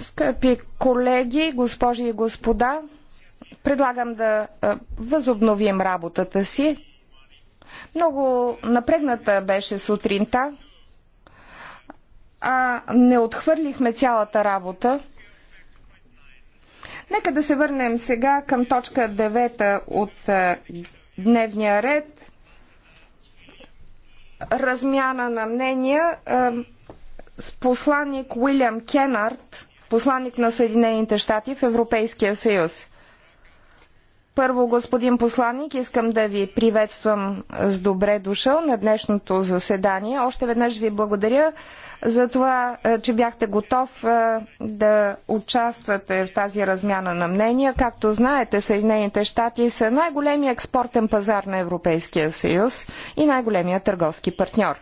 Скъпи колеги, госпожи и господа, предлагам да възобновим работата си. Много напрегната беше сутринта, а не отхвърлихме цялата работа. Нека да се върнем сега към точка 9 от дневния ред размяна на мнения е, с посланник Уилям Кенард, посланник на Съединените щати в Европейския съюз. Първо, господин посланник, искам да ви приветствам с добре дошъл на днешното заседание. Още веднъж ви благодаря за това, е, че бяхте готов е, да участвате в тази размяна на мнения. Както знаете, Съединените щати са най големият експортен пазар на Европейския съюз и най големият търговски партньор.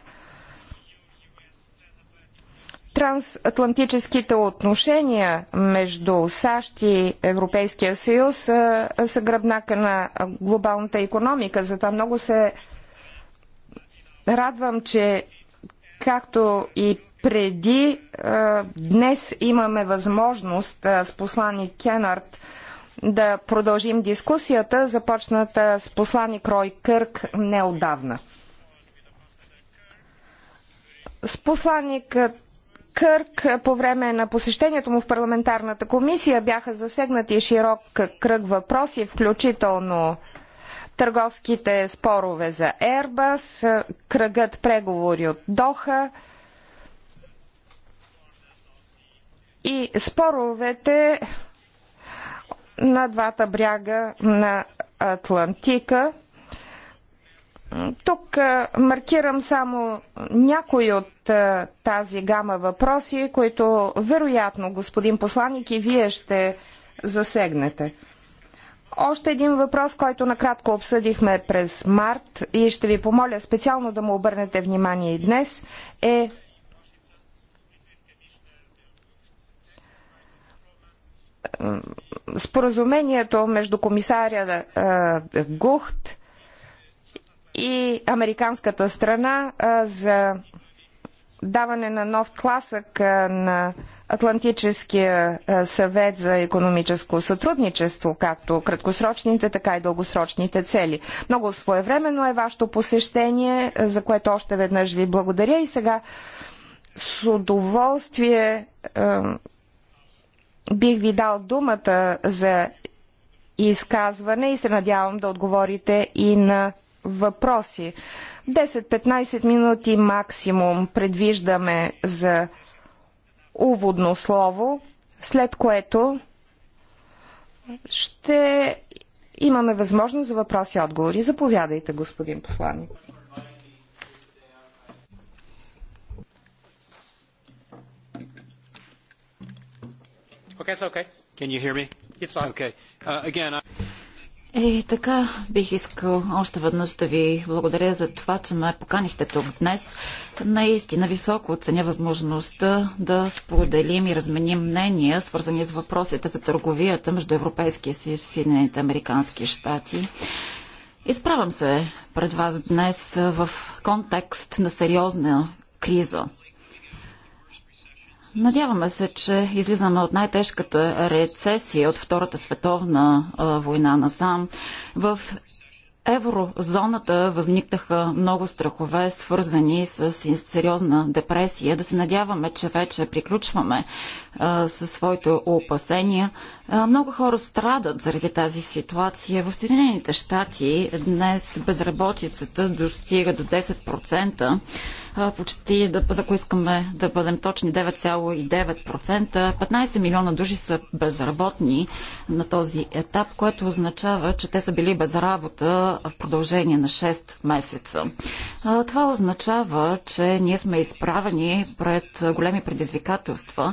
Трансатлантическите отношения между САЩ и Европейския съюз са, гръбнака на глобалната економика. Затова много се радвам, че както и преди, днес имаме възможност с посланик Кенард да продължим дискусията, започната с посланик Рой Кърк неодавна. С посланникът Кърк е, по време на посещението му в парламентарната комисия бяха засегнати широк кръг въпроси, включително търговските спорове за Ербас: кръгът преговори от Доха и споровете на двата бряга на Атлантика – тук маркирам само някои от тази гама въпроси, които вероятно, господин посланник, и вие ще засегнете. Още един въпрос, който накратко обсъдихме през март и ще ви помоля специално да му обърнете внимание и днес, е споразумението между комисаря Гухт и американската страна за даване на нов класък на Атлантическия съвет за економическо сътрудничество, както краткосрочните, така и дългосрочните цели. Много своевременно е вашето посещение, за което още веднъж ви благодаря и сега с удоволствие е, бих ви дал думата за изказване и се надявам да отговорите и на въпроси. 10-15 минути максимум предвиждаме за уводно слово, след което ще имаме възможност за въпроси и отговори. Заповядайте, господин посланник. Okay, it's okay. Can you hear me? It's Okay. Uh, again, I... Е, така бих искал още веднъж да ви благодаря за това, че ме поканихте тук днес. Наистина високо оценя възможността да споделим и разменим мнения, свързани с въпросите за търговията между Европейския съюз и Съединените Американски щати. Изправям се пред вас днес в контекст на сериозна криза – Надяваме се, че излизаме от най-тежката рецесия от Втората световна война насам. В еврозоната възникнаха много страхове, свързани с сериозна депресия. Да се надяваме, че вече приключваме а, със своите опасения. Много хора страдат заради тази ситуация. В Съединените щати днес безработицата достига до 10%, почти, да, ако искаме да бъдем точни, 9,9%. 15 милиона души са безработни на този етап, което означава, че те са били без работа в продължение на 6 месеца. Това означава, че ние сме изправени пред големи предизвикателства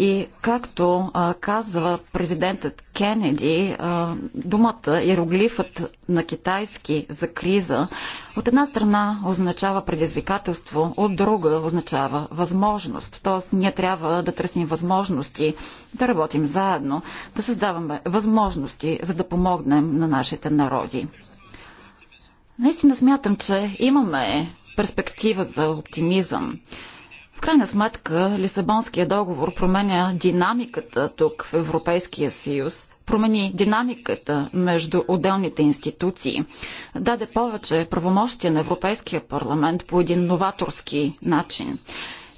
и както а, казва президентът Кенеди, а, думата, иероглифът на китайски за криза от една страна означава предизвикателство, от друга означава възможност. Тоест ние трябва да търсим възможности, да работим заедно, да създаваме възможности, за да помогнем на нашите народи. Наистина смятам, че имаме перспектива за оптимизъм. В крайна сметка Лисабонския договор променя динамиката тук в Европейския съюз, промени динамиката между отделните институции, даде повече правомощия на Европейския парламент по един новаторски начин.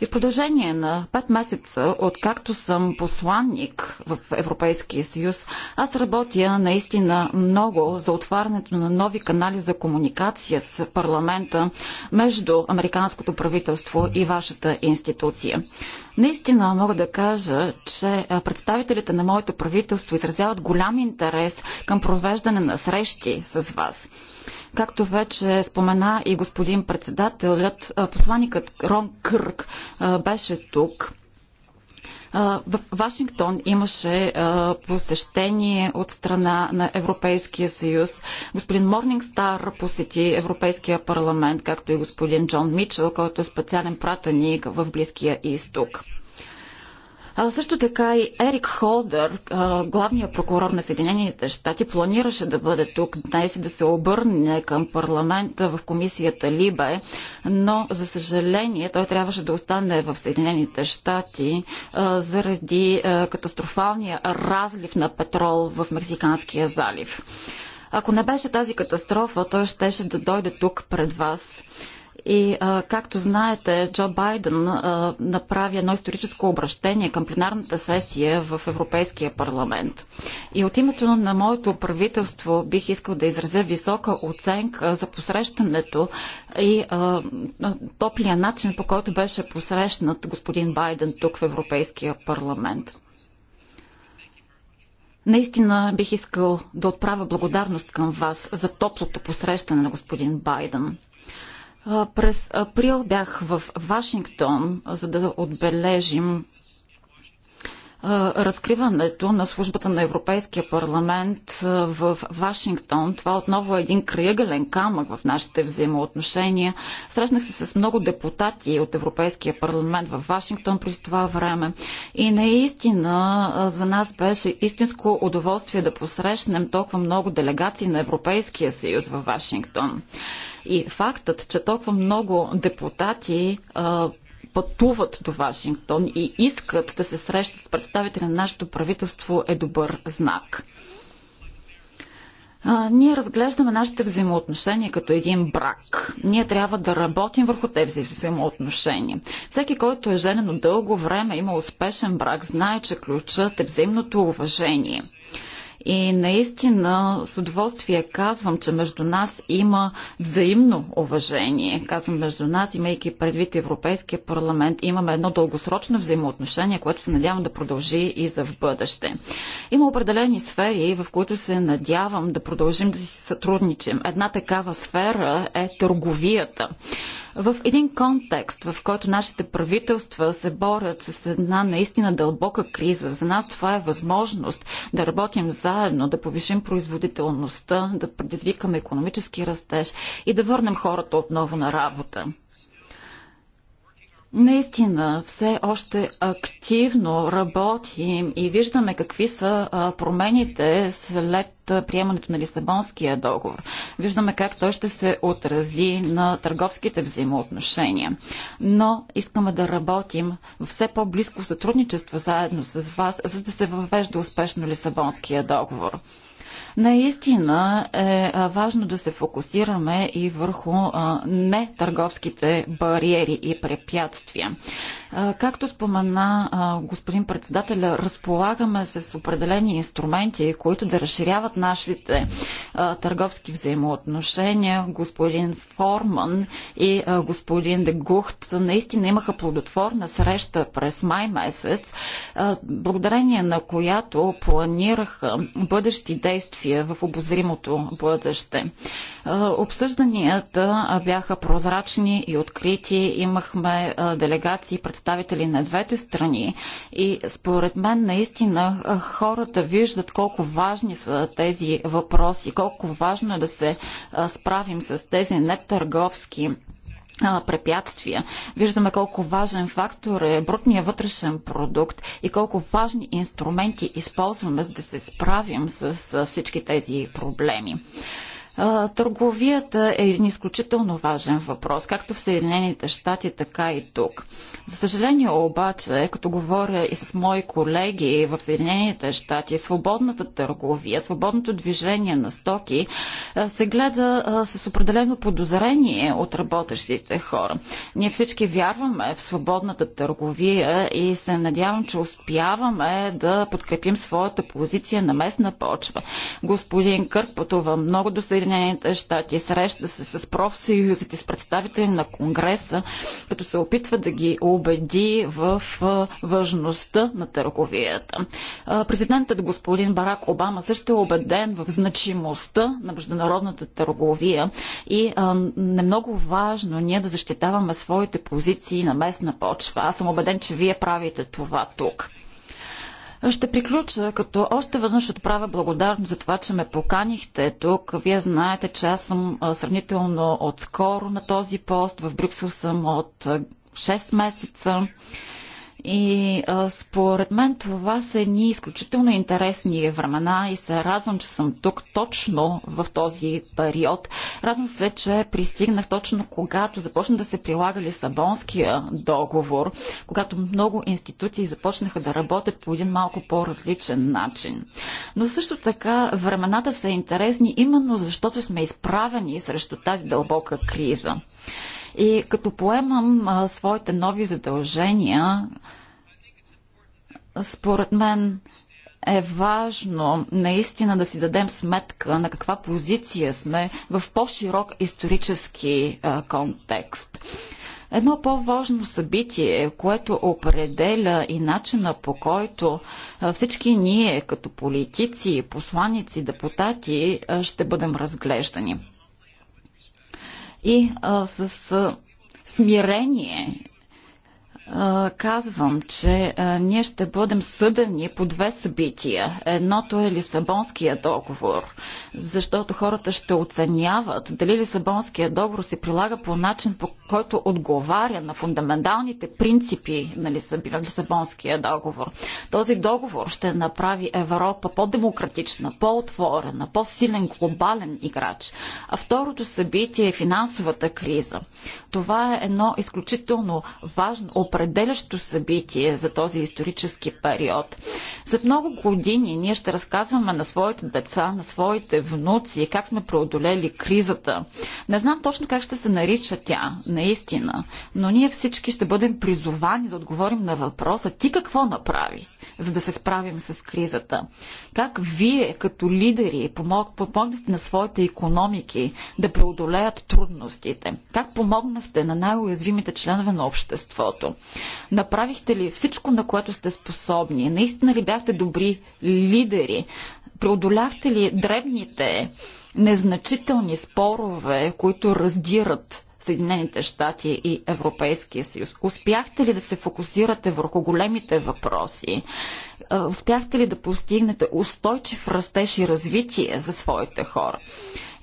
И в продължение на 5 месеца, откакто съм посланник в Европейския съюз, аз работя наистина много за отварянето на нови канали за комуникация с парламента между американското правителство и вашата институция. Наистина мога да кажа, че представителите на моето правителство изразяват голям интерес към провеждане на срещи с вас. Както вече спомена и господин председателят, посланикът Рон Кърк беше тук. В Вашингтон имаше посещение от страна на Европейския съюз. Господин Морнингстар посети Европейския парламент, както и господин Джон Мичел, който е специален пратеник в Близкия изток. А, също така и Ерик Холдър, главният прокурор на Съединените щати, планираше да бъде тук днес и да се обърне към парламента в комисията Либе, но за съжаление той трябваше да остане в Съединените щати заради а, катастрофалния разлив на петрол в Мексиканския залив. Ако не беше тази катастрофа, той щеше да дойде тук пред вас. И а, както знаете, Джо Байден а, направи едно историческо обращение към пленарната сесия в Европейския парламент. И от името на моето правителство бих искал да изразя висока оценка за посрещането и а, топлия начин, по който беше посрещнат господин Байден тук в Европейския парламент. Наистина бих искал да отправя благодарност към вас за топлото посрещане на господин Байден. През април бях в Вашингтон, за да отбележим разкриването на службата на Европейския парламент в Вашингтон. Това отново е един краягален камък в нашите взаимоотношения. Срещнах се с много депутати от Европейския парламент в Вашингтон през това време и наистина за нас беше истинско удоволствие да посрещнем толкова много делегации на Европейския съюз в Вашингтон. И фактът, че толкова много депутати пътуват до Вашингтон и искат да се срещат с представители на нашето правителство е добър знак. А, ние разглеждаме нашите взаимоотношения като един брак. Ние трябва да работим върху тези взаимоотношения. Всеки, който е женен от дълго време, има успешен брак, знае, че ключът е взаимното уважение. И наистина с удоволствие казвам, че между нас има взаимно уважение. Казвам между нас, имайки предвид Европейския парламент, имаме едно дългосрочно взаимоотношение, което се надявам да продължи и за в бъдеще. Има определени сфери, в които се надявам да продължим да си сътрудничим. Една такава сфера е търговията в един контекст, в който нашите правителства се борят с една наистина дълбока криза. За нас това е възможност да работим заедно, да повишим производителността, да предизвикаме економически растеж и да върнем хората отново на работа. Наистина, все още активно работим и виждаме какви са промените след приемането на Лисабонския договор. Виждаме как той ще се отрази на търговските взаимоотношения. Но искаме да работим в все по-близко сътрудничество заедно с вас, за да се въвежда успешно Лисабонския договор. Наистина е важно да се фокусираме и върху нетърговските бариери и препятствия. Както спомена господин председателя, разполагаме се с определени инструменти, които да разширяват нашите търговски взаимоотношения. Господин Форман и господин Дегухт наистина имаха плодотворна среща през май месец, благодарение на която планираха бъдещи действия действия в обозримото бъдеще. Обсъжданията бяха прозрачни и открити. Имахме делегации, представители на двете страни и според мен наистина хората виждат колко важни са тези въпроси, колко важно е да се справим с тези нетърговски препятствия. Виждаме колко важен фактор е брутния вътрешен продукт и колко важни инструменти използваме, за да се справим с всички тези проблеми. Търговията е един изключително важен въпрос, както в Съединените щати, така и тук. За съжаление обаче, като говоря и с мои колеги в Съединените щати, свободната търговия, свободното движение на стоки се гледа с определено подозрение от работещите хора. Ние всички вярваме в свободната търговия и се надявам, че успяваме да подкрепим своята позиция на местна почва. Господин Кърк пътува много до Съединените Съединените щати, среща се с профсъюзите, с представители на Конгреса, като се опитва да ги убеди в важността на търговията. Президентът господин Барак Обама също е убеден в значимостта на международната търговия и е много важно ние да защитаваме своите позиции на местна почва. Аз съм убеден, че вие правите това тук. Ще приключа, като още веднъж отправя благодарност за това, че ме поканихте тук. Вие знаете, че аз съм сравнително отскоро на този пост. В Брюксел съм от 6 месеца. И а, според мен това са едни изключително интересни времена и се радвам, че съм тук точно в този период. Радвам се, че пристигнах точно когато започна да се прилага Лисабонския договор, когато много институции започнаха да работят по един малко по-различен начин. Но също така времената са интересни именно защото сме изправени срещу тази дълбока криза. И като поемам а, своите нови задължения, според мен е важно наистина да си дадем сметка на каква позиция сме в по-широк исторически а, контекст. Едно по-важно събитие, което определя и начина по който всички ние като политици, посланици, депутати ще бъдем разглеждани и а, с а, смирение казвам, че ние ще бъдем съдени по две събития. Едното е Лисабонския договор, защото хората ще оценяват дали Лисабонския договор се прилага по начин, по който отговаря на фундаменталните принципи на Лисабонския договор. Този договор ще направи Европа по-демократична, по-отворена, по-силен глобален играч. А второто събитие е финансовата криза. Това е едно изключително важно упражнение определящо събитие за този исторически период. След много години ние ще разказваме на своите деца, на своите внуци как сме преодолели кризата. Не знам точно как ще се нарича тя, наистина, но ние всички ще бъдем призовани да отговорим на въпроса ти какво направи, за да се справим с кризата. Как вие, като лидери, помогнахте на своите економики да преодолеят трудностите? Как помогнахте на най-уязвимите членове на обществото? Направихте ли всичко, на което сте способни? Наистина ли бяхте добри лидери? Преодоляхте ли дребните, незначителни спорове, които раздират Съединените щати и Европейския съюз? Успяхте ли да се фокусирате върху големите въпроси? успяхте ли да постигнете устойчив растеж и развитие за своите хора?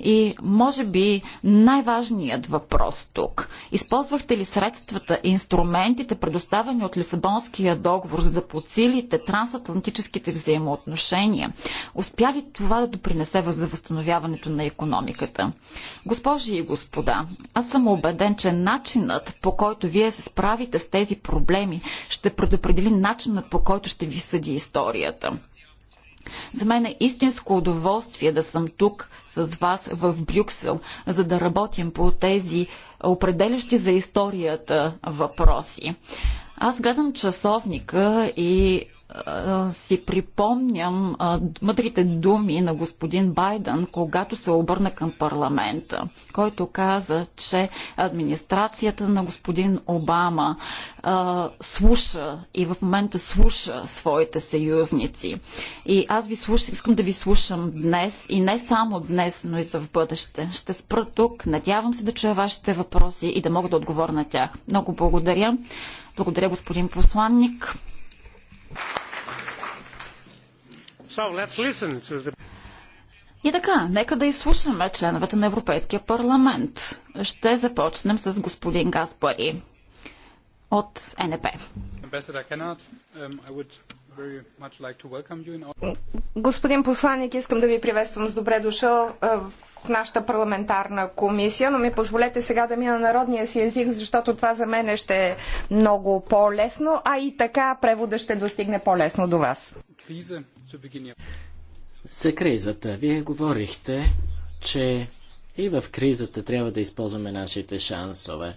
И може би най-важният въпрос тук. Използвахте ли средствата и инструментите, предоставени от Лисабонския договор, за да подсилите трансатлантическите взаимоотношения? Успя ли това да допринесе за възстановяването на економиката? Госпожи и господа, аз съм убеден, че начинът по който вие се справите с тези проблеми ще предопредели начинът по който ще ви съди преди историята. За мен е истинско удоволствие да съм тук с вас в Брюксел, за да работим по тези определящи за историята въпроси. Аз гледам часовника и си припомням мъдрите думи на господин Байден, когато се обърна към парламента, който каза, че администрацията на господин Обама а, слуша и в момента слуша своите съюзници. И аз ви слушам, искам да ви слушам днес и не само днес, но и за в бъдеще. Ще спра тук. Надявам се да чуя вашите въпроси и да мога да отговоря на тях. Много благодаря. Благодаря, господин посланник и така, нека да изслушаме членовете на Европейския парламент. Ще започнем с господин Гаспари от НП. Господин посланник, искам да ви приветствам с добре дошъл е, в нашата парламентарна комисия, но ми позволете сега да мина народния си език, защото това за мен ще е много по-лесно, а и така превода ще достигне по-лесно до вас. За кризата. Вие говорихте, че и в кризата трябва да използваме нашите шансове.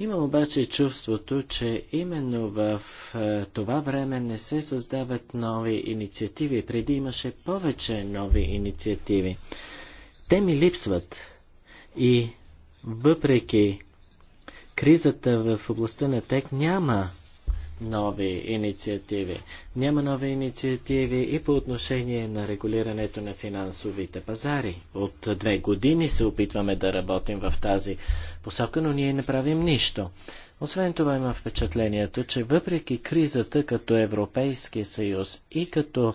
Имам обаче чувството, че именно в е, това време не се създават нови инициативи. Преди имаше повече нови инициативи. Те ми липсват. И въпреки кризата в областта на ТЕК няма нови инициативи. Няма нови инициативи и по отношение на регулирането на финансовите пазари. От две години се опитваме да работим в тази посока, но ние не правим нищо. Освен това има впечатлението, че въпреки кризата като Европейския съюз и като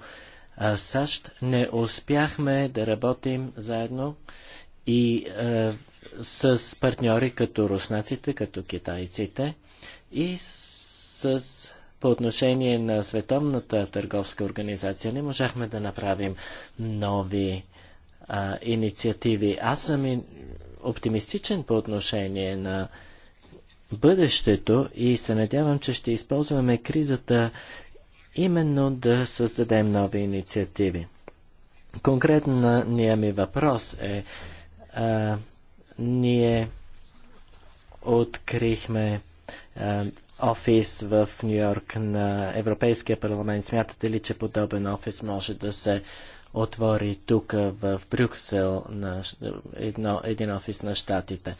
а, САЩ не успяхме да работим заедно и а, с партньори като руснаците, като китайците и с, с по отношение на Световната търговска организация не можахме да направим нови а, инициативи. Аз съм и оптимистичен по отношение на бъдещето и се надявам, че ще използваме кризата именно да създадем нови инициативи. Конкретният ми въпрос е а, ние открихме а, офис в Нью Йорк на Европейския парламент. Смятате ли, че подобен офис може да се отвори тук в Брюксел на едно, един офис на щатите.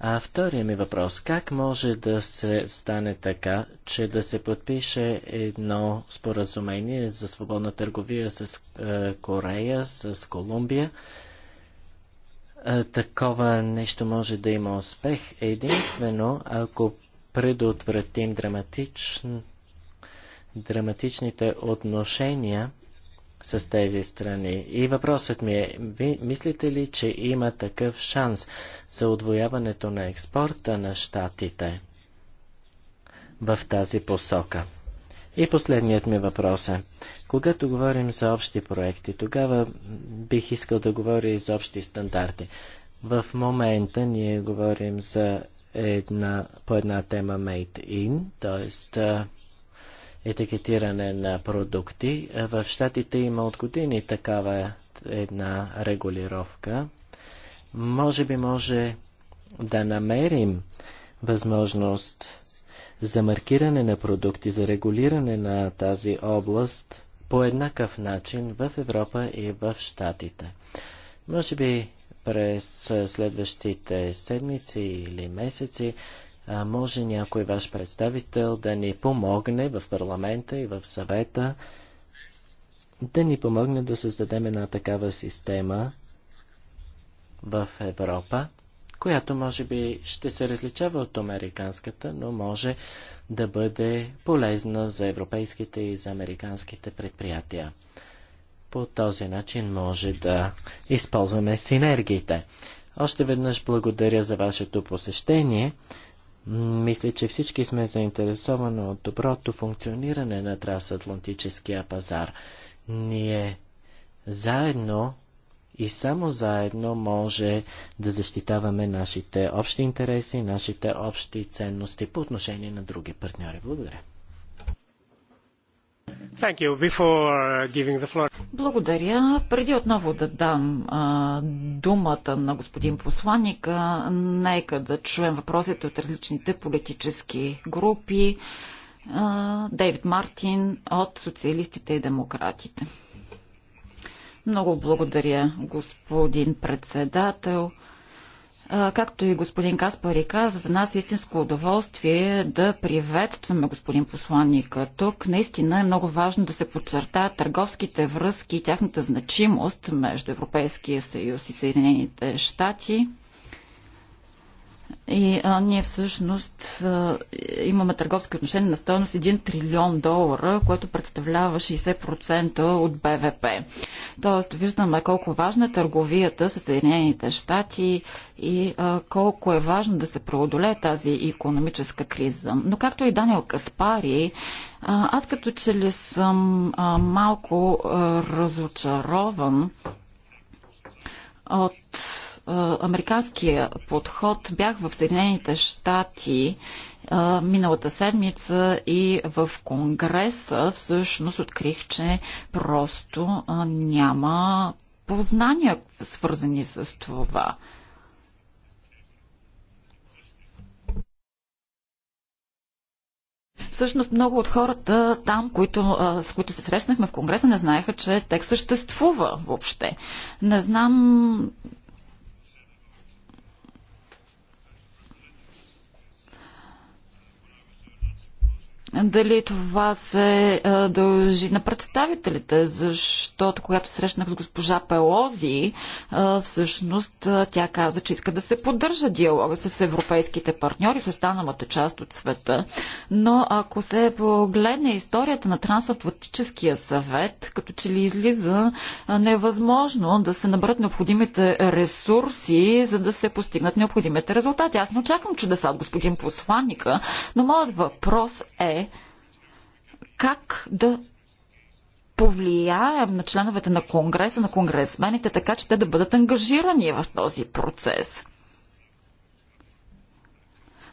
А втория ми въпрос. Как може да се стане така, че да се подпише едно споразумение за свободна търговия с е, Корея, с Колумбия? Е, такова нещо може да има успех единствено, ако предотвратим драматич, драматичните отношения с тези страни. И въпросът ми е, ви мислите ли, че има такъв шанс за отвояването на експорта на щатите в тази посока? И последният ми въпрос е, когато говорим за общи проекти, тогава бих искал да говоря и за общи стандарти. В момента ние говорим за една, по една тема Made in, т.е етикетиране на продукти. В Штатите има от години такава една регулировка. Може би може да намерим възможност за маркиране на продукти, за регулиране на тази област по еднакъв начин в Европа и в Штатите. Може би през следващите седмици или месеци а, може някой ваш представител да ни помогне в парламента и в съвета, да ни помогне да създадем една такава система в Европа, която може би ще се различава от американската, но може да бъде полезна за европейските и за американските предприятия. По този начин може да използваме синергиите. Още веднъж благодаря за вашето посещение. Мисля, че всички сме заинтересовани от доброто функциониране на трансатлантическия пазар. Ние заедно и само заедно може да защитаваме нашите общи интереси, нашите общи ценности по отношение на други партньори. Благодаря. Uh, благодаря. Преди отново да дам а, думата на господин посланника, нека да чуем въпросите от различните политически групи. А, Дейвид Мартин от Социалистите и Демократите. Много благодаря, господин председател. Както и господин Каспари каза, за нас е истинско удоволствие да приветстваме господин посланника. Тук наистина е много важно да се подчертаят търговските връзки и тяхната значимост между Европейския съюз и Съединените щати. И а, ние всъщност а, имаме търговски отношения на стоеност 1 трилион долара, което представлява 60% от БВП. Тоест виждаме колко важна е търговията с Съединените щати и а, колко е важно да се преодолее тази економическа криза. Но както и Даниел Каспари, а, аз като че ли съм а, малко а, разочарован от а, американския подход. Бях в Съединените щати а, миналата седмица и в Конгреса всъщност открих, че просто а, няма познания свързани с това. Всъщност много от хората там, които, с които се срещнахме в Конгреса, не знаеха, че текст съществува въобще. Не знам Дали това се дължи на представителите, защото когато срещнах с госпожа Пелози, всъщност тя каза, че иска да се поддържа диалога с европейските партньори в останалата част от света. Но ако се погледне историята на Трансатлантическия съвет, като че ли излиза невъзможно да се набрат необходимите ресурси, за да се постигнат необходимите резултати. Аз не очаквам чудеса от господин посланника, но моят въпрос е как да повлияем на членовете на Конгреса, на конгресмените, така че те да бъдат ангажирани в този процес.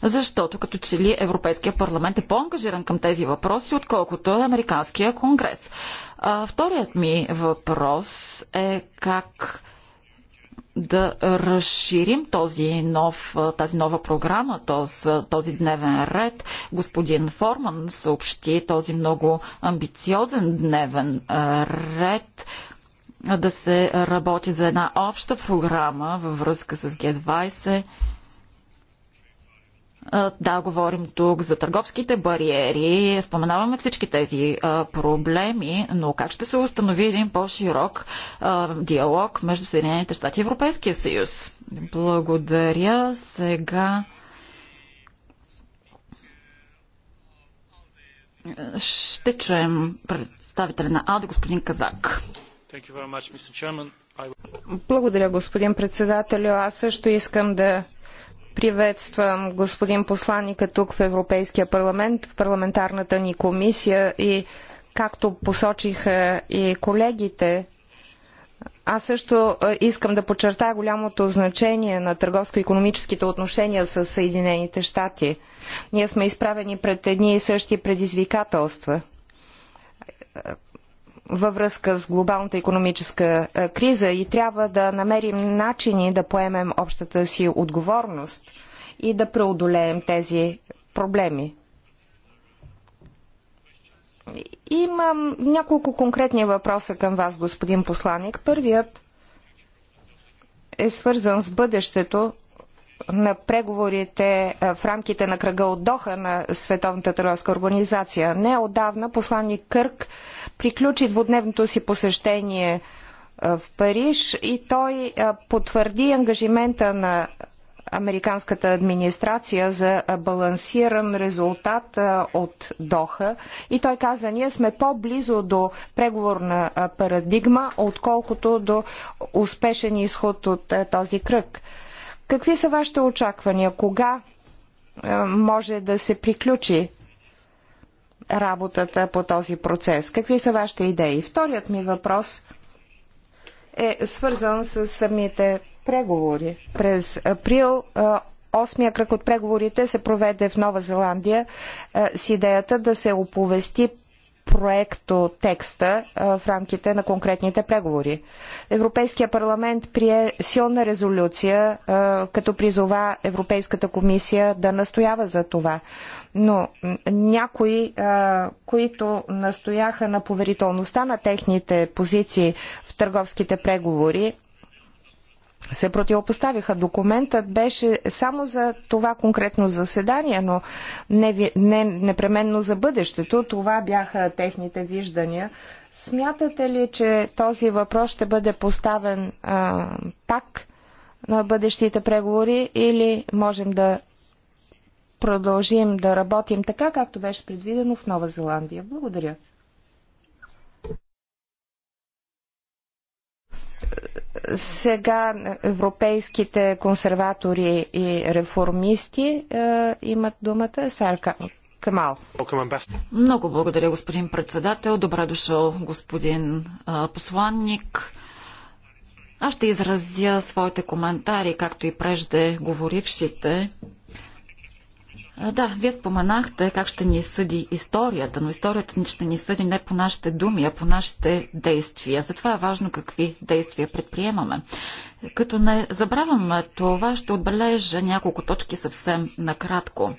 Защото като че ли Европейския парламент е по-ангажиран към тези въпроси, отколкото е Американския конгрес. А, вторият ми въпрос е как да разширим този нов, тази нова програма, този, този дневен ред. Господин Форман съобщи този много амбициозен дневен ред да се работи за една обща програма във връзка с Г20 да, говорим тук за търговските бариери, споменаваме всички тези проблеми, но как ще се установи един по-широк диалог между Съединените щати и Европейския съюз? Благодаря. Сега ще чуем представителя на АДО, господин Казак. Благодаря, господин председател. Аз също искам да Приветствам господин посланника тук в Европейския парламент, в парламентарната ни комисия и както посочиха и колегите, аз също искам да подчертая голямото значение на търговско-економическите отношения с Съединените щати. Ние сме изправени пред едни и същи предизвикателства във връзка с глобалната економическа е, криза и трябва да намерим начини да поемем общата си отговорност и да преодолеем тези проблеми. Имам няколко конкретни въпроса към вас, господин посланик. Първият е свързан с бъдещето на преговорите е, в рамките на кръга от Доха на Световната търговска организация. Не отдавна посланник Кърк приключи двудневното си посещение е, в Париж и той е, потвърди ангажимента на американската администрация за балансиран резултат от Доха. И той каза, ние сме по-близо до преговорна парадигма, отколкото до успешен изход от този кръг. Какви са вашите очаквания? Кога е, може да се приключи работата по този процес? Какви са вашите идеи? Вторият ми въпрос е свързан с самите преговори. През април е, осмия кръг от преговорите се проведе в Нова Зеландия е, с идеята да се оповести проекто текста в рамките на конкретните преговори. Европейския парламент прие силна резолюция, като призова Европейската комисия да настоява за това. Но някои, които настояха на поверителността на техните позиции в търговските преговори, се противопоставиха. Документът беше само за това конкретно заседание, но не, не непременно за бъдещето. Това бяха техните виждания. Смятате ли, че този въпрос ще бъде поставен а, пак на бъдещите преговори или можем да продължим да работим така, както беше предвидено в Нова Зеландия? Благодаря. Сега европейските консерватори и реформисти е, имат думата. Сарка Камал. Много благодаря, господин председател. Добре дошъл, господин посланник. Аз ще изразя своите коментари, както и прежде говорившите. Да, вие споменахте как ще ни съди историята, но историята ни ще ни съди не по нашите думи, а по нашите действия. Затова е важно какви действия предприемаме. Като не забравяме това, ще отбележа няколко точки съвсем накратко.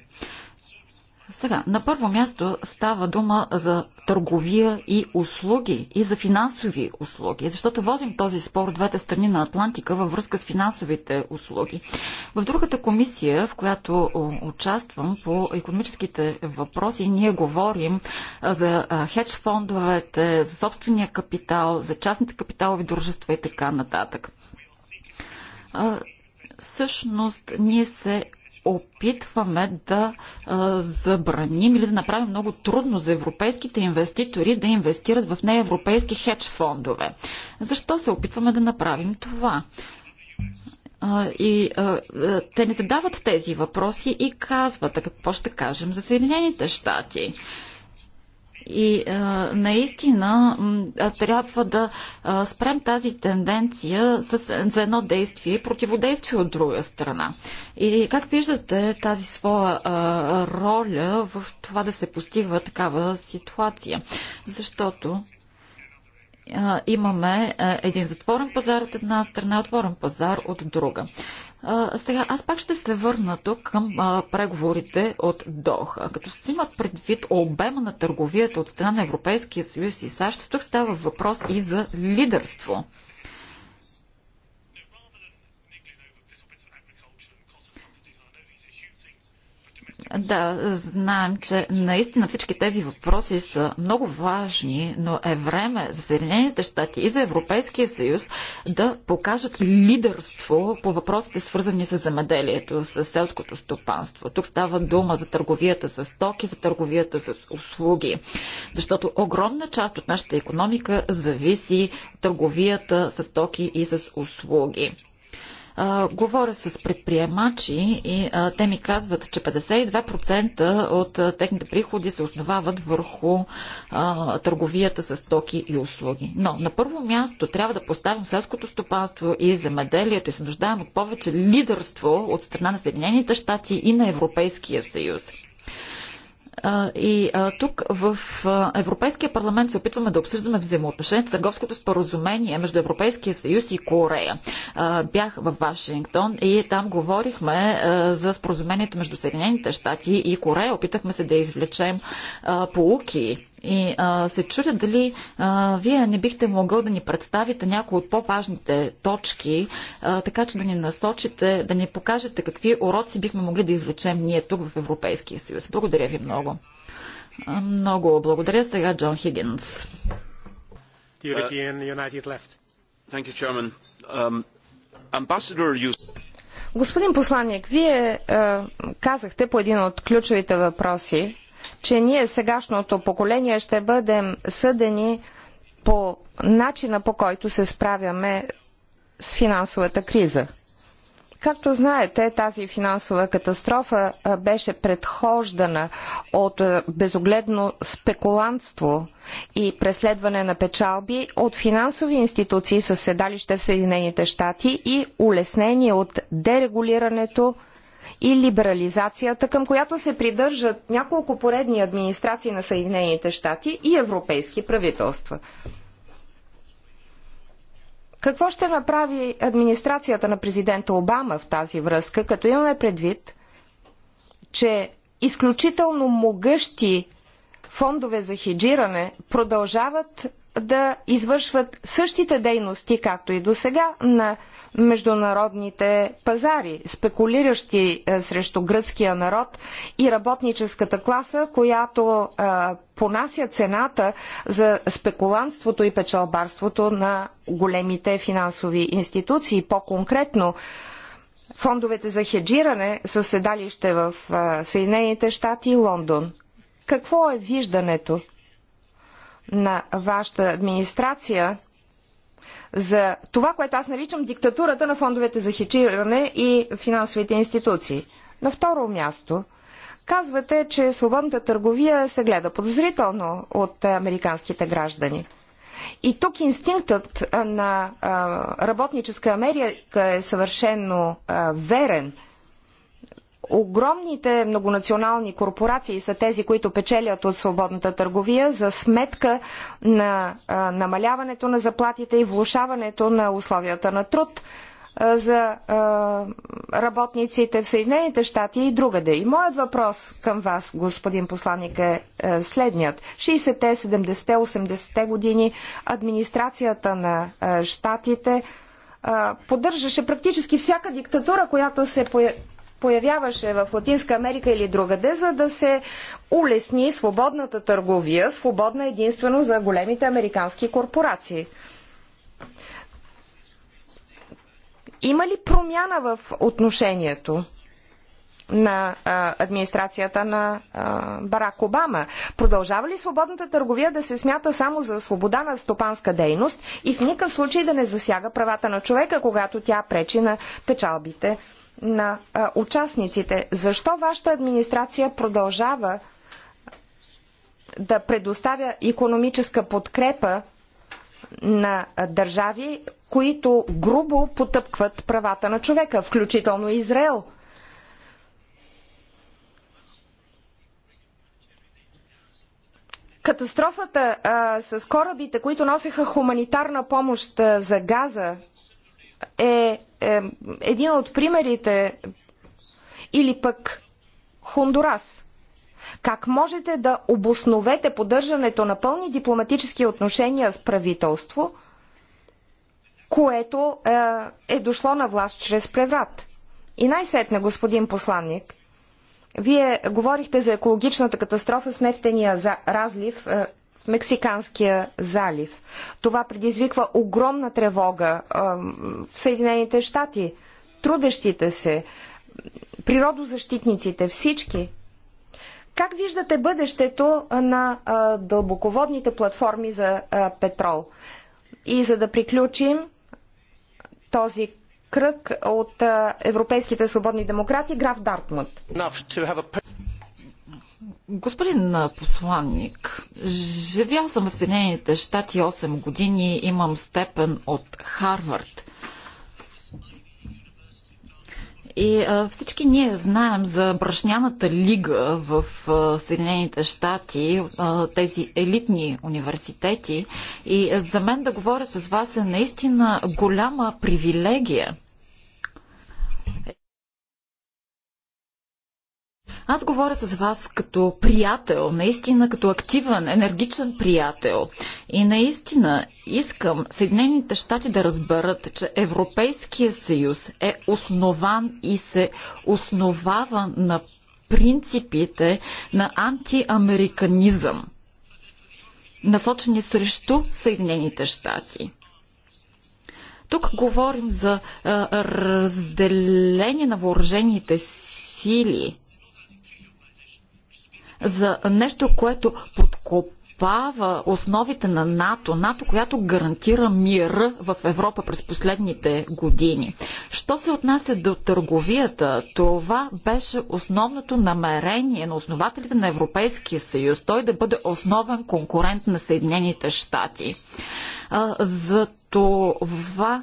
Сега, на първо място става дума за търговия и услуги, и за финансови услуги, защото водим този спор от двете страни на Атлантика във връзка с финансовите услуги. В другата комисия, в която участвам по економическите въпроси, ние говорим за хедж фондовете, за собствения капитал, за частните капиталови дружества и така нататък всъщност ние се опитваме да а, забраним или да направим много трудно за европейските инвеститори да инвестират в неевропейски хедж фондове. Защо се опитваме да направим това? и те не задават тези въпроси и казват, а какво ще кажем за Съединените щати? И а, наистина а, трябва да а, спрем тази тенденция с, за едно действие и противодействие от друга страна. И как виждате тази своя а, роля в това да се постигва такава ситуация? Защото имаме един затворен пазар от една страна, отворен пазар от друга. Сега аз пак ще се върна тук към преговорите от Доха. Като се имат предвид обема на търговията от страна на Европейския съюз и САЩ, тук става въпрос и за лидерство. Да, знаем, че наистина всички тези въпроси са много важни, но е време за Съединените щати и за Европейския съюз да покажат лидерство по въпросите свързани с земеделието, с селското стопанство. Тук става дума за търговията с стоки, за търговията с услуги, защото огромна част от нашата економика зависи от търговията с стоки и с услуги. А, говоря с предприемачи и а, те ми казват, че 52% от а, техните приходи се основават върху а, търговията с токи и услуги. Но на първо място трябва да поставим селското стопанство и земеделието и се нуждаем от повече лидерство от страна на Съединените щати и на Европейския съюз. И тук в Европейския парламент се опитваме да обсъждаме взаимоотношенията, търговското споразумение между Европейския съюз и Корея. Бях в Вашингтон и там говорихме за споразумението между Съединените щати и Корея. Опитахме се да извлечем полуки и а, се чудя дали а, вие не бихте могъл да ни представите някои от по-важните точки, а, така че да ни насочите, да ни покажете какви уроци бихме могли да извлечем ние тук в Европейския съюз. Благодаря ви много. Много благодаря сега Джон Хигинс. Um, Господин посланник, вие е, казахте по един от ключовите въпроси, че ние, сегашното поколение, ще бъдем съдени по начина по който се справяме с финансовата криза. Както знаете, тази финансова катастрофа беше предхождана от безогледно спекулантство и преследване на печалби от финансови институции със седалище в Съединените щати и улеснение от дерегулирането – и либерализацията, към която се придържат няколко поредни администрации на Съединените щати и европейски правителства. Какво ще направи администрацията на президента Обама в тази връзка, като имаме предвид, че изключително могъщи фондове за хеджиране продължават да извършват същите дейности, както и до сега, на международните пазари, спекулиращи е, срещу гръцкия народ и работническата класа, която е, понася цената за спекулантството и печалбарството на големите финансови институции, по-конкретно фондовете за хеджиране със седалище в е, Съединените щати и Лондон. Какво е виждането? на вашата администрация за това, което аз наричам диктатурата на фондовете за хечиране и финансовите институции. На второ място, казвате, че свободната търговия се гледа подозрително от американските граждани. И тук инстинктът на работническа Америка е съвършенно верен – огромните многонационални корпорации са тези, които печелят от свободната търговия за сметка на намаляването на заплатите и влушаването на условията на труд за работниците в Съединените щати и другаде. И моят въпрос към вас, господин посланник, е, е следният. 60-те, 70-те, 80-те години администрацията на е, щатите поддържаше практически всяка диктатура, която се появяваше в Латинска Америка или другаде, за да се улесни свободната търговия, свободна единствено за големите американски корпорации. Има ли промяна в отношението? на а, администрацията на а, Барак Обама. Продължава ли свободната търговия да се смята само за свобода на стопанска дейност и в никакъв случай да не засяга правата на човека, когато тя пречи на печалбите на а, участниците. Защо вашата администрация продължава да предоставя економическа подкрепа на държави, които грубо потъпкват правата на човека, включително Израел? Катастрофата а, с корабите, които носеха хуманитарна помощ а, за Газа, е е, един от примерите или пък Хондурас. Как можете да обосновете поддържането на пълни дипломатически отношения с правителство, което е, е дошло на власт чрез преврат? И най-сетне, господин посланник, вие говорихте за екологичната катастрофа с нефтения разлив е, Мексиканския залив. Това предизвиква огромна тревога в Съединените щати. Трудещите се, природозащитниците, всички. Как виждате бъдещето на дълбоководните платформи за петрол? И за да приключим този кръг от европейските свободни демократи, граф Дартмут. Господин посланник, живял съм в Съединените щати 8 години, имам степен от Харвард. И а, всички ние знаем за брашняната лига в а, Съединените щати, а, тези елитни университети. И а, за мен да говоря с вас е наистина голяма привилегия. Аз говоря с вас като приятел, наистина като активен, енергичен приятел. И наистина искам Съединените щати да разберат, че Европейския съюз е основан и се основава на принципите на антиамериканизъм, насочени срещу Съединените щати. Тук говорим за а, разделение на въоръжените сили за нещо, което подкопава основите на НАТО, НАТО, която гарантира мир в Европа през последните години. Що се отнася до търговията, това беше основното намерение на основателите на Европейския съюз, той да бъде основен конкурент на Съединените щати. За това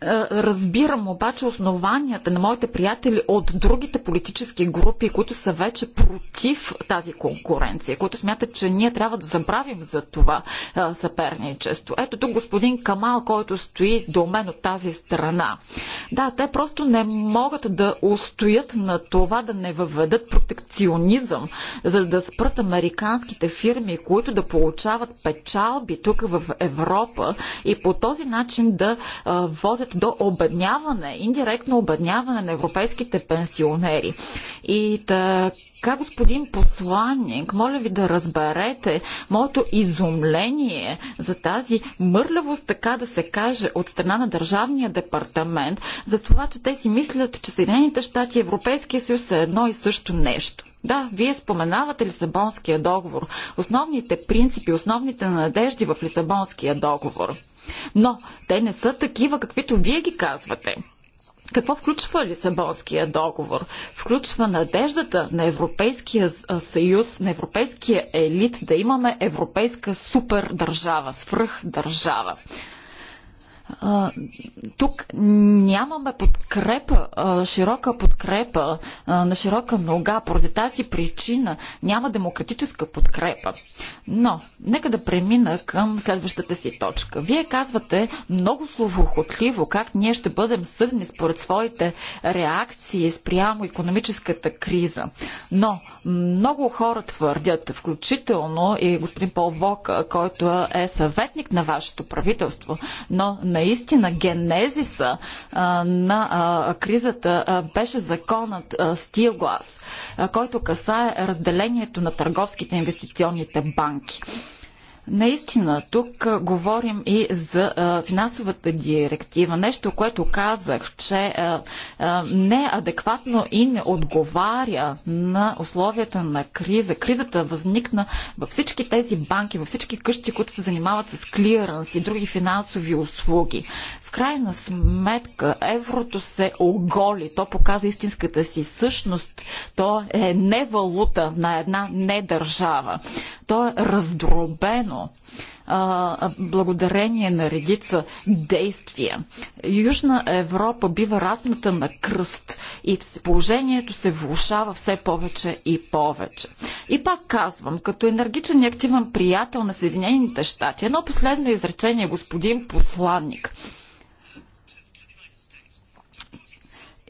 е, разбирам обаче основанията на моите приятели от другите политически групи, които са вече против тази конкуренция, които смятат, че ние трябва да забравим за това е, съперничество. Ето тук господин Камал, който стои до мен от тази страна. Да, те просто не могат да устоят на това да не въведат протекционизъм, за да спрат американските фирми, които да получават печалби тук в Европа и по този начин да е, водят водят до обедняване, индиректно обедняване на европейските пенсионери. И така, господин посланник, моля ви да разберете моето изумление за тази мърлявост, така да се каже, от страна на Държавния департамент, за това, че те си мислят, че Съединените щати и Европейския съюз са едно и също нещо. Да, вие споменавате Лисабонския договор, основните принципи, основните надежди в Лисабонския договор. Но те не са такива, каквито вие ги казвате. Какво включва Лисабонския договор? Включва надеждата на Европейския съюз, на европейския елит да имаме европейска супердържава, свръхдържава. А, тук нямаме подкрепа, а, широка подкрепа а, на широка нога. Поради тази причина няма демократическа подкрепа. Но, нека да премина към следващата си точка. Вие казвате много словохотливо как ние ще бъдем съдни според своите реакции спрямо економическата криза. Но, много хора твърдят, включително и господин Пол Вока, който е съветник на вашето правителство, но не наистина генезиса а, на а, кризата а, беше законът Стилглас, който касае разделението на търговските инвестиционните банки. Наистина, тук говорим и за а, финансовата директива, нещо, което казах, че неадекватно и не отговаря на условията на криза. Кризата възникна във всички тези банки, във всички къщи, които се занимават с клиранс и други финансови услуги. В крайна сметка, еврото се оголи, то показа истинската си същност, то е не валута на една недържава, то е раздробено но а, благодарение на редица действия. Южна Европа бива разната на кръст и положението се влушава все повече и повече. И пак казвам, като енергичен и активен приятел на Съединените щати, едно последно изречение, господин посланник.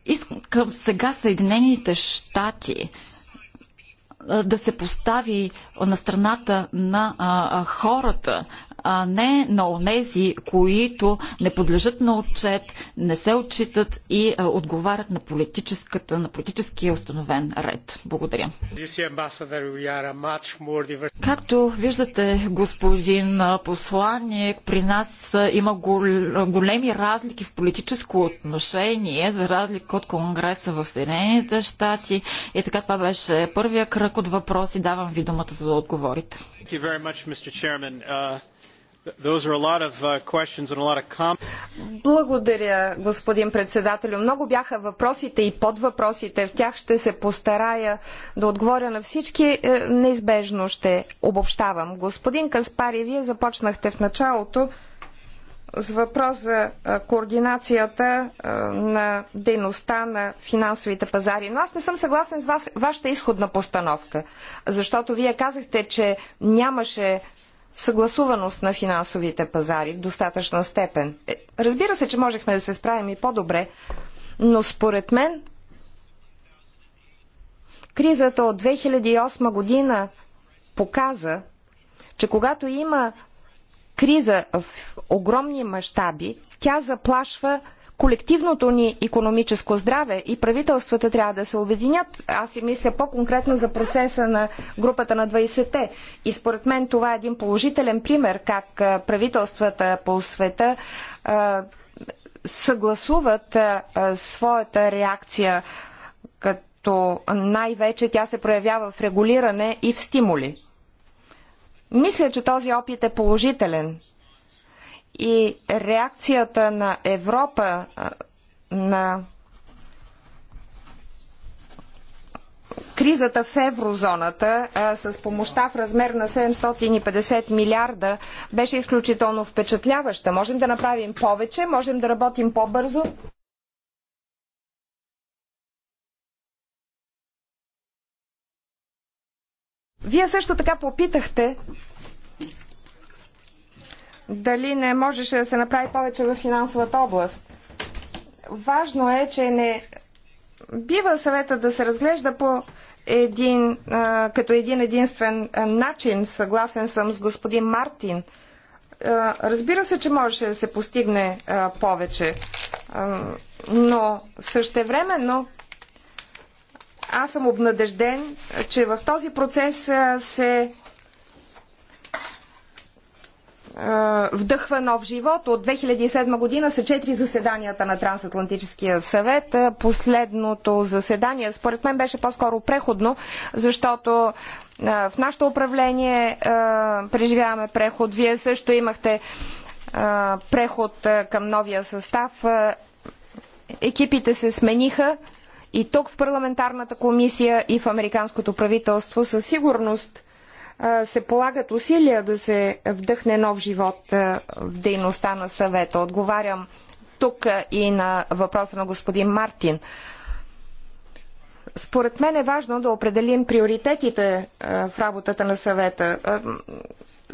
Искам сега Съединените щати да се постави на страната на хората, а не на онези, които не подлежат на отчет, не се отчитат и а, отговарят на, политическата, на политическия установен ред. Благодаря. Както виждате, господин посланник, при нас има големи разлики в политическо отношение, за разлика от Конгреса в Съединените щати. И така това беше първия кръг от въпроси. Давам ви думата за да отговорите. Thank you very much, Mr. Chairman. Uh... Uh, Благодаря, господин председателю. Много бяха въпросите и подвъпросите. В тях ще се постарая да отговоря на всички. Е, неизбежно ще обобщавам. Господин Каспари, вие започнахте в началото с въпрос за е, координацията е, на дейността на финансовите пазари. Но аз не съм съгласен с вас, вашата изходна постановка, защото вие казахте, че нямаше съгласуваност на финансовите пазари в достатъчна степен. Е, разбира се, че можехме да се справим и по-добре, но според мен кризата от 2008 година показа, че когато има криза в огромни мащаби, тя заплашва колективното ни економическо здраве и правителствата трябва да се обединят. Аз си мисля по-конкретно за процеса на групата на 20-те. И според мен това е един положителен пример как правителствата по света съгласуват своята реакция като най-вече тя се проявява в регулиране и в стимули. Мисля, че този опит е положителен и реакцията на Европа на кризата в еврозоната с помощта в размер на 750 милиарда беше изключително впечатляваща. Можем да направим повече, можем да работим по-бързо. Вие също така попитахте дали не можеше да се направи повече в финансовата област. Важно е, че не бива съвета да се разглежда по един, като един единствен начин, съгласен съм с господин Мартин. разбира се, че можеше да се постигне повече, а, но същевременно аз съм обнадежден, че в този процес се вдъхва нов живот. От 2007 година са четири заседанията на Трансатлантическия съвет. Последното заседание, според мен, беше по-скоро преходно, защото в нашето управление преживяваме преход. Вие също имахте преход към новия състав. Екипите се смениха и тук в парламентарната комисия и в американското правителство със сигурност се полагат усилия да се вдъхне нов живот в дейността на съвета. Отговарям тук и на въпроса на господин Мартин. Според мен е важно да определим приоритетите в работата на съвета.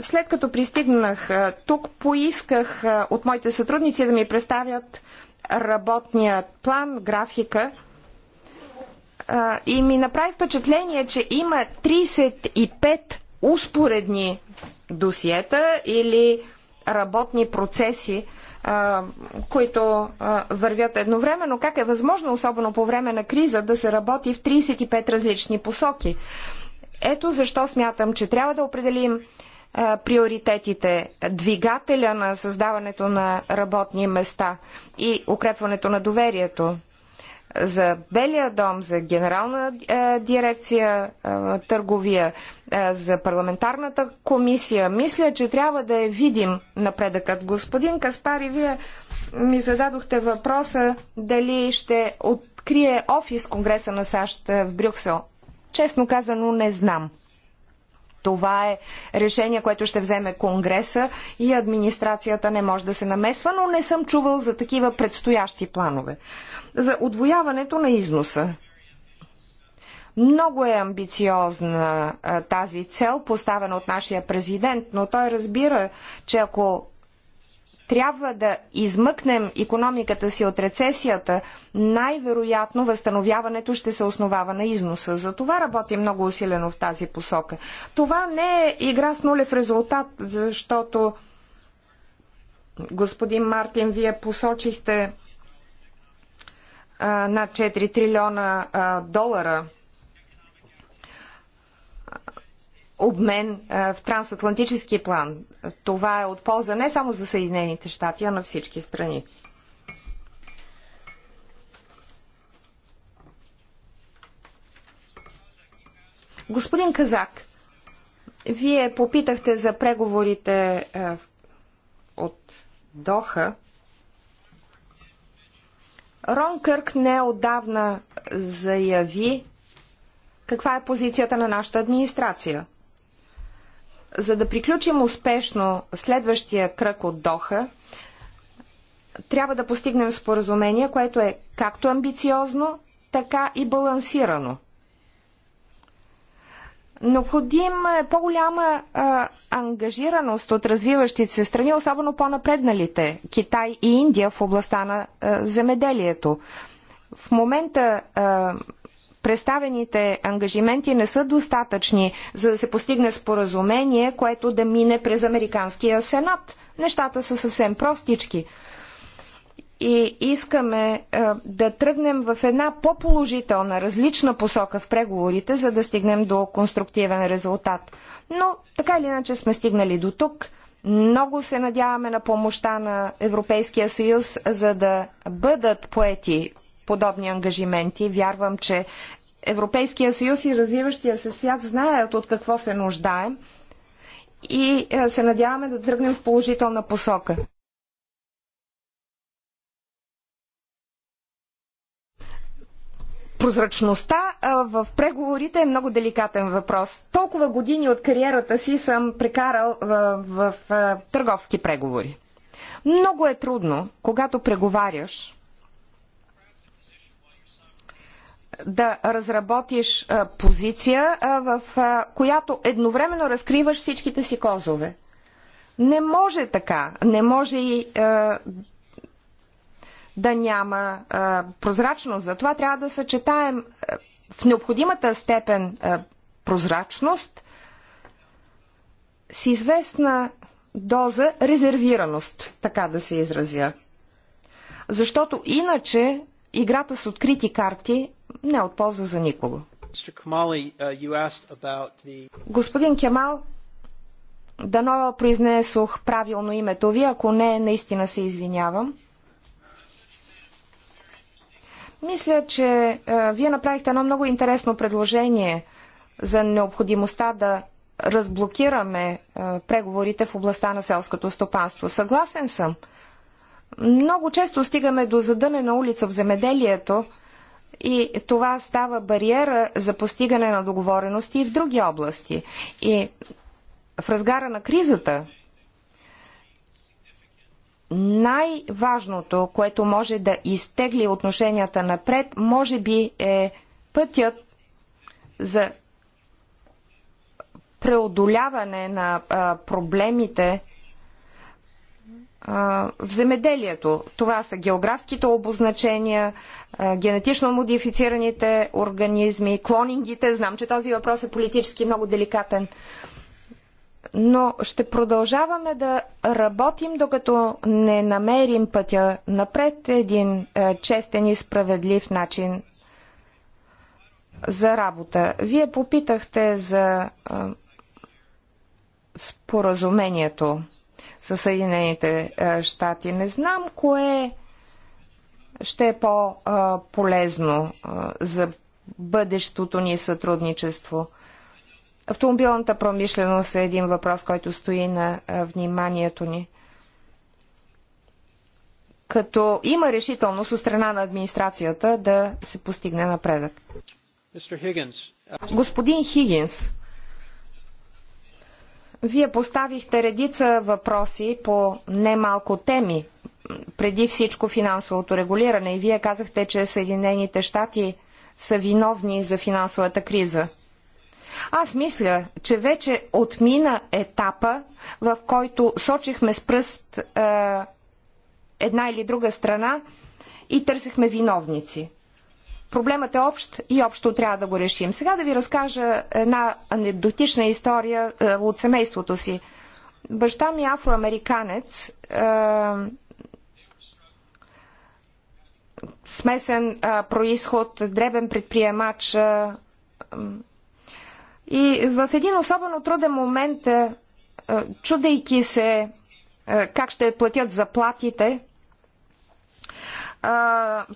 След като пристигнах тук, поисках от моите сътрудници да ми представят работния план, графика и ми направи впечатление, че има 35 успоредни досиета или работни процеси, които вървят едновременно. Как е възможно, особено по време на криза, да се работи в 35 различни посоки? Ето защо смятам, че трябва да определим приоритетите, двигателя на създаването на работни места и укрепването на доверието за Белия дом, за Генерална е, дирекция е, търговия, е, за парламентарната комисия. Мисля, че трябва да е видим напредъкът. Господин Каспари, вие ми зададохте въпроса дали ще открие офис Конгреса на САЩ в Брюксел. Честно казано, не знам. Това е решение, което ще вземе Конгреса и администрацията не може да се намесва, но не съм чувал за такива предстоящи планове. За отвояването на износа. Много е амбициозна тази цел, поставена от нашия президент, но той разбира, че ако трябва да измъкнем економиката си от рецесията, най-вероятно възстановяването ще се основава на износа. За това работи много усилено в тази посока. Това не е игра с нулев резултат, защото господин Мартин, вие посочихте а, над 4 трилиона а, долара обмен а, в трансатлантически план. Това е от полза не само за Съединените щати, а на всички страни. Господин Казак, вие попитахте за преговорите е, от Доха. Рон Кърк неодавна заяви каква е позицията на нашата администрация. За да приключим успешно следващия кръг от Доха, трябва да постигнем споразумение, което е както амбициозно, така и балансирано. Необходима е по-голяма ангажираност от развиващите се страни, особено по-напредналите Китай и Индия в областта на а, земеделието. В момента а, представените ангажименти не са достатъчни, за да се постигне споразумение, което да мине през Американския сенат. Нещата са съвсем простички. И искаме е, да тръгнем в една по-положителна, различна посока в преговорите, за да стигнем до конструктивен резултат. Но така или иначе сме стигнали до тук. Много се надяваме на помощта на Европейския съюз, за да бъдат поети подобни ангажименти. Вярвам, че Европейския съюз и развиващия се свят знаят от какво се нуждаем и е, се надяваме да тръгнем в положителна посока. Прозрачността е, в преговорите е много деликатен въпрос. Толкова години от кариерата си съм прекарал е, в, в, в търговски преговори. Много е трудно, когато преговаряш да разработиш позиция, в която едновременно разкриваш всичките си козове. Не може така. Не може и да няма прозрачност. Затова трябва да съчетаем в необходимата степен прозрачност с известна доза резервираност, така да се изразя. Защото иначе играта с открити карти не от полза за никого. Uh, Господин Кемал, дано произнесох правилно името ви, ако не, наистина се извинявам. Мисля, че е, вие направихте едно много интересно предложение за необходимостта да разблокираме е, преговорите в областта на селското стопанство. Съгласен съм. Много често стигаме до задънена улица в земеделието, и това става бариера за постигане на договорености и в други области. И в разгара на кризата най-важното, което може да изтегли отношенията напред, може би е пътят за преодоляване на проблемите в земеделието. Това са географските обозначения, генетично модифицираните организми, клонингите. Знам, че този въпрос е политически много деликатен. Но ще продължаваме да работим, докато не намерим пътя напред един честен и справедлив начин за работа. Вие попитахте за споразумението със Съединените е, щати. Не знам кое ще е по-полезно е, за бъдещото ни сътрудничество. Автомобилната промишленост е един въпрос, който стои на е, вниманието ни. Като има решителност от страна на администрацията да се постигне напредък. Господин Хигинс, вие поставихте редица въпроси по немалко теми, преди всичко финансовото регулиране и вие казахте, че Съединените щати са виновни за финансовата криза. Аз мисля, че вече отмина етапа, в който сочихме с пръст е, една или друга страна и търсихме виновници. Проблемът е общ и общо трябва да го решим. Сега да ви разкажа една анекдотична история е, от семейството си. Баща ми е афроамериканец, е, смесен е, происход, дребен предприемач. И в един особено труден момент, чудейки се как ще платят заплатите,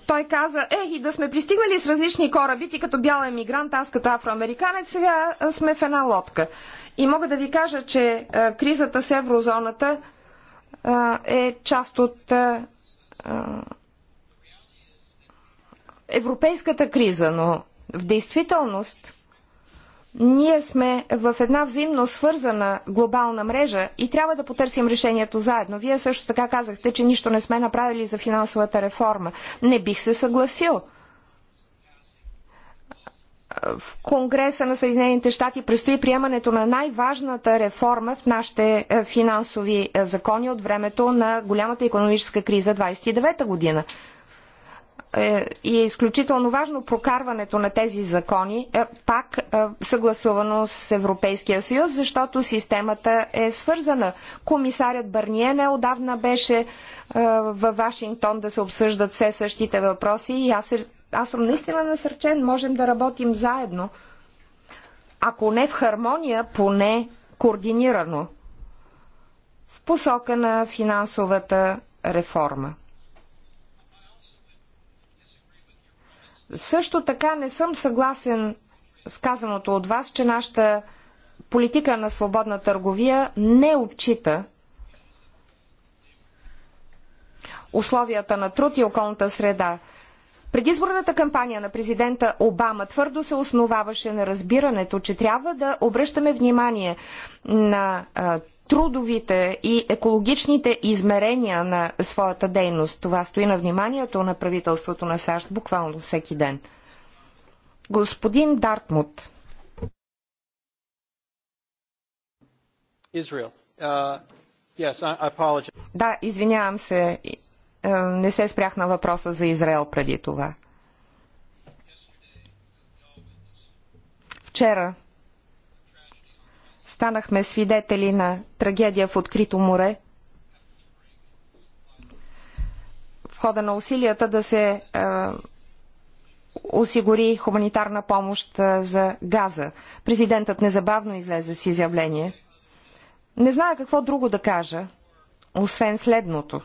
той каза, е, и да сме пристигнали с различни кораби, ти като бял емигрант, аз като афроамериканец, сега сме в една лодка. И мога да ви кажа, че а, кризата с еврозоната а, е част от а, европейската криза, но в действителност ние сме в една взаимно свързана глобална мрежа и трябва да потърсим решението заедно. Вие също така казахте, че нищо не сме направили за финансовата реформа. Не бих се съгласил. В Конгреса на Съединените щати предстои приемането на най-важната реформа в нашите е, финансови е, закони от времето на голямата економическа криза 29-та година. Е, и е изключително важно прокарването на тези закони, е, пак е, съгласувано с Европейския съюз, защото системата е свързана. Комисарят Барние неотдавна беше във Вашингтон да се обсъждат все същите въпроси и аз, аз съм наистина насърчен, можем да работим заедно. Ако не в хармония, поне координирано в посока на финансовата реформа. Също така не съм съгласен с казаното от вас, че нашата политика на свободна търговия не отчита условията на труд и околната среда. Предизборната кампания на президента Обама твърдо се основаваше на разбирането, че трябва да обръщаме внимание на трудовите и екологичните измерения на своята дейност. Това стои на вниманието на правителството на САЩ буквално всеки ден. Господин Дартмут. Uh, yes, да, извинявам се. Е, не се спрях на въпроса за Израел преди това. Вчера станахме свидетели на трагедия в открито море. В хода на усилията да се е, осигури хуманитарна помощ за газа. Президентът незабавно излезе с изявление. Не зная какво друго да кажа, освен следното.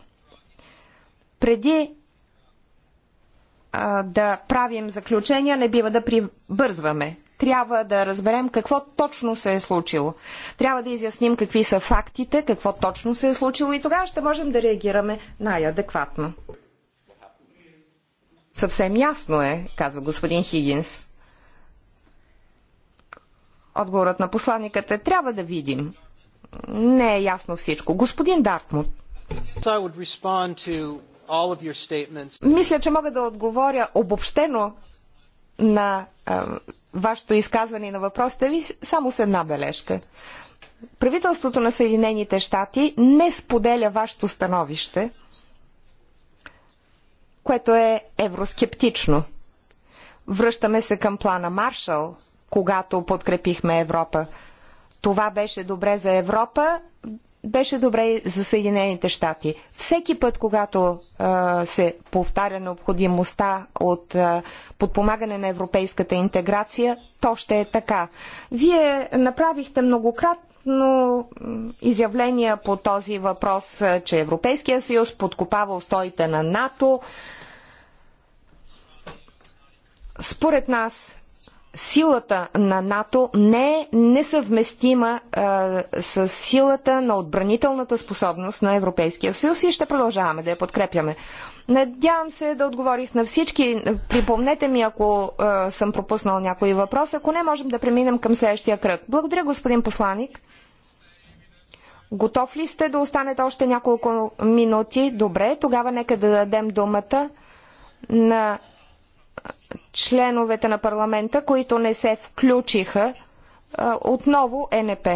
Преди а, да правим заключения, не бива да прибързваме трябва да разберем какво точно се е случило. Трябва да изясним какви са фактите, какво точно се е случило и тогава ще можем да реагираме най-адекватно. Съвсем ясно е, казва господин Хигинс. Отговорът на посланникът е трябва да видим. Не е ясно всичко. Господин Дартмут. Мисля, че мога да отговоря обобщено на вашето изказване на въпросите ви само с една бележка. Правителството на Съединените щати не споделя вашето становище, което е евроскептично. Връщаме се към плана Маршал, когато подкрепихме Европа. Това беше добре за Европа, беше добре за Съединените щати. Всеки път, когато а, се повтаря необходимостта от а, подпомагане на европейската интеграция, то ще е така. Вие направихте многократно изявления по този въпрос, че Европейския съюз подкопава устоите на НАТО. Според нас силата на НАТО не е несъвместима а, с силата на отбранителната способност на Европейския съюз и ще продължаваме да я подкрепяме. Надявам се да отговорих на всички. Припомнете ми, ако а, съм пропуснал някой въпрос. Ако не, можем да преминем към следващия кръг. Благодаря, господин посланик. Готов ли сте да останете още няколко минути? Добре, тогава нека да дадем думата на членовете на парламента, които не се включиха. Отново ЕНП.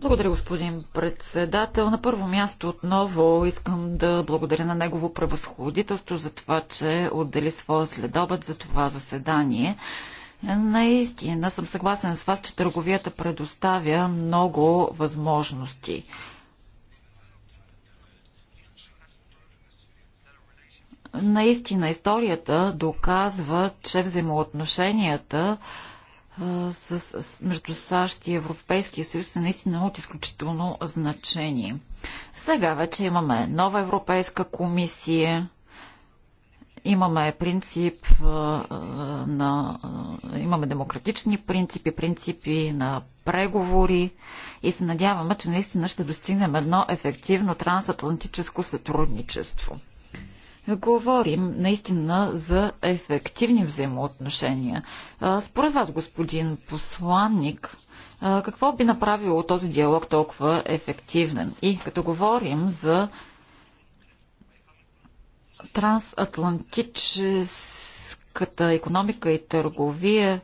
Благодаря, господин председател. На първо място отново искам да благодаря на негово превъзходителство за това, че отдели своя следобед за това заседание. Наистина съм съгласен с вас, че търговията предоставя много възможности. Наистина историята доказва, че взаимоотношенията с, с, между САЩ и Европейския съюз са наистина от изключително значение. Сега вече имаме нова Европейска комисия, имаме принцип на. имаме демократични принципи, принципи на преговори и се надяваме, че наистина ще достигнем едно ефективно трансатлантическо сътрудничество говорим наистина за ефективни взаимоотношения. Според вас, господин посланник, какво би направило този диалог толкова ефективен? И като говорим за трансатлантическата економика и търговия,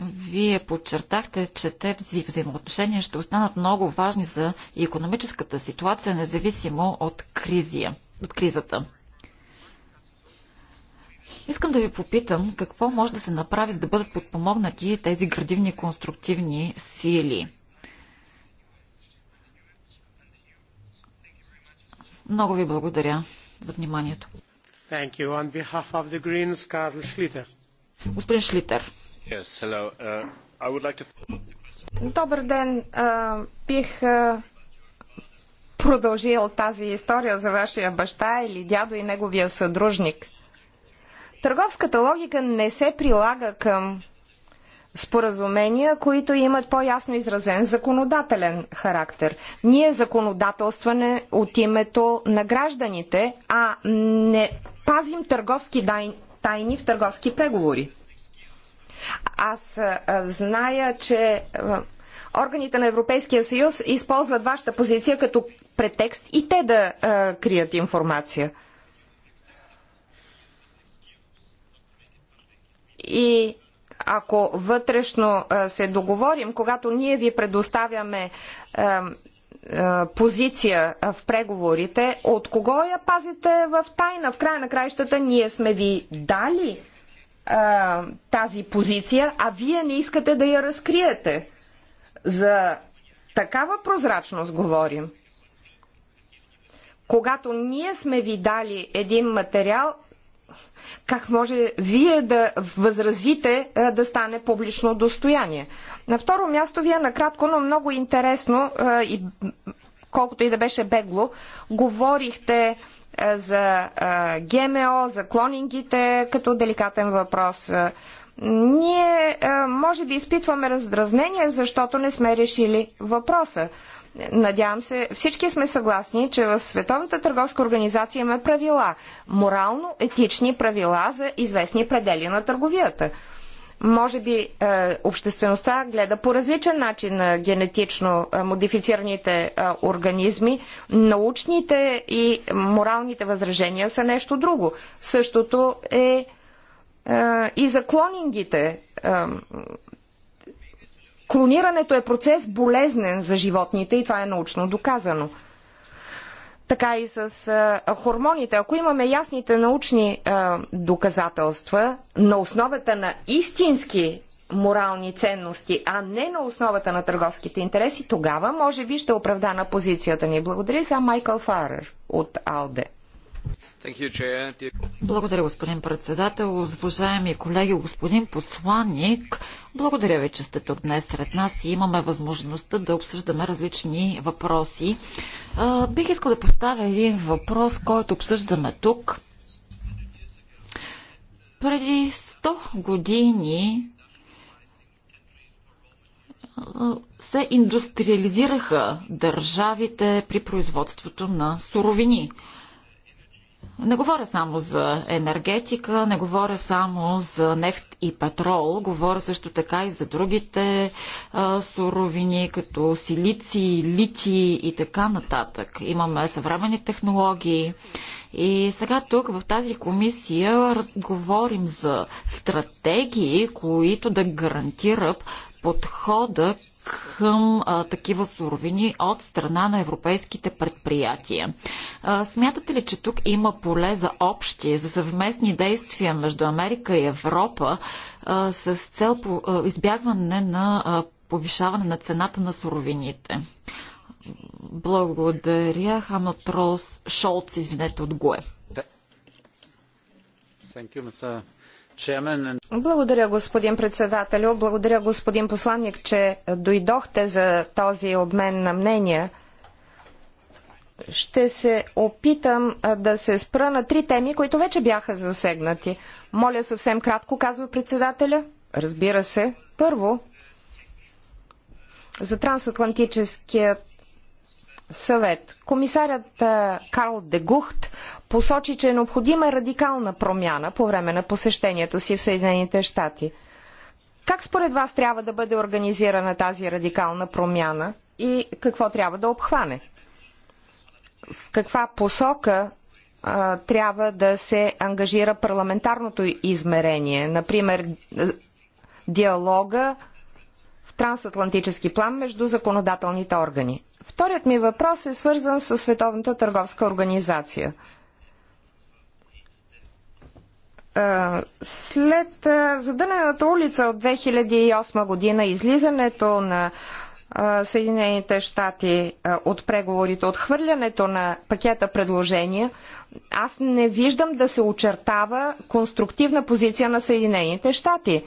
вие подчертахте, че тези взаимоотношения ще останат много важни за економическата ситуация, независимо от, кризия, от кризата. Искам да ви попитам какво може да се направи, за да бъдат подпомогнати тези градивни конструктивни сили. Много ви благодаря за вниманието. Thank you. On behalf of the Greens, Carl Schlitter. Господин Шлитер. Uh, Добър ден. бих продължил тази история за вашия баща или дядо и неговия съдружник. Търговската логика не се прилага към споразумения, които имат по-ясно изразен законодателен характер. Ние законодателстване от името на гражданите, а не пазим търговски тайни в търговски преговори. Аз зная, че органите на Европейския съюз използват вашата позиция като претекст и те да крият информация. И ако вътрешно се договорим, когато ние ви предоставяме позиция в преговорите, от кого я пазите в тайна? В края на краищата ние сме ви дали а, тази позиция, а вие не искате да я разкриете. За такава прозрачност говорим. Когато ние сме ви дали един материал, как може вие да възразите да стане публично достояние. На второ място, вие накратко, но много интересно и колкото и да беше бегло, говорихте за ГМО, за клонингите, като деликатен въпрос. Ние, може би, изпитваме раздразнение, защото не сме решили въпроса. Надявам се, всички сме съгласни, че в Световната търговска организация има правила, морално-етични правила за известни предели на търговията. Може би е, обществеността гледа по различен начин на генетично е, модифицираните е, организми. Научните и моралните възражения са нещо друго. Същото е и за клонингите. Клонирането е процес болезнен за животните и това е научно доказано така и с хормоните. Ако имаме ясните научни доказателства на основата на истински морални ценности, а не на основата на търговските интереси, тогава може би ще оправдана позицията ни. Благодаря сега Майкъл Фарер от Алде. Благодаря, господин председател. Уважаеми колеги, господин посланник, благодаря ви, че сте тук днес сред нас и имаме възможността да обсъждаме различни въпроси. бих искал да поставя един въпрос, който обсъждаме тук. Преди 100 години се индустриализираха държавите при производството на суровини – не говоря само за енергетика, не говоря само за нефт и петрол, говоря също така и за другите а, суровини, като силици, лити и така нататък. Имаме съвременни технологии. И сега тук в тази комисия говорим за стратегии, които да гарантират подхода към а, такива суровини от страна на европейските предприятия. А, смятате ли, че тук има поле за общи, за съвместни действия между Америка и Европа а, с цел по, а, избягване на а, повишаване на цената на суровините? Благодаря, Хамат Ролс Шолц, извинете, от ГОЕ. Thank you, Mr. Благодаря, господин председателю. Благодаря, господин посланник, че дойдохте за този обмен на мнения. Ще се опитам да се спра на три теми, които вече бяха засегнати. Моля съвсем кратко, казва председателя. Разбира се. Първо, за трансатлантическият съвет. Комисарят Карл Дегухт посочи, че е необходима радикална промяна по време на посещението си в Съединените щати. Как според вас трябва да бъде организирана тази радикална промяна и какво трябва да обхване? В каква посока а, трябва да се ангажира парламентарното измерение? Например, диалога в трансатлантически план между законодателните органи. Вторият ми въпрос е свързан с Световната търговска организация. След задънената улица от 2008 година, излизането на Съединените щати от преговорите, отхвърлянето на пакета предложения, аз не виждам да се очертава конструктивна позиция на Съединените щати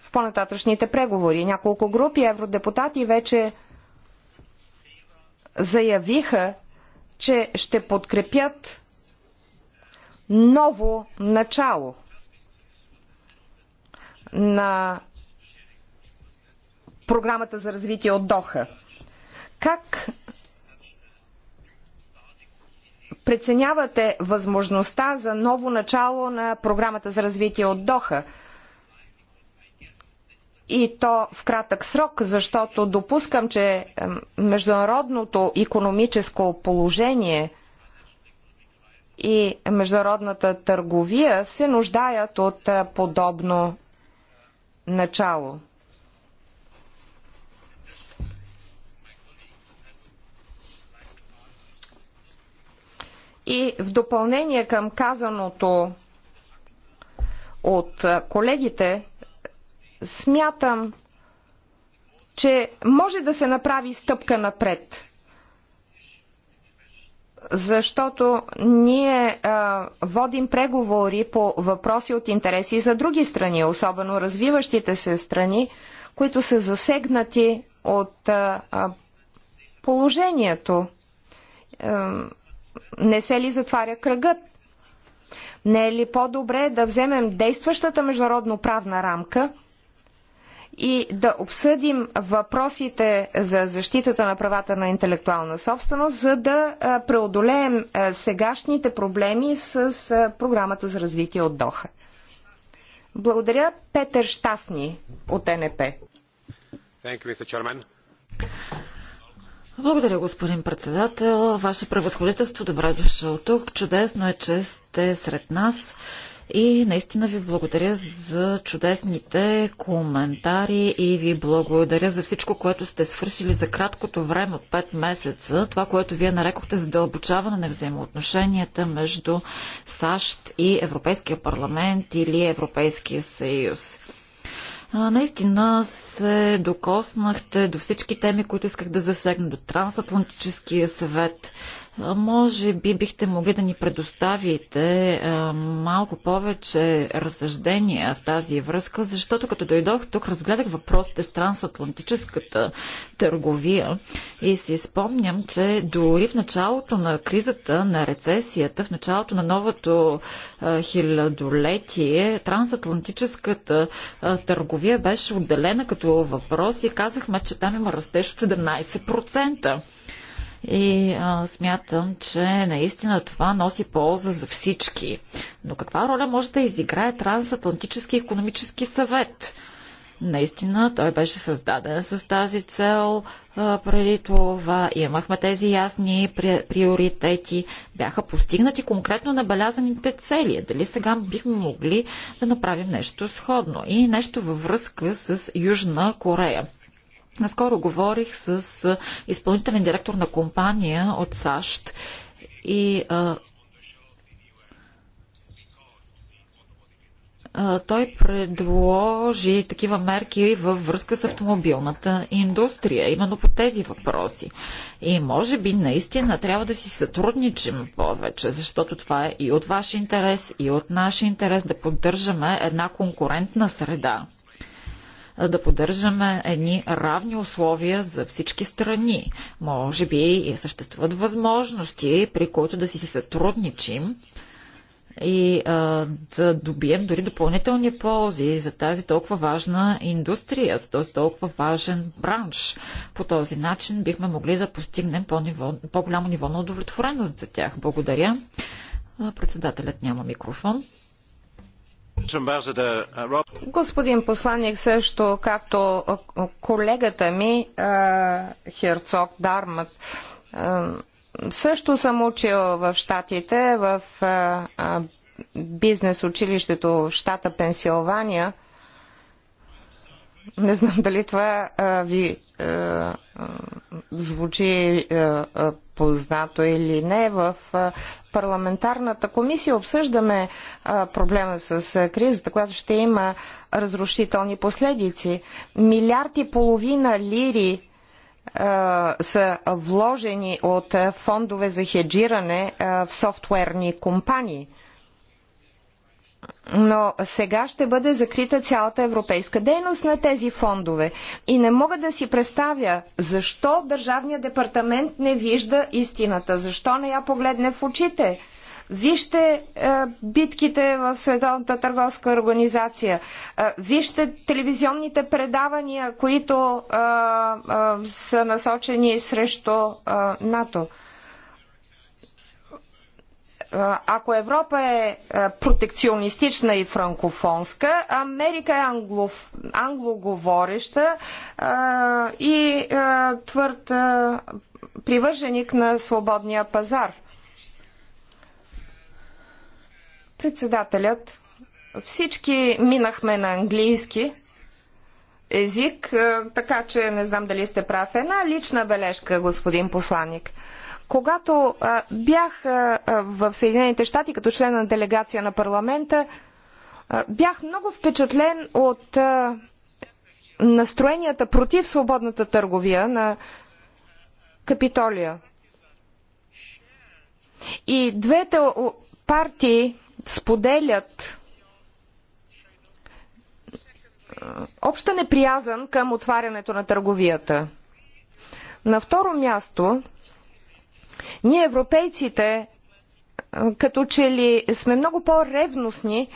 в по-нататъчните преговори. Няколко групи евродепутати вече заявиха, че ще подкрепят ново начало на програмата за развитие от Доха. Как преценявате възможността за ново начало на програмата за развитие от Доха? и то в кратък срок, защото допускам, че международното економическо положение и международната търговия се нуждаят от е, подобно начало. И в допълнение към казаното от е, колегите, смятам, че може да се направи стъпка напред. Защото ние а, водим преговори по въпроси от интереси за други страни, особено развиващите се страни, които са засегнати от а, положението. А, е, не се ли затваря кръгът? Не е ли по-добре да вземем действащата международно правна рамка – и да обсъдим въпросите за защитата на правата на интелектуална собственост, за да преодолеем сегашните проблеми с програмата за развитие от Доха. Благодаря Петър Штасни от НП. Благодаря, господин председател. Ваше превъзходителство, добре дошъл тук. Чудесно е, че сте сред нас и наистина ви благодаря за чудесните коментари и ви благодаря за всичко, което сте свършили за краткото време от 5 месеца. Това, което вие нарекохте задълбочаване на взаимоотношенията между САЩ и Европейския парламент или Европейския съюз. Наистина се докоснахте до всички теми, които исках да засегна, до Трансатлантическия съвет, може би бихте могли да ни предоставите малко повече разсъждения в тази връзка, защото като дойдох тук, разгледах въпросите с трансатлантическата търговия и си спомням, че дори в началото на кризата, на рецесията, в началото на новото хилядолетие, трансатлантическата търговия беше отделена като въпрос и казахме, че там има растеж от 17%. И а, смятам, че наистина това носи полза за всички. Но каква роля може да изиграе Трансатлантически економически съвет? Наистина, той беше създаден с тази цел преди това. Имахме тези ясни приоритети. Бяха постигнати конкретно набелязаните цели. Дали сега бихме могли да направим нещо сходно? И нещо във връзка с Южна Корея. Наскоро говорих с изпълнителен директор на компания от САЩ и той предложи такива мерки във връзка с автомобилната индустрия, именно по тези въпроси. И може би наистина трябва да си сътрудничим повече, защото това е и от ваш интерес, и от наш интерес да поддържаме една конкурентна среда да поддържаме едни равни условия за всички страни. Може би и съществуват възможности, при които да си се сътрудничим и а, да добием дори допълнителни ползи за тази толкова важна индустрия, за този толкова важен бранш. По този начин бихме могли да постигнем по-ниво, по-голямо ниво на удовлетвореност за тях. Благодаря. Председателят няма микрофон. Господин посланник, също както колегата ми Херцог Дармат, също съм учил в Штатите, в бизнес училището в щата Пенсилвания. Не знам дали това ви звучи познато или не, в парламентарната комисия обсъждаме проблема с кризата, която ще има разрушителни последици. Милиард и половина лири са вложени от фондове за хеджиране в софтуерни компании – но сега ще бъде закрита цялата европейска дейност на тези фондове. И не мога да си представя защо Държавният департамент не вижда истината, защо не я погледне в очите. Вижте е, битките в Световната търговска организация. Е, вижте телевизионните предавания, които е, е, са насочени срещу е, НАТО ако Европа е, е протекционистична и франкофонска, Америка е англоговореща е, и е, твърд привърженик на свободния пазар. Председателят, всички минахме на английски език, така че не знам дали сте прав. Една лична бележка, господин посланник. Когато бях в Съединените щати като член на делегация на парламента, бях много впечатлен от настроенията против свободната търговия на Капитолия. И двете партии споделят обща неприязан към отварянето на търговията. На второ място, ние, европейците, като че ли сме много по-ревностни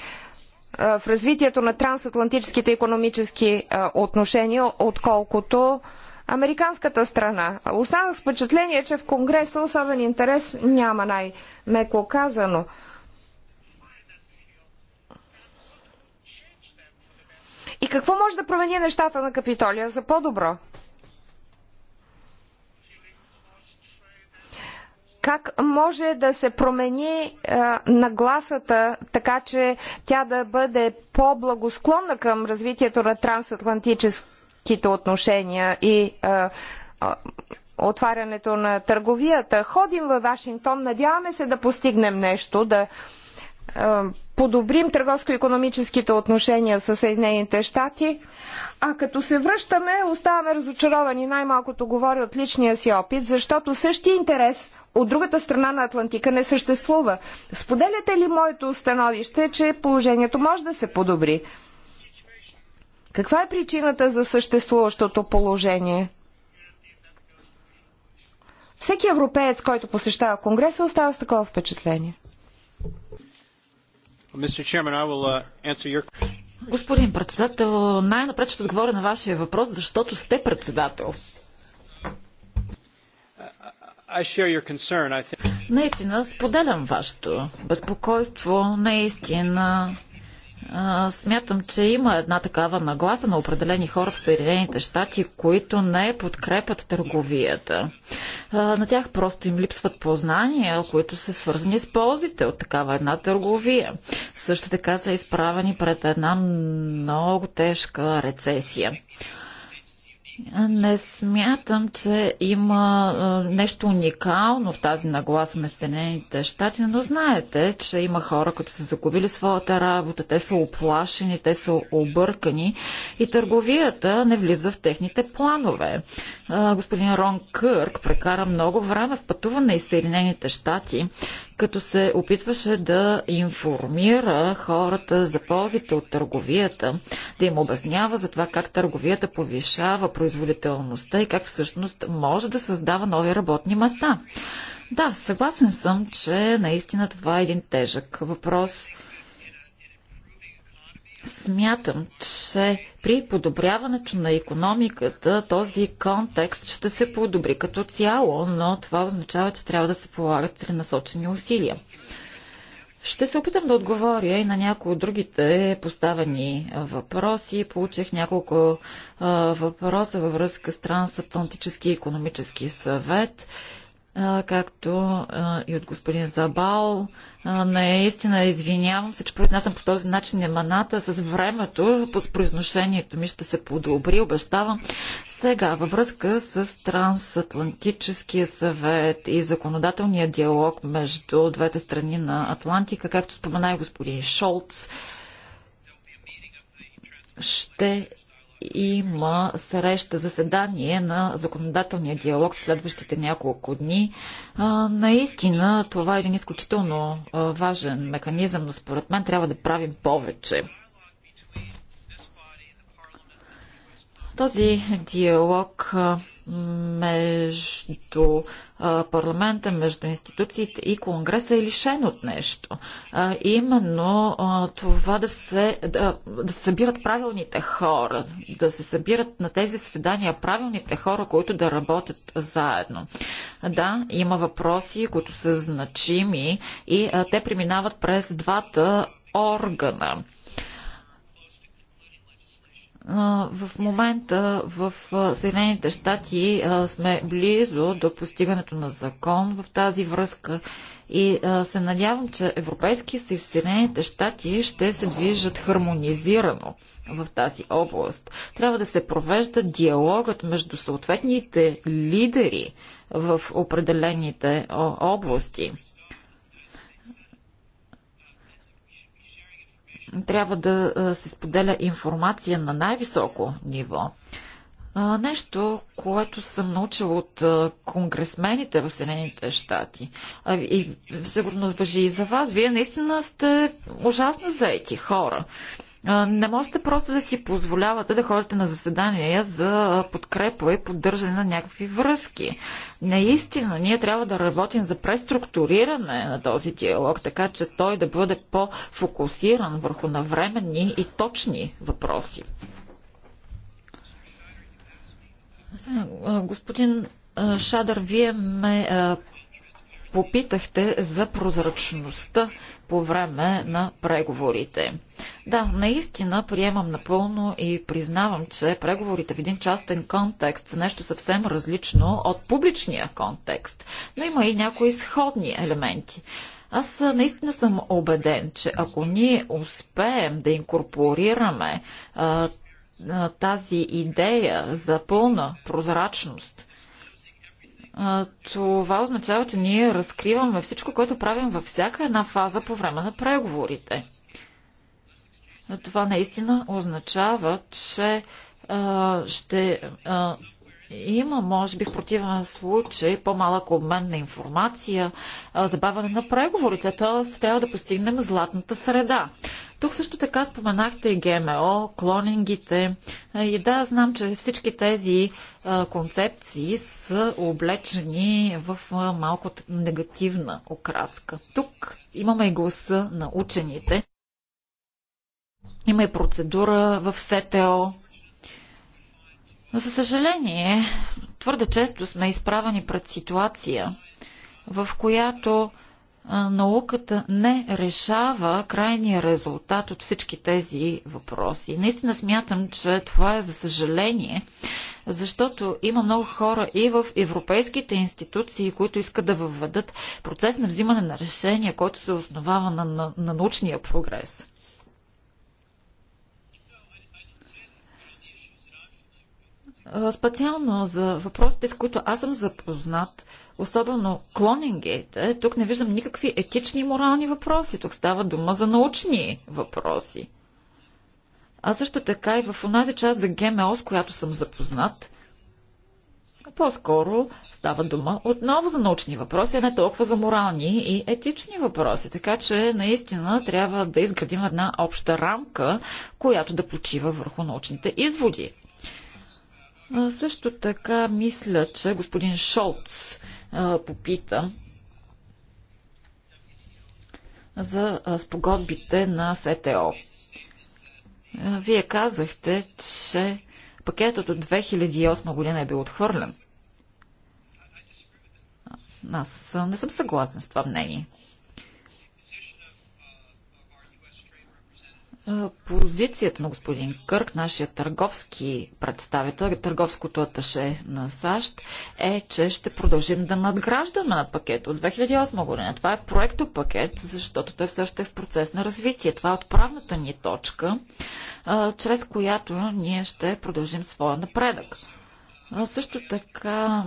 в развитието на трансатлантическите економически отношения, отколкото американската страна. Останах с впечатление, че в Конгреса особен интерес няма най-меко казано. И какво може да промени нещата на Капитолия за по-добро? Как може да се промени а, нагласата, така че тя да бъде по-благосклонна към развитието на трансатлантическите отношения и а, а, отварянето на търговията? Ходим във Вашингтон, надяваме се да постигнем нещо, да подобрим търговско-економическите отношения с Съединените щати, а като се връщаме, оставаме разочаровани. Най-малкото говори от личния си опит, защото същия интерес от другата страна на Атлантика не съществува. Споделяте ли моето установище, че положението може да се подобри? Каква е причината за съществуващото положение? Всеки европеец, който посещава Конгреса, остава с такова впечатление. Uh, Господин председател, най-напред ще отговоря на вашия въпрос, защото сте председател. Uh, Наистина, споделям вашето безпокойство. Наистина, смятам, че има една такава нагласа на определени хора в Съединените щати, които не подкрепят търговията. А, на тях просто им липсват познания, които са свързани с ползите от такава една търговия. Също така са изправени пред една много тежка рецесия. Не смятам, че има нещо уникално в тази нагласа на Съединените щати, но знаете, че има хора, които са загубили своята работа, те са оплашени, те са объркани и търговията не влиза в техните планове. Господин Рон Кърк прекара много време в пътуване из Съединените щати, като се опитваше да информира хората за ползите от търговията, да им обяснява за това как търговията повишава производството производителността и как всъщност може да създава нови работни места. Да, съгласен съм, че наистина това е един тежък въпрос. Смятам, че при подобряването на економиката този контекст ще се подобри като цяло, но това означава, че трябва да се полагат целенасочени усилия. Ще се опитам да отговоря и на някои от другите поставени въпроси. Получих няколко а, въпроса във връзка с Трансатлантически економически съвет както и от господин Забал. Наистина извинявам се, че произнасям по този начин еманата. С времето под произношението ми ще се подобри, обещавам. Сега, във връзка с Трансатлантическия съвет и законодателния диалог между двете страни на Атлантика, както спомена и господин Шолц, ще има среща, заседание на законодателния диалог в следващите няколко дни. А, наистина това е един изключително важен механизъм, но според мен трябва да правим повече. Този диалог между парламента, между институциите и Конгреса е лишен от нещо. именно това да се да, да събират правилните хора, да се събират на тези заседания правилните хора, които да работят заедно. Да, има въпроси, които са значими и те преминават през двата органа. В момента в Съединените щати сме близо до постигането на закон в тази връзка и се надявам, че Европейски съюз и Съединените щати ще се движат хармонизирано в тази област. Трябва да се провежда диалогът между съответните лидери в определените области Трябва да се споделя информация на най-високо ниво. Нещо, което съм научил от конгресмените в Съединените щати. И сигурно въжи и за вас. Вие наистина сте ужасно заети хора. Не можете просто да си позволявате да ходите на заседания за подкрепа и поддържане на някакви връзки. Наистина, ние трябва да работим за преструктуриране на този диалог, така че той да бъде по-фокусиран върху навременни и точни въпроси. Господин Шадър, вие ме попитахте за прозрачността по време на преговорите. Да, наистина приемам напълно и признавам, че преговорите в един частен контекст са нещо съвсем различно от публичния контекст, но има и някои сходни елементи. Аз наистина съм убеден, че ако ние успеем да инкорпорираме а, тази идея за пълна прозрачност това означава, че ние разкриваме всичко, което правим във всяка една фаза по време на преговорите. Това наистина означава, че ще има, може би, в противен случай по-малък обмен на информация, забавяне на преговорите, т.е. трябва да постигнем златната среда. Тук също така споменахте и ГМО, клонингите. И да, знам, че всички тези концепции са облечени в малко негативна окраска. Тук имаме и гласа на учените. Има и процедура в СТО, но, За съжаление, твърде често сме изправени пред ситуация, в която науката не решава крайния резултат от всички тези въпроси. Наистина смятам, че това е за съжаление, защото има много хора и в европейските институции, които искат да въведат процес на взимане на решения, който се основава на, на, на научния прогрес. Специално за въпросите, с които аз съм запознат, особено клонингейта, тук не виждам никакви етични и морални въпроси. Тук става дума за научни въпроси. А също така и в онази част за ГМО, с която съм запознат, по-скоро става дума отново за научни въпроси, а не толкова за морални и етични въпроси. Така че наистина трябва да изградим една обща рамка, която да почива върху научните изводи. Също така мисля, че господин Шолц попита за спогодбите на СТО. Вие казахте, че пакетът от 2008 година е бил отхвърлен. Аз не съм съгласен с това мнение. позицията на господин Кърк, нашия търговски представител, търговското аташе на САЩ, е, че ще продължим да надграждаме на пакет от 2008 година. Това е проекто пакет, защото той все още е в процес на развитие. Това е отправната ни точка, чрез която ние ще продължим своя напредък. Също така,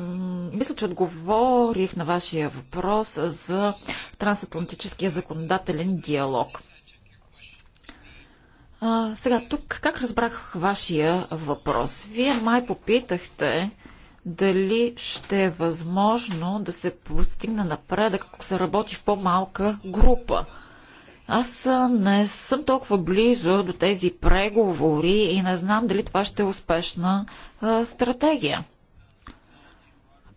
мисля, че отговорих на вашия въпрос за трансатлантическия законодателен диалог. А, сега тук, как разбрах вашия въпрос? Вие май попитахте дали ще е възможно да се постигне напредък, ако се работи в по-малка група. Аз не съм толкова близо до тези преговори и не знам дали това ще е успешна а, стратегия.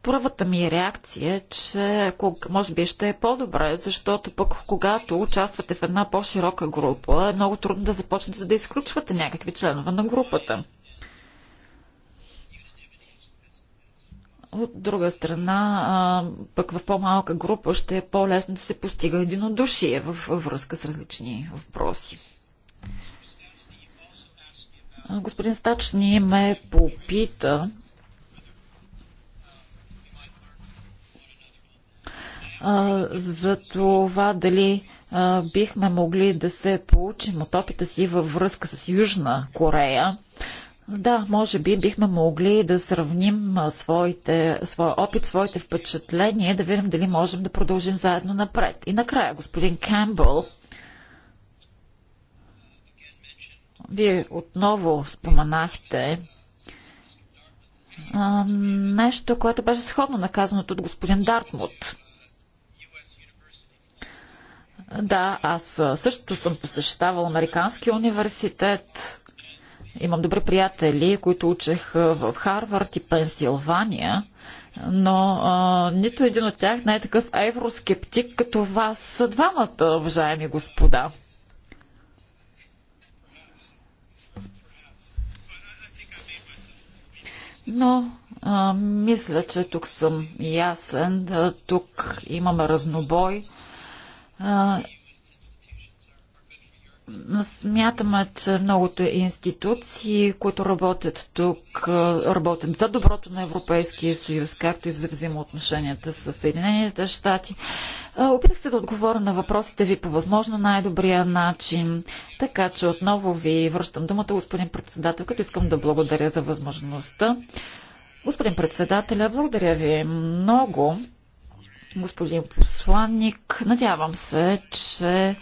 Първата ми е реакция е, че може би ще е по-добре, защото пък когато участвате в една по-широка група, е много трудно да започнете да изключвате някакви членове на групата. От друга страна, пък в по-малка група ще е по-лесно да се постига единодушие във връзка с различни въпроси. Господин Стачни ме попита за това дали а, бихме могли да се получим от опита си във връзка с Южна Корея. Да, може би бихме могли да сравним своите, своя опит, своите впечатления, да видим дали можем да продължим заедно напред. И накрая, господин Кембъл, вие отново споменахте а, нещо, което беше сходно наказаното от господин Дартмут. Да, аз също съм посещавал Американския университет. Имам добри приятели, които учех в Харвард и Пенсилвания, но а, нито един от тях не е такъв евроскептик като вас двамата, уважаеми господа. Но а, мисля, че тук съм ясен. Да, тук имаме разнобой Смятаме, че многото институции, които работят тук, работят за доброто на Европейския съюз, както и за взаимоотношенията с Съединените щати. Опитах се да отговоря на въпросите ви по възможно най-добрия начин, така че отново ви връщам думата, господин председател, като искам да благодаря за възможността. Господин председателя, благодаря ви много господин посланник. Надявам се, че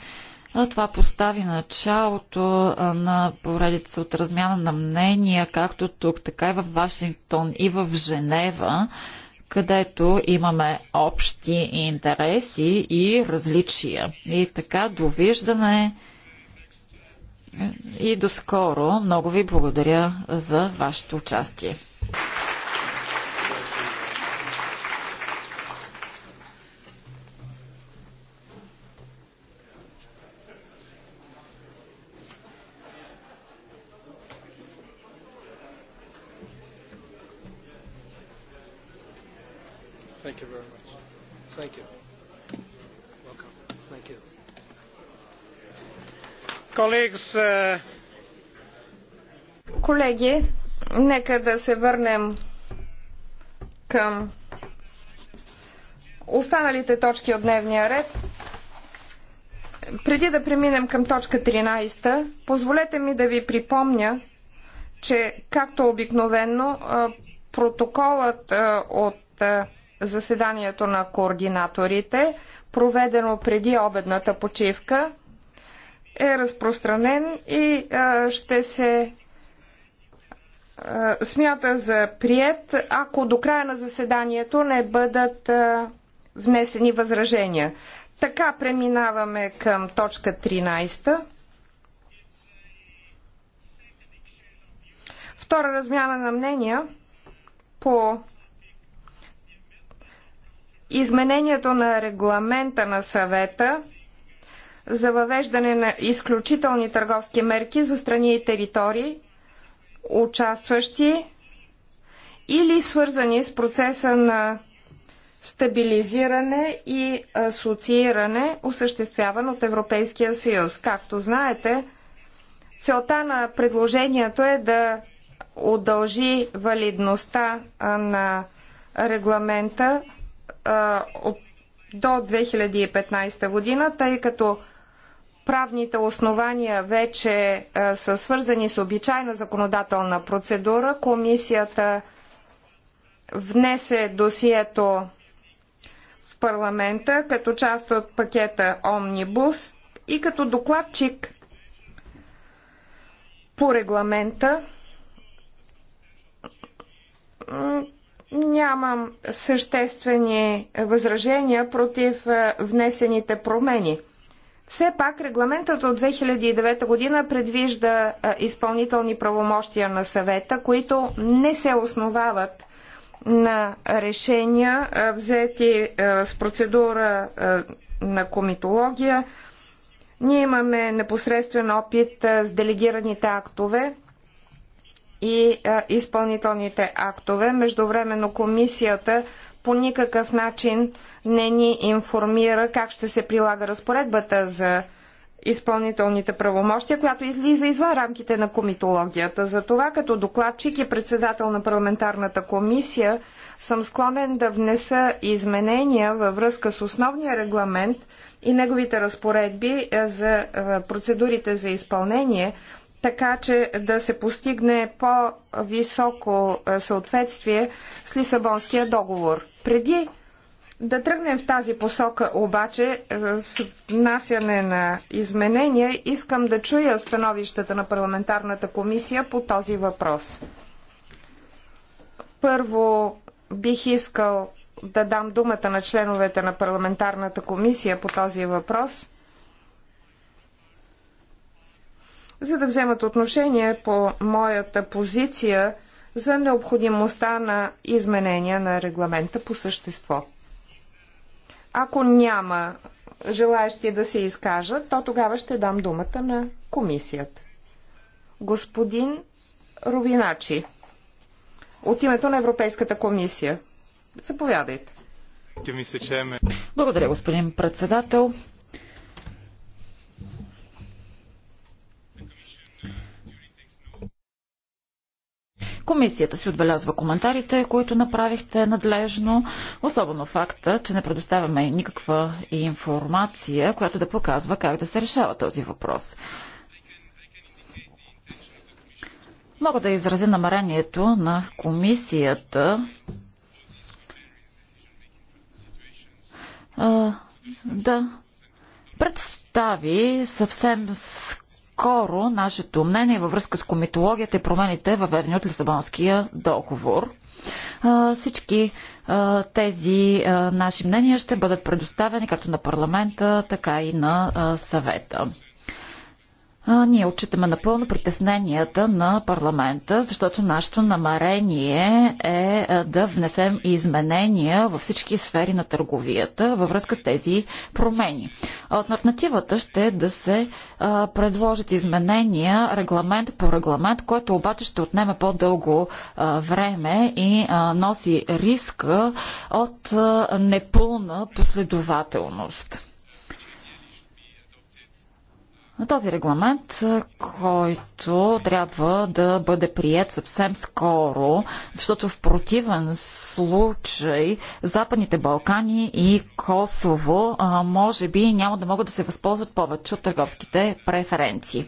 това постави началото на поредица от размяна на мнения, както тук, така и в Вашингтон и в Женева, където имаме общи интереси и различия. И така, довиждане и доскоро. Много ви благодаря за вашето участие. Е, Колеги, нека да се върнем към останалите точки от дневния ред. Преди да преминем към точка 13, позволете ми да ви припомня, че както обикновено е, протоколът е, от заседанието на координаторите, проведено преди обедната почивка, е разпространен и а, ще се а, смята за прият, ако до края на заседанието не бъдат а, внесени възражения. Така преминаваме към точка 13. Втора размяна на мнения по изменението на регламента на съвета за въвеждане на изключителни търговски мерки за страни и територии, участващи или свързани с процеса на стабилизиране и асоцииране, осъществяван от Европейския съюз. Както знаете, целта на предложението е да удължи валидността на регламента до 2015 година, тъй като правните основания вече е, са свързани с обичайна законодателна процедура. Комисията внесе досието в парламента като част от пакета Омнибус и като докладчик по регламента нямам съществени възражения против е, внесените промени – все пак регламентът от 2009 година предвижда изпълнителни правомощия на съвета, които не се основават на решения, взети с процедура на комитология. Ние имаме непосредствен опит с делегираните актове и изпълнителните актове. Междувременно комисията по никакъв начин не ни информира как ще се прилага разпоредбата за изпълнителните правомощия, която излиза извън рамките на комитологията. Затова като докладчик и председател на парламентарната комисия съм склонен да внеса изменения във връзка с основния регламент и неговите разпоредби е, за е, процедурите за изпълнение, така че да се постигне по-високо е, съответствие с Лисабонския договор. Преди да тръгнем в тази посока обаче е, с внасяне на изменения, искам да чуя становищата на парламентарната комисия по този въпрос. Първо бих искал да дам думата на членовете на парламентарната комисия по този въпрос – за да вземат отношение по моята позиция за необходимостта на изменения на регламента по същество. Ако няма желаящи да се изкажат, то тогава ще дам думата на комисията. Господин Рубиначи, от името на Европейската комисия. Заповядайте. Благодаря, господин председател. Комисията си отбелязва коментарите, които направихте надлежно, особено факта, че не предоставяме никаква информация, която да показва как да се решава този въпрос. Мога да изразя намерението на комисията да представи съвсем с скоро нашето мнение във връзка с комитологията и промените въведени от Лисабонския договор. Всички тези наши мнения ще бъдат предоставени както на парламента, така и на съвета. А, ние отчитаме напълно притесненията на парламента, защото нашето намерение е, е да внесем изменения във всички сфери на търговията във връзка с тези промени. Альтернативата ще е да се а, предложат изменения регламент по регламент, който обаче ще отнеме по-дълго време и а, носи риска от а, непълна последователност. Този регламент, който трябва да бъде прият съвсем скоро, защото в противен случай Западните Балкани и Косово може би няма да могат да се възползват повече от търговските преференции.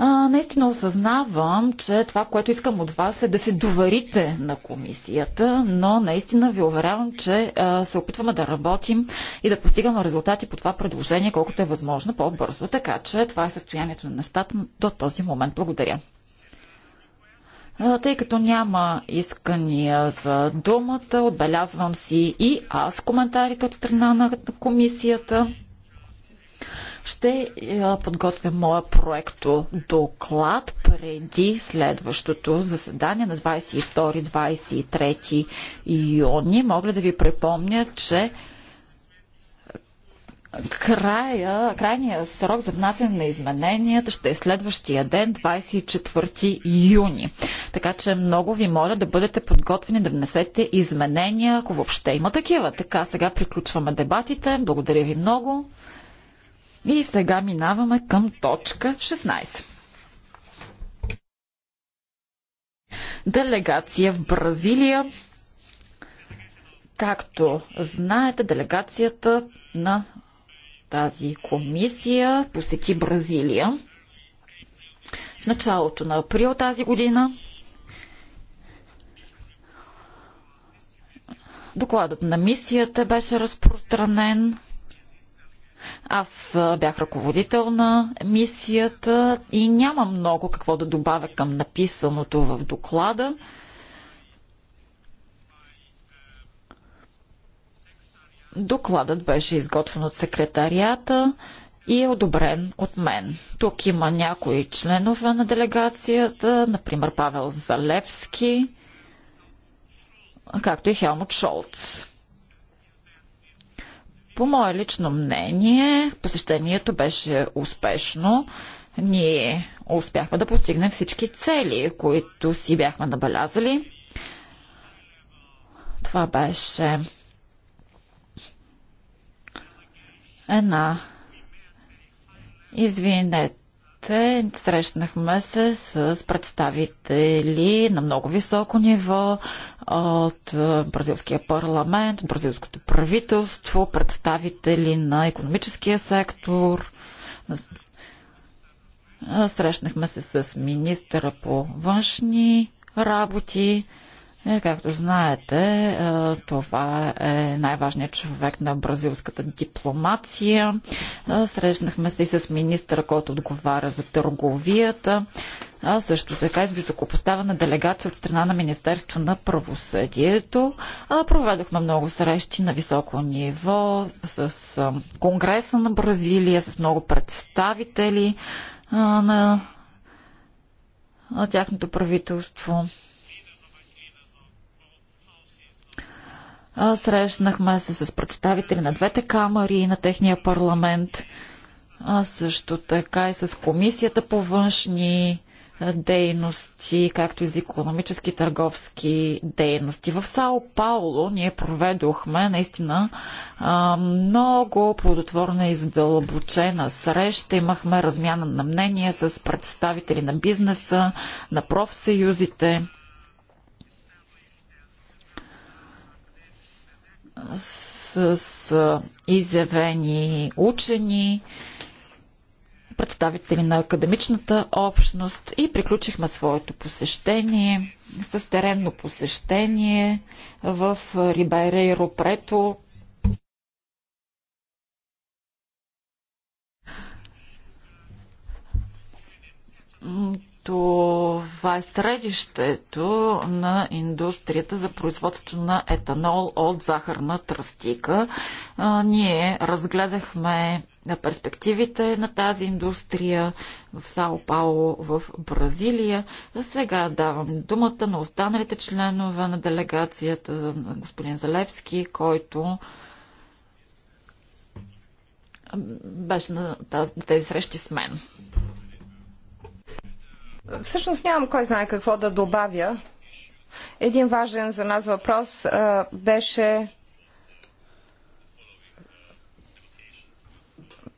А, наистина осъзнавам, че това, което искам от вас е да се доварите на комисията, но наистина ви уверявам, че а, се опитваме да работим и да постигаме резултати по това предложение, колкото е възможно по-бързо. Така че това е състоянието на нещата до този момент. Благодаря. Тъй като няма искания за думата, отбелязвам си и аз коментарите от страна на комисията. Ще е, подготвя моя проекто доклад преди следващото заседание на 22-23 юни. Мога да ви припомня, че края, крайният срок за внасяне на измененията ще е следващия ден, 24 юни. Така че много ви моля да бъдете подготвени да внесете изменения, ако въобще има такива. Така, сега приключваме дебатите. Благодаря ви много. И сега минаваме към точка 16. Делегация в Бразилия. Както знаете, делегацията на тази комисия посети Бразилия в началото на април тази година. Докладът на мисията беше разпространен аз бях ръководител на мисията и няма много какво да добавя към написаното в доклада. Докладът беше изготвен от секретарията и е одобрен от мен. Тук има някои членове на делегацията, например Павел Залевски, както и Хелмут Шолц. По мое лично мнение, посещението беше успешно. Ние успяхме да постигнем всички цели, които си бяхме набелязали. Това беше една Извинете, те срещнахме се с представители на много високо ниво от е, бразилския парламент, от бразилското правителство, представители на економическия сектор. Е, срещнахме се с министъра по външни работи е, както знаете, е, това е най-важният човек на бразилската дипломация. Е, срещнахме се и с министъра, който отговаря за търговията, а също така и с високопоставена делегация от страна на Министерство на правосъдието. Проведохме много срещи на високо ниво с Конгреса на Бразилия, с много представители на тяхното правителство. Срещнахме се с представители на двете камери и на техния парламент, а също така и с комисията по външни дейности, както и за економически търговски дейности. В Сао Пауло ние проведохме наистина много плодотворна и задълбочена среща. Имахме размяна на мнения с представители на бизнеса, на профсъюзите. с, с изявени учени, представители на академичната общност и приключихме своето посещение с теренно посещение в Рибайре и Ропрето. Това е средището на индустрията за производство на етанол от захарна тръстика. Ние разгледахме перспективите на тази индустрия в Сао Пауло в Бразилия. За сега давам думата на останалите членове на делегацията, на господин Залевски, който беше на тази, тези срещи с мен. Всъщност нямам кой знае какво да добавя. Един важен за нас въпрос а, беше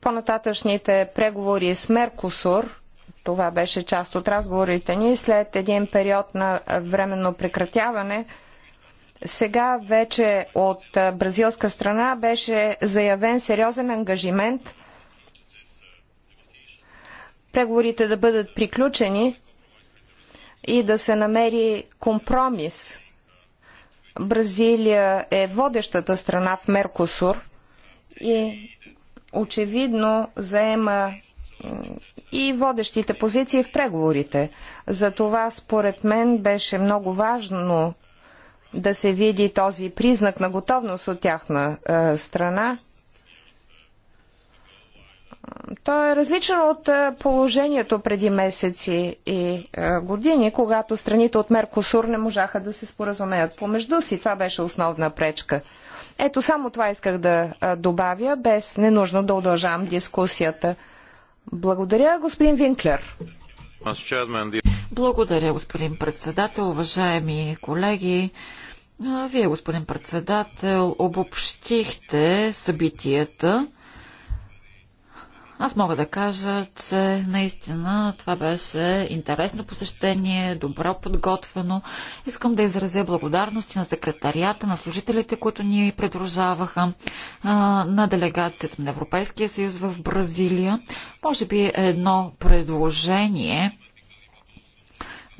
по-нататъчните преговори с Меркосур. Това беше част от разговорите ни. След един период на временно прекратяване, сега вече от бразилска страна беше заявен сериозен ангажимент преговорите да бъдат приключени и да се намери компромис. Бразилия е водещата страна в Меркосур и очевидно заема и водещите позиции в преговорите. За това, според мен, беше много важно да се види този признак на готовност от тяхна е, страна той е различен от е, положението преди месеци и е, години, когато страните от Меркосур не можаха да се споразумеят помежду си. Това беше основна пречка. Ето само това исках да е, добавя, без ненужно да удължавам дискусията. Благодаря, господин Винклер. Благодаря, господин председател, уважаеми колеги. Вие, господин председател, обобщихте събитията аз мога да кажа, че наистина това беше интересно посещение, добро подготвено. Искам да изразя благодарности на секретарията, на служителите, които ни придружаваха, на делегацията на Европейския съюз в Бразилия. Може би едно предложение –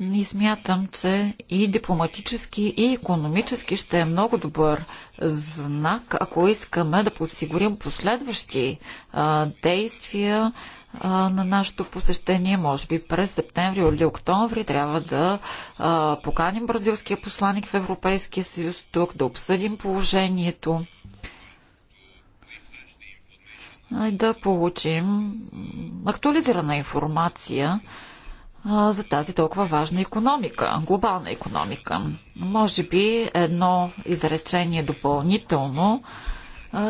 и смятам, че и дипломатически, и економически ще е много добър знак, ако искаме да подсигурим последващи а, действия а, на нашето посещение. Може би през септември или октомври трябва да а, поканим бразилския посланник в Европейския съюз тук, да обсъдим положението и да получим актуализирана информация за тази толкова важна економика, глобална економика. Може би едно изречение допълнително.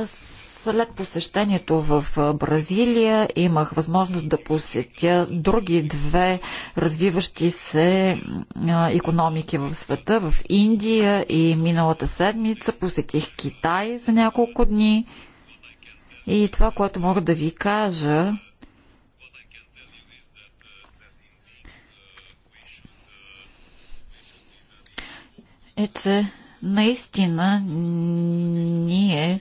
След посещението в Бразилия имах възможност да посетя други две развиващи се економики в света, в Индия и миналата седмица посетих Китай за няколко дни. И това, което мога да ви кажа, е, че наистина ние,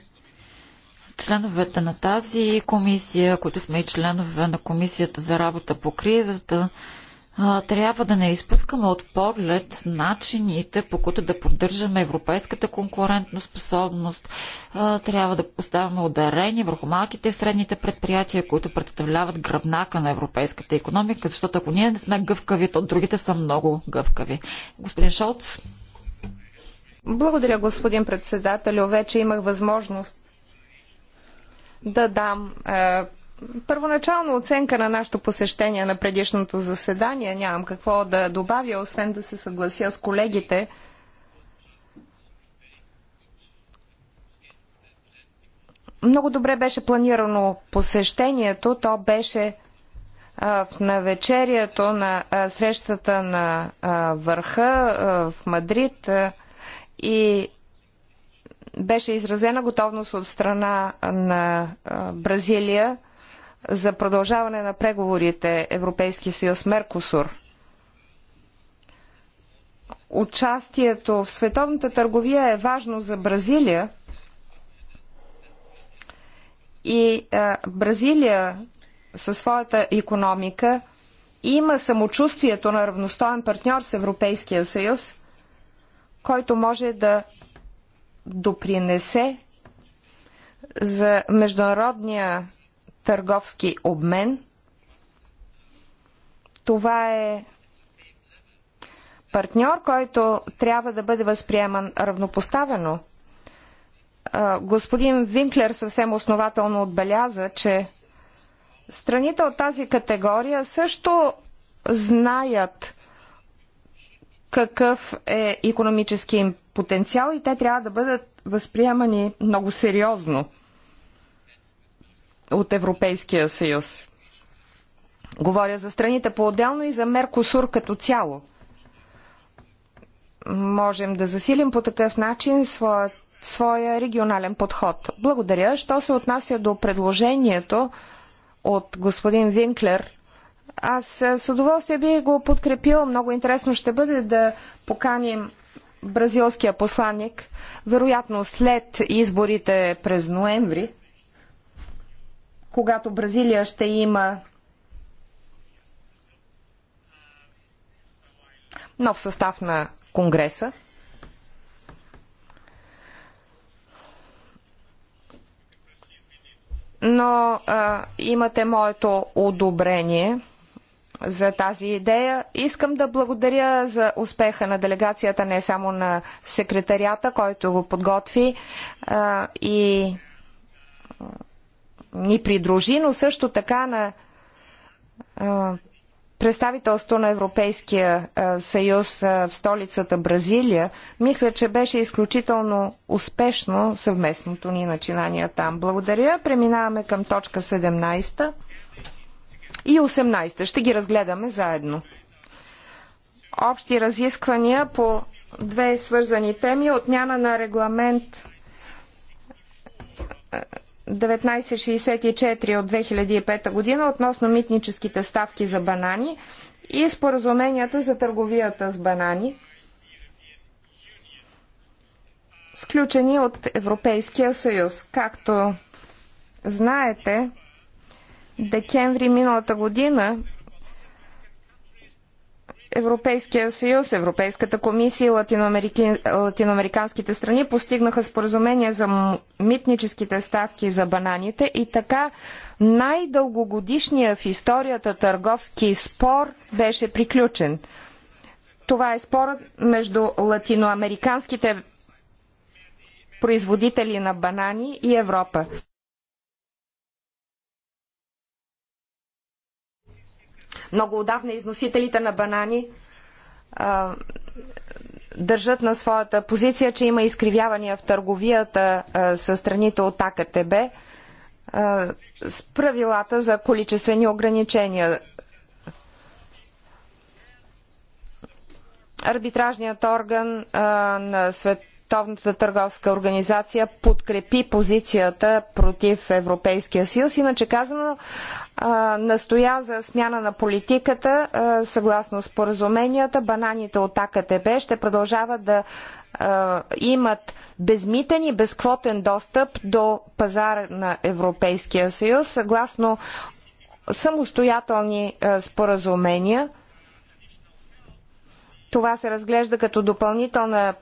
членовете на тази комисия, които сме и членове на комисията за работа по кризата, трябва да не изпускаме от поглед начините, по които да поддържаме европейската конкурентноспособност, Трябва да поставяме ударение върху малките и средните предприятия, които представляват гръбнака на европейската економика, защото ако ние не сме гъвкави, то другите са много гъвкави. Господин Шолц. Благодаря, господин председател, Вече имах възможност да дам е, първоначална оценка на нашето посещение на предишното заседание. Нямам какво да добавя, освен да се съглася с колегите. Много добре беше планирано посещението. То беше е, в навечерието на е, срещата на е, върха в Мадрид и беше изразена готовност от страна на Бразилия за продължаване на преговорите Европейски съюз Меркосур. Участието в световната търговия е важно за Бразилия и Бразилия със своята економика има самочувствието на равностоен партньор с Европейския съюз – който може да допринесе за международния търговски обмен. Това е партньор, който трябва да бъде възприеман равнопоставено. Господин Винклер съвсем основателно отбеляза, че страните от тази категория също знаят какъв е економически им потенциал и те трябва да бъдат възприемани много сериозно от Европейския съюз. Говоря за страните по-отделно и за Меркосур като цяло. Можем да засилим по такъв начин своя, своя регионален подход. Благодаря. Що се отнася до предложението от господин Винклер аз с удоволствие би го подкрепила. Много интересно ще бъде да поканим бразилския посланник, вероятно след изборите през ноември, когато Бразилия ще има нов състав на Конгреса. Но а, имате моето одобрение за тази идея. Искам да благодаря за успеха на делегацията, не само на секретарията, който го подготви а, и ни придружи, но също така на а, представителство на Европейския съюз в столицата Бразилия. Мисля, че беше изключително успешно съвместното ни начинание там. Благодаря. Преминаваме към точка 17 и 18. Ще ги разгледаме заедно. Общи разисквания по две свързани теми. Отмяна на регламент 1964 е, от 2005 година относно митническите ставки за банани и споразуменията за търговията с банани, сключени от Европейския съюз. Както знаете, декември миналата година Европейския съюз, Европейската комисия и латиноамерики... латиноамериканските страни постигнаха споразумение за митническите ставки за бананите и така най-дългогодишният в историята търговски спор беше приключен. Това е спорът между латиноамериканските производители на банани и Европа. Много отдавна износителите на банани а, държат на своята позиция, че има изкривявания в търговията със страните от АКТБ а, с правилата за количествени ограничения. Арбитражният орган а, на свет Световната търговска организация подкрепи позицията против Европейския съюз. Иначе казано, настоя за смяна на политиката съгласно споразуменията. Бананите от АКТБ ще продължават да имат безмитен и безквотен достъп до пазара на Европейския съюз, съгласно самостоятелни споразумения. Това се разглежда като допълнителна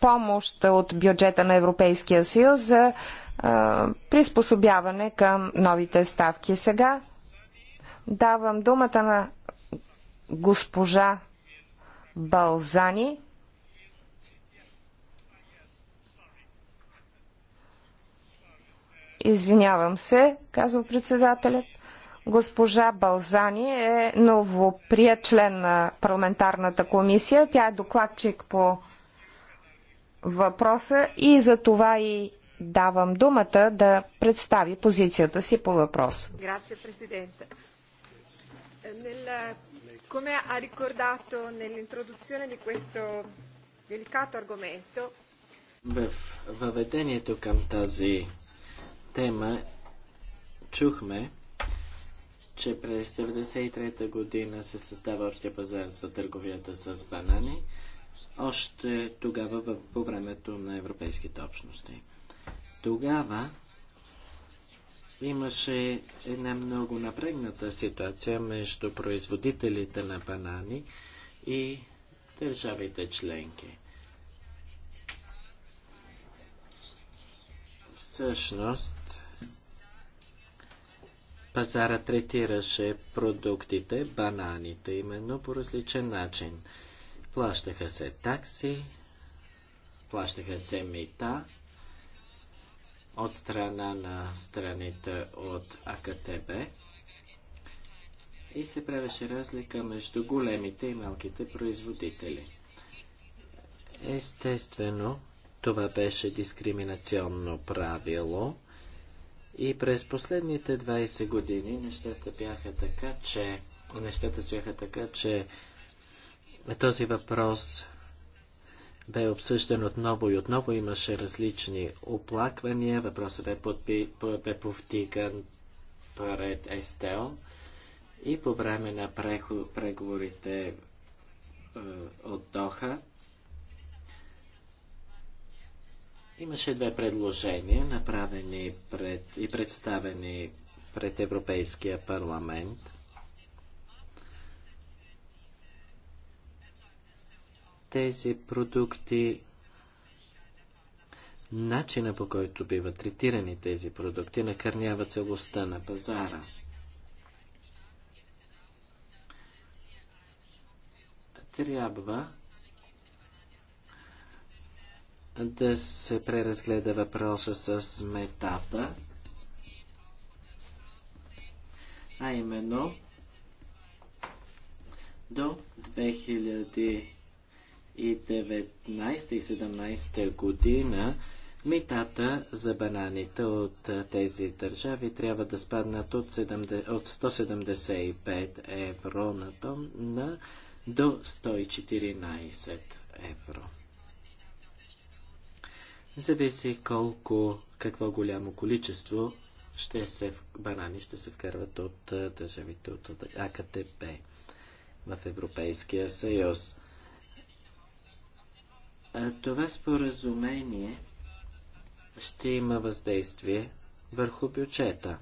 помощ от бюджета на Европейския съюз за приспособяване към новите ставки. Сега давам думата на госпожа Балзани. Извинявам се, казва председателят. Госпожа Балзани е новоприят член на парламентарната комисия. Тя е докладчик по въпроса и за това и давам думата да представи позицията си по въпрос. Come ha ricordato nell'introduzione di questo delicato argomento, в въведението към тази тема чухме, че през 1993 година се създава общия пазар за търговията с банани още тогава по времето на европейските общности. Тогава имаше една много напрегната ситуация между производителите на банани и държавите членки. Всъщност, пазара третираше продуктите, бананите, именно по различен начин. Плащаха се такси, плащаха се мита от страна на страните от АКТБ и се правеше разлика между големите и малките производители. Естествено, това беше дискриминационно правило и през последните 20 години нещата бяха така, че нещата бяха така, че този въпрос бе обсъждан отново и отново имаше различни оплаквания. Въпросът бе, подпи, бе повдиган пред Естел и по време на преговорите е, от Доха. Имаше две предложения, направени пред, и представени пред Европейския парламент – тези продукти, начина по който биват третирани тези продукти, накърнява целостта на пазара. Трябва да се преразгледа въпроса с метата, а именно до 2000 и 19 и 17 година митата за бананите от тези държави трябва да спаднат от, 70, от 175 евро на тон на до 114 евро. Зависи колко, какво голямо количество ще се, банани ще се вкарват от държавите от АКТП в Европейския съюз това споразумение ще има въздействие върху бюджета.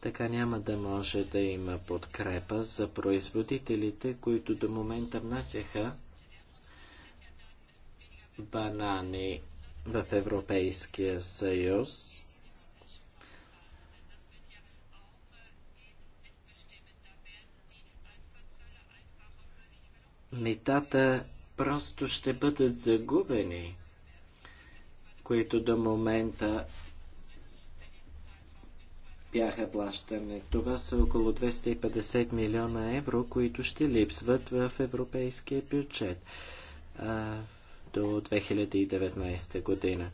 Така няма да може да има подкрепа за производителите, които до момента внасяха банани в Европейския съюз. Митата просто ще бъдат загубени, които до момента бяха плащани. Това са около 250 милиона евро, които ще липсват в европейския бюджет а, до 2019 година.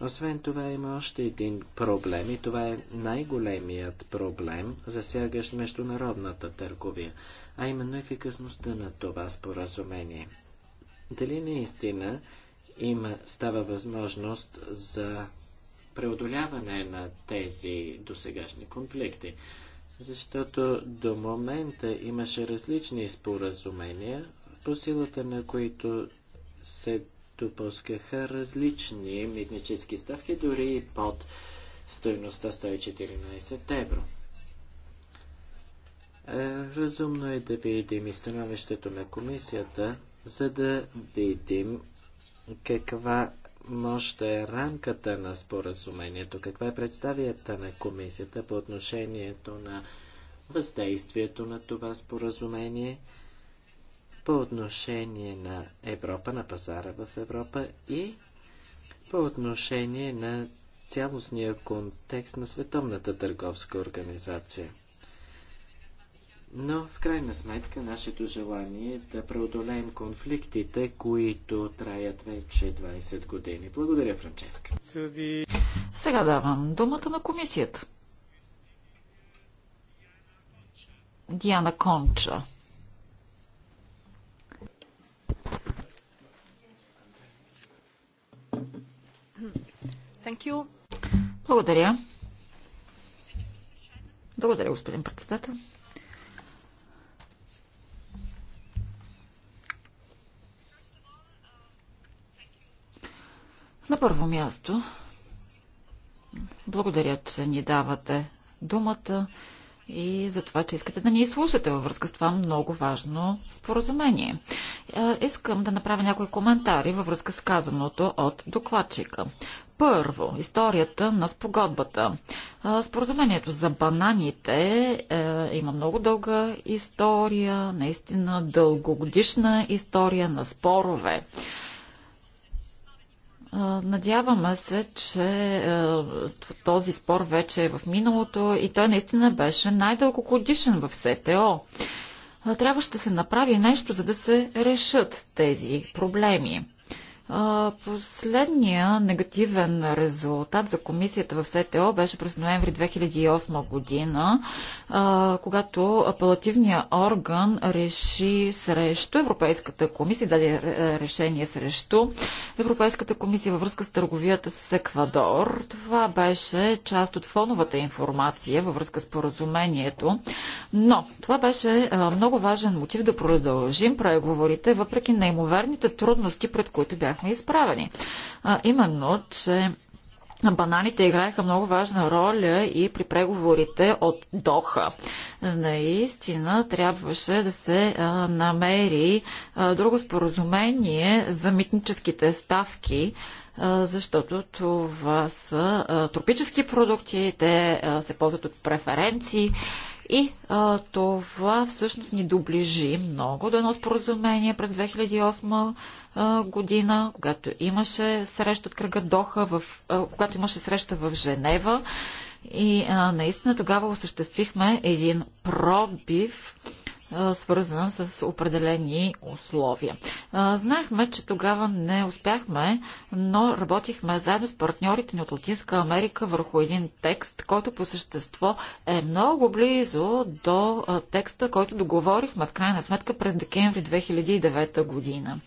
Освен това има още един проблем и това е най-големият проблем, засягащ международната търговия, а именно ефикасността на това споразумение дали наистина има, става възможност за преодоляване на тези досегашни конфликти. Защото до момента имаше различни споразумения, по силата на които се допускаха различни митнически ставки, дори и под стоеността 114 евро. Е, разумно е да видим и становището на комисията за да видим каква може да е рамката на споразумението, каква е представията на комисията по отношението на въздействието на това споразумение по отношение на Европа, на пазара в Европа и по отношение на цялостния контекст на Световната търговска организация. Но в крайна сметка нашето желание е да преодолеем конфликтите, които траят вече 20 години. Благодаря, Франческа. Сега давам думата на комисията. Диана Конча. Thank you. Благодаря. Благодаря, господин председател. На първо място, благодаря, че ни давате думата и за това, че искате да ни слушате във връзка с това много важно споразумение. Е, искам да направя някои коментари във връзка с казаното от докладчика. Първо, историята на спогодбата. Е, споразумението за бананите е, има много дълга история, наистина дългогодишна история на спорове. Надяваме се, че е, този спор вече е в миналото и той наистина беше най годишен в СТО. Трябваше да се направи нещо, за да се решат тези проблеми. Последния негативен резултат за комисията в СТО беше през ноември 2008 година, когато апелативният орган реши срещу Европейската комисия, даде е, решение срещу Европейската комисия във връзка с търговията с Еквадор. Това беше част от фоновата информация във връзка с поразумението, но това беше много важен мотив да продължим преговорите, въпреки неимоверните трудности, пред които бяхме бяхме изправени. А, именно, че Бананите играеха много важна роля и при преговорите от Доха. Наистина трябваше да се а, намери а, друго споразумение за митническите ставки, а, защото това са тропически продукти, те се ползват от преференции и а, това всъщност ни доближи много до едно споразумение през 2008 а, година, когато имаше среща от кръга Доха, в, а, когато имаше среща в Женева. И а, наистина тогава осъществихме един пробив свързана с определени условия. Знаехме, че тогава не успяхме, но работихме заедно с партньорите ни от Латинска Америка върху един текст, който по същество е много близо до текста, който договорихме в крайна сметка през декември 2009 година.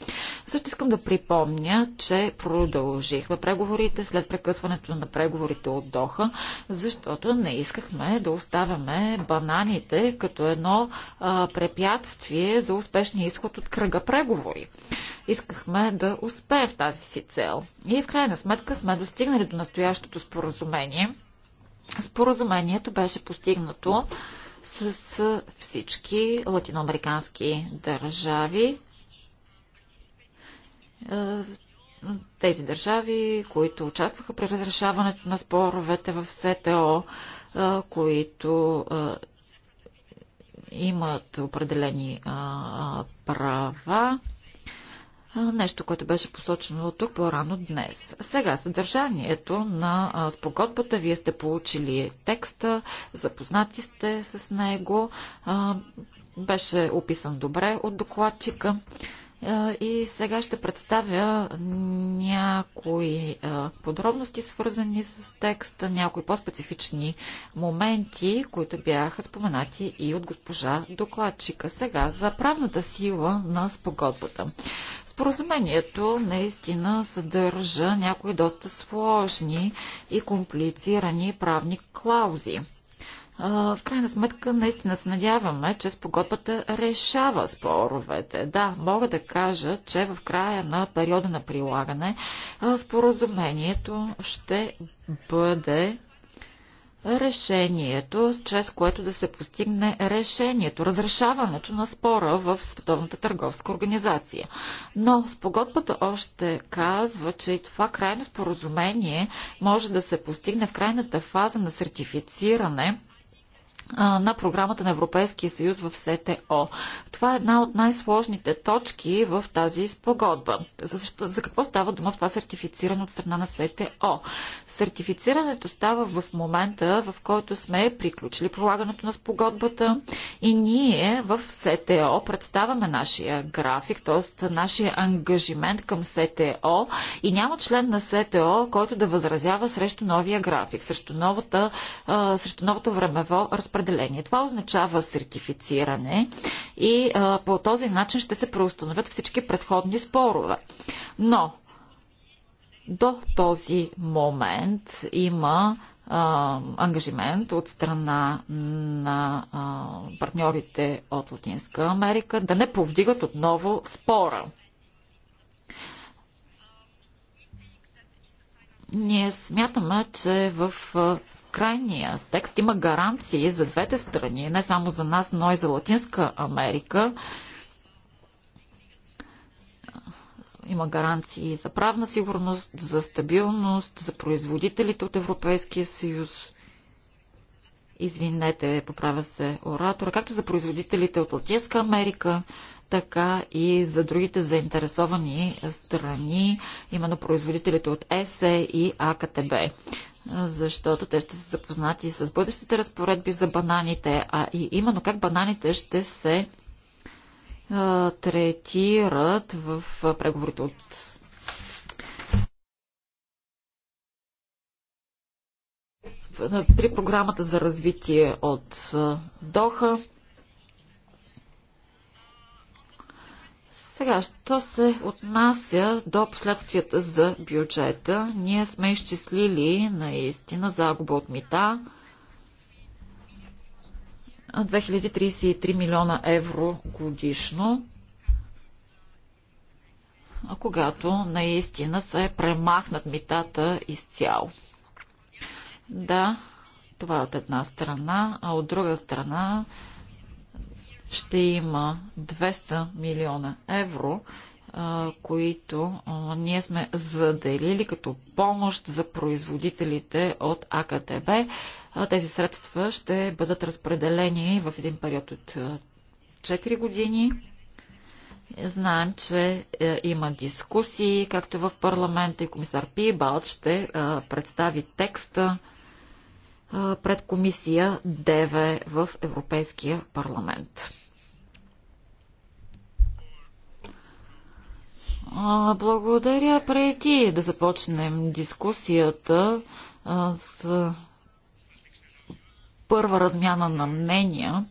Също искам да припомня, че продължихме преговорите след прекъсването на преговорите от Доха, защото не искахме да оставяме бананите като едно препятствие за успешния изход от кръга преговори. Искахме да успеем в тази си цел. И в крайна сметка сме достигнали до настоящото споразумение. Споразумението беше постигнато с всички латиноамерикански държави. Е, тези държави, които участваха при разрешаването на споровете в СТО, е, които е, имат определени а, права. Нещо, което беше посочено тук по-рано днес. Сега, съдържанието на спогодбата, вие сте получили текста, запознати сте с него, беше описан добре от докладчика. И сега ще представя някои подробности, свързани с текста, някои по-специфични моменти, които бяха споменати и от госпожа докладчика. Сега за правната сила на спогодбата. Споразумението наистина съдържа някои доста сложни и комплицирани правни клаузи. В крайна сметка, наистина се надяваме, че спогодбата решава споровете. Да, мога да кажа, че в края на периода на прилагане споразумението ще бъде решението, чрез което да се постигне решението, разрешаването на спора в Световната търговска организация. Но спогодбата още казва, че и това крайно споразумение може да се постигне в крайната фаза на сертифициране – на програмата на Европейския съюз в СТО. Това е една от най-сложните точки в тази спогодба. За, за какво става дума в това сертифициране от страна на СТО? Сертифицирането става в момента, в който сме приключили прилагането на спогодбата и ние в СТО представяме нашия график, т.е. нашия ангажимент към СТО и няма член на СТО, който да възразява срещу новия график, срещу, новата, срещу новото времево разпределение разпределение. Това означава сертифициране и а, по този начин ще се преустановят всички предходни спорове. Но до този момент има а, ангажимент от страна на а, партньорите от Латинска Америка да не повдигат отново спора. Ние смятаме, че в крайния текст има гаранции за двете страни, не само за нас, но и за Латинска Америка. Има гаранции за правна сигурност, за стабилност, за производителите от Европейския съюз. Извинете, поправя се оратора, както за производителите от Латинска Америка, така и за другите заинтересовани страни, именно производителите от ЕСЕ и АКТБ защото те ще са запознати с бъдещите разпоредби за бананите, а и именно как бананите ще се а, третират в преговорите от при програмата за развитие от Доха. Сега, що се отнася до последствията за бюджета, ние сме изчислили наистина загуба от мита 2033 милиона евро годишно, когато наистина се премахнат митата изцяло. Да, това е от една страна, а от друга страна ще има 200 милиона евро, които ние сме заделили като помощ за производителите от АКТБ. Тези средства ще бъдат разпределени в един период от 4 години. Знаем, че е, има дискусии, както в парламента и комисар Пибалт ще е, представи текста пред комисия ДВ в Европейския парламент. Благодаря. Преди да започнем дискусията с първа размяна на мнения,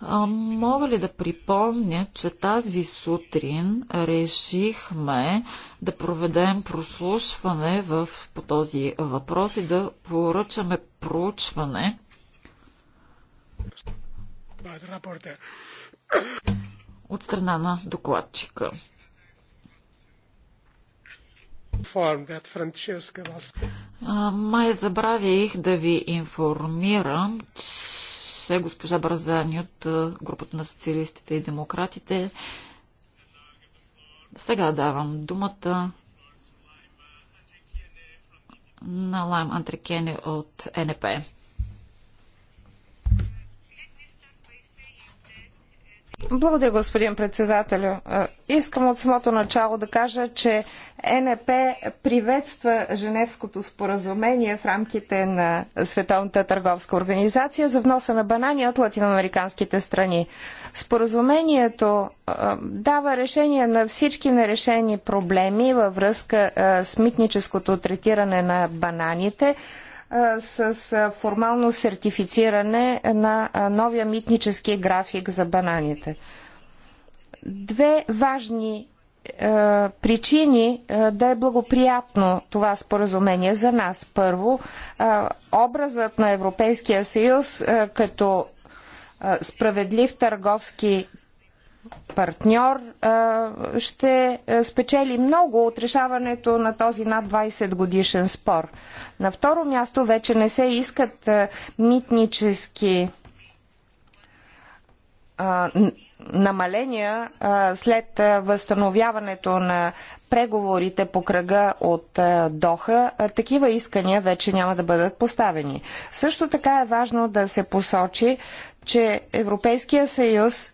а, мога ли да припомня, че тази сутрин решихме да проведем прослушване в, по този въпрос и да поръчаме проучване от страна на докладчика. Май забравих да ви информирам, беше госпожа Бразани от групата на социалистите и демократите. Сега давам думата на Лайм Антрекене от НП. Благодаря, господин председателю. Е, искам от самото начало да кажа, че НП приветства Женевското споразумение в рамките на Световната търговска организация за вноса на банани от латиноамериканските страни. Споразумението е, дава решение на всички нерешени проблеми във връзка е, с митническото третиране на бананите – с формално сертифициране на новия митнически график за бананите. Две важни причини да е благоприятно това споразумение за нас. Първо, образът на Европейския съюз като справедлив търговски партньор ще спечели много от решаването на този над 20 годишен спор. На второ място вече не се искат митнически намаления след възстановяването на преговорите по кръга от Доха, такива искания вече няма да бъдат поставени. Също така е важно да се посочи, че Европейския съюз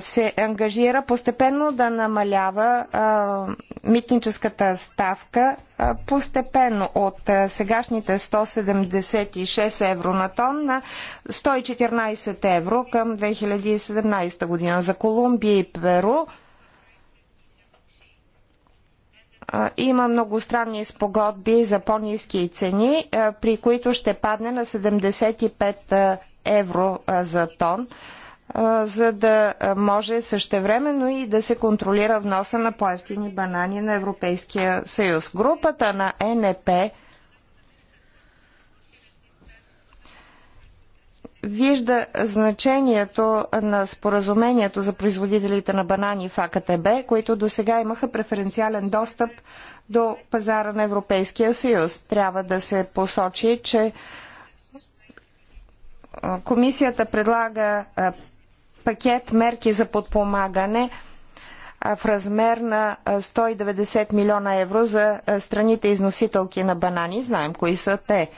се ангажира постепенно да намалява а, митническата ставка а, постепенно от а, сегашните 176 евро на тон на 114 евро към 2017 година. За Колумбия и Перу има многостранни спогодби за по-низки цени, при които ще падне на 75 евро за тон. А, за да може същевременно и да се контролира вноса на по банани на Европейския съюз. Групата на е НП вижда значението на споразумението за производителите на банани в АКТБ, които до сега имаха преференциален достъп до пазара на Европейския съюз. Трябва да се посочи, че комисията предлага пакет мерки за подпомагане в размер на 190 милиона евро за страните износителки на банани. Знаем кои са те.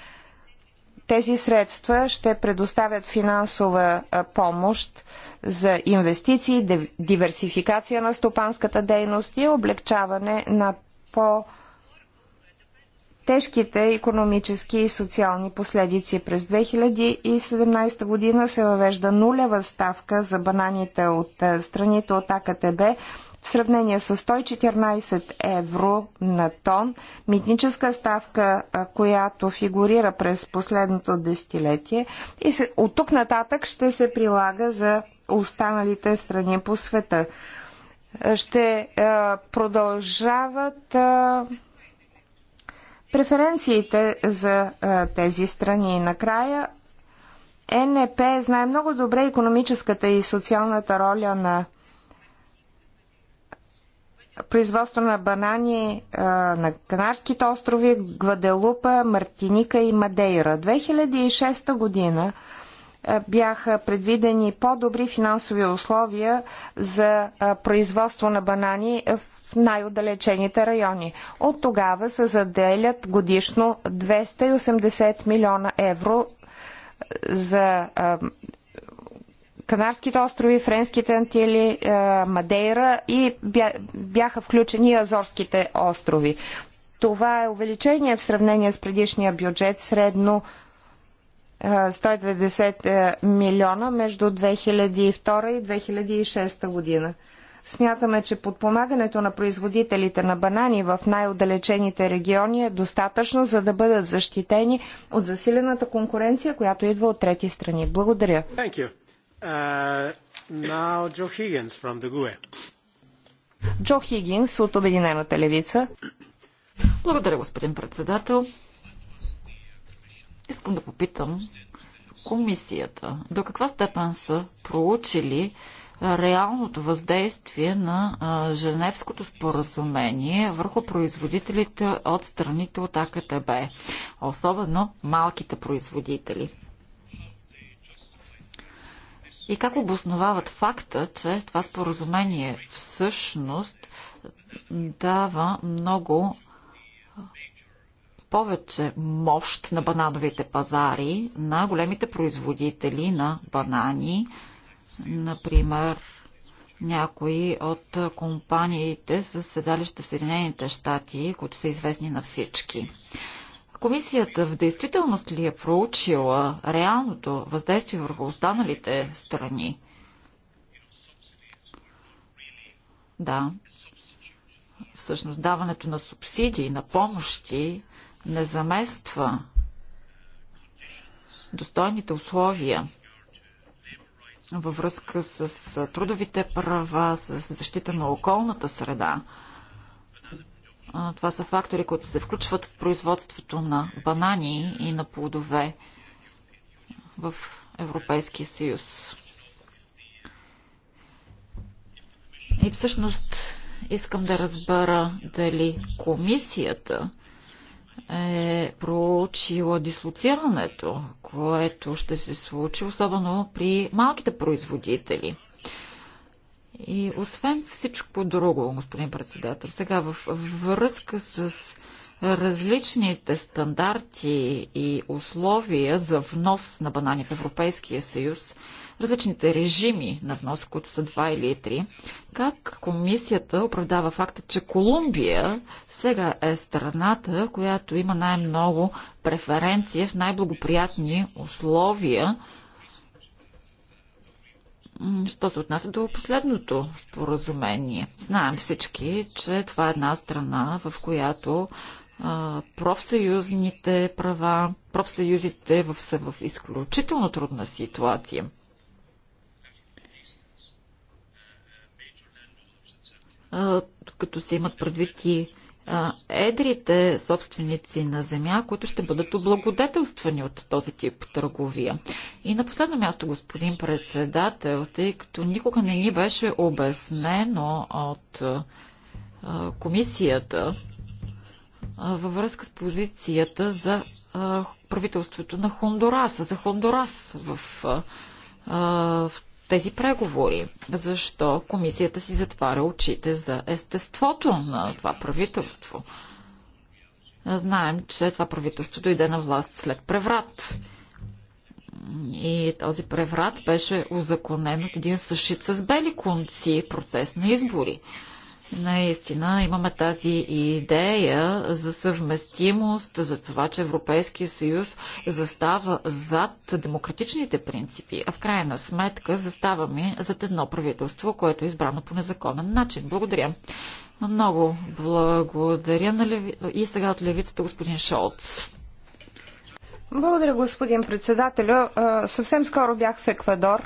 Тези средства ще предоставят финансова помощ за инвестиции, диверсификация на стопанската дейност и облегчаване на по- тежките економически и социални последици. През 2017 година се въвежда нулева ставка за бананите от е, страните от АКТБ в сравнение с 114 евро на тон, митническа ставка, е, която фигурира през последното десетилетие и се, от тук нататък ще се прилага за останалите страни по света. Е, ще е, продължават е, преференциите за а, тези страни. И накрая НП знае много добре економическата и социалната роля на производство на банани а, на Канарските острови, Гваделупа, Мартиника и Мадейра. 2006 година е, бяха предвидени по-добри финансови условия за е, производство на банани в най-отдалечените райони. От тогава се заделят годишно 280 милиона евро е, за Канарските острови, Френските антили, Мадейра и бяха включени Азорските острови. Това е увеличение в сравнение с предишния бюджет, средно 190 е, милиона между 2002 и 2006 година. Смятаме, че подпомагането на производителите на банани в най-отдалечените региони е достатъчно, за да бъдат защитени от засилената конкуренция, която идва от трети страни. Благодаря. Джо Хигинс uh, e. от Обединената левица. Благодаря, господин председател. Искам да попитам комисията до каква степен са проучили реалното въздействие на Женевското споразумение върху производителите от страните от АКТБ, особено малките производители. И как обосновават факта, че това споразумение всъщност дава много повече мощ на банановите пазари на големите производители на банани, например някои от компаниите с седалище в Съединените щати, които са известни на всички. Комисията в действителност ли е проучила реалното въздействие върху останалите страни? Да. Всъщност даването на субсидии, на помощи не замества достойните условия във връзка с трудовите права, с защита на околната среда. Това са фактори, които се включват в производството на банани и на плодове в Европейския съюз. И всъщност искам да разбера дали комисията е проучила дислоцирането, което ще се случи, особено при малките производители. И освен всичко друго, господин председател, сега в връзка с различните стандарти и условия за внос на банани в Европейския съюз, различните режими на внос, които са два или три, как комисията оправдава факта, че Колумбия сега е страната, която има най-много преференция в най-благоприятни условия Що се отнася до последното споразумение? Знаем всички, че това е една страна, в която профсъюзните права, профсъюзите в, са в изключително трудна ситуация. като се имат предвид и едрите собственици на земя, които ще бъдат облагодетелствани от този тип търговия. И на последно място, господин председател, тъй като никога не ни беше обяснено от комисията, във връзка с позицията за правителството на Хондураса, за Хондурас в, в тези преговори. Защо комисията си затваря очите за естеството на това правителство? Знаем, че това правителство дойде на власт след преврат. И този преврат беше узаконен от един съшит с бели конци процес на избори. Наистина имаме тази идея за съвместимост, за това, че Европейския съюз застава зад демократичните принципи, а в крайна сметка заставаме зад едно правителство, което е избрано по незаконен начин. Благодаря. Много благодаря на леви... и сега от левицата господин Шолц. Благодаря, господин председателю. Е, съвсем скоро бях в Еквадор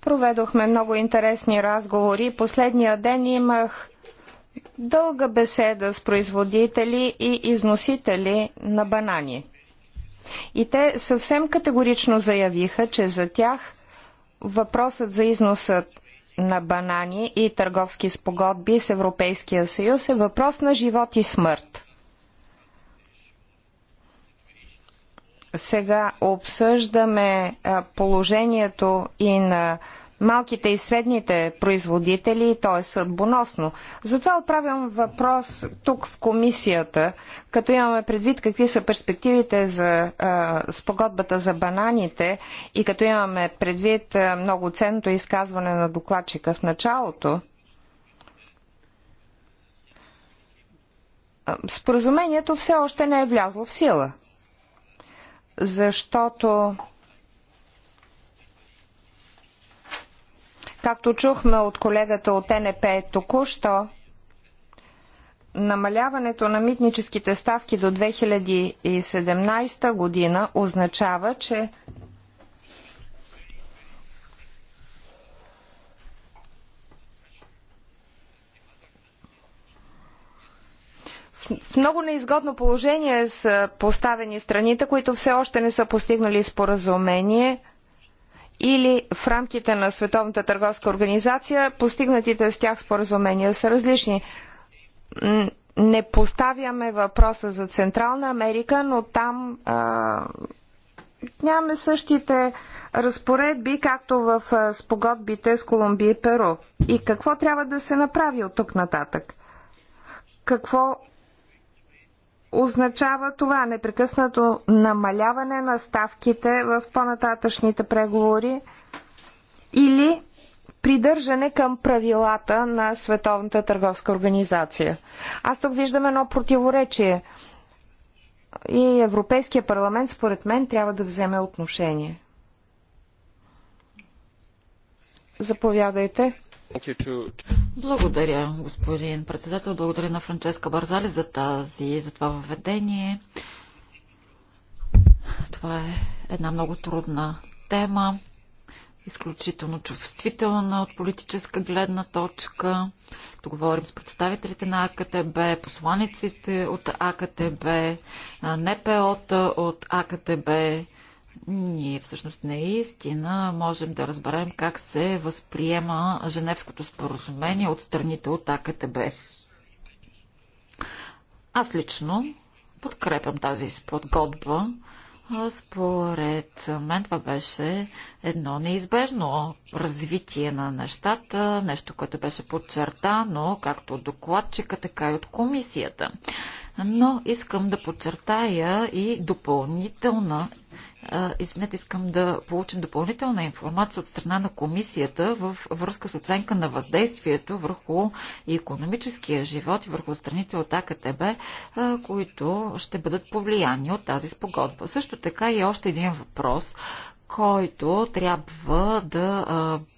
Проведохме много интересни разговори. Последния ден имах дълга беседа с производители и износители на банани. И те съвсем категорично заявиха, че за тях въпросът за износът на банани и търговски спогодби с Европейския съюз е въпрос на живот и смърт. Сега обсъждаме положението и на малките и средните производители, то е съдбоносно. Затова отправям въпрос тук в комисията, като имаме предвид какви са перспективите за а, спогодбата за бананите и като имаме предвид много ценното изказване на докладчика в началото. Споразумението все още не е влязло в сила защото както чухме от колегата от НП току-що, намаляването на митническите ставки до 2017 година означава, че В много неизгодно положение са поставени страните, които все още не са постигнали споразумение или в рамките на Световната търговска организация постигнатите с тях споразумения са различни. Не поставяме въпроса за Централна Америка, но там а, нямаме същите разпоредби, както в а, спогодбите с Колумбия и Перу. И какво трябва да се направи от тук нататък? Какво означава това непрекъснато намаляване на ставките в по-нататъчните преговори или придържане към правилата на Световната търговска организация. Аз тук виждам едно противоречие и Европейския парламент, според мен, трябва да вземе отношение. Заповядайте. Благодаря, господин председател. Благодаря на Франческа Барзали за, тази, за това въведение. Това е една много трудна тема, изключително чувствителна от политическа гледна точка. Като говорим с представителите на АКТБ, посланиците от АКТБ, НПО-та от АКТБ, ние всъщност наистина можем да разберем как се възприема Женевското споразумение от страните от АКТБ. Аз лично подкрепям тази сподгодба. Според мен това беше едно неизбежно развитие на нещата, нещо, което беше подчертано както от докладчика, така и от комисията но искам да подчертая и допълнителна измет искам да получим допълнителна информация от страна на комисията в връзка с оценка на въздействието върху економическия живот и върху страните от АКТБ, които ще бъдат повлияни от тази спогодба. Също така и още един въпрос, който трябва да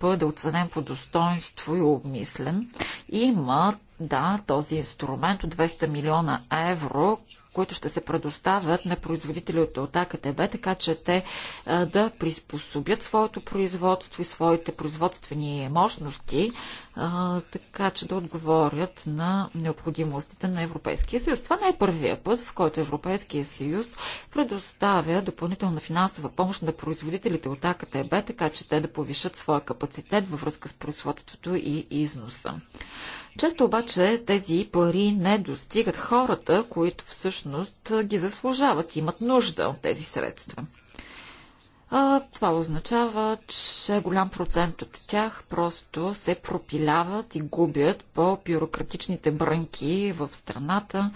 бъде оценен по достоинство и обмислен. Има да, този инструмент от 200 милиона евро, които ще се предоставят на производителите от АКТБ, така че те да приспособят своето производство и своите производствени мощности, така че да отговорят на необходимостите на Европейския съюз. Това не е първия път, в който Европейския съюз предоставя допълнителна финансова помощ на производителите от АКТБ, така че те да повишат своя капацитет във връзка с производството и износа. Често обаче тези пари не достигат хората, които всъщност всъщност ги заслужават, имат нужда от тези средства. А, това означава, че голям процент от тях просто се пропиляват и губят по бюрократичните брънки в страната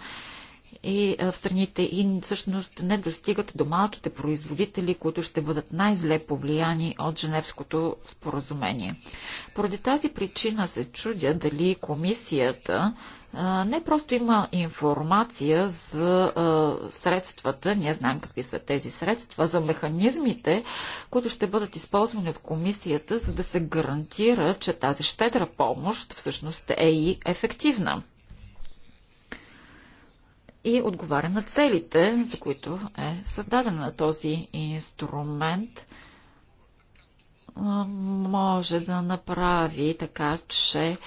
и в страните и всъщност не достигат до малките производители, които ще бъдат най-зле повлияни от Женевското споразумение. Поради тази причина се чудя дали комисията не просто има информация за средствата, ние знаем какви са тези средства, за механизмите, които ще бъдат използвани от комисията, за да се гарантира, че тази щедра помощ всъщност е и ефективна и отговаря на целите, за които е създаден на този инструмент. Може да направи така, че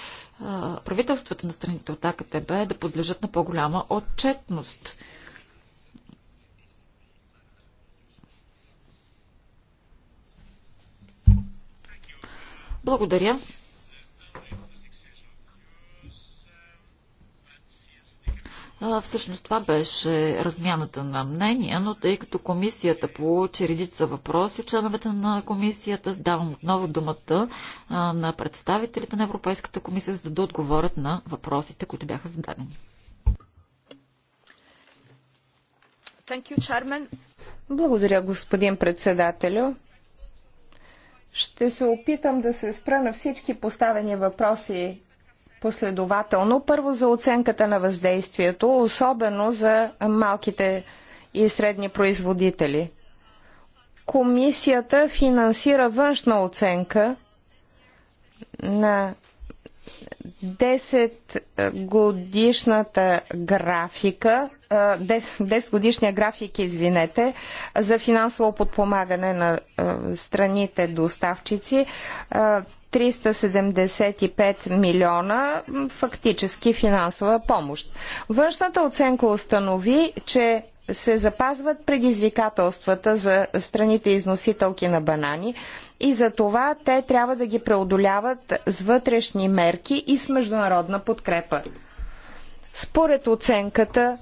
правителствата на страните от АКТБ да подлежат на по-голяма отчетност. Благодаря. Всъщност това беше размяната на мнения, но тъй като комисията получи редица въпроси от членовете на комисията, давам отново думата на представителите на Европейската комисия, за да отговорят на въпросите, които бяха зададени. You, Благодаря, господин председателю. Ще се опитам да се спра на всички поставени въпроси последователно. Първо за оценката на въздействието, особено за малките и средни производители. Комисията финансира външна оценка на 10 годишната графика, 10 годишния график, извинете, за финансово подпомагане на страните доставчици. 375 милиона фактически финансова помощ. Външната оценка установи, че се запазват предизвикателствата за страните износителки на банани и за това те трябва да ги преодоляват с вътрешни мерки и с международна подкрепа. Според оценката,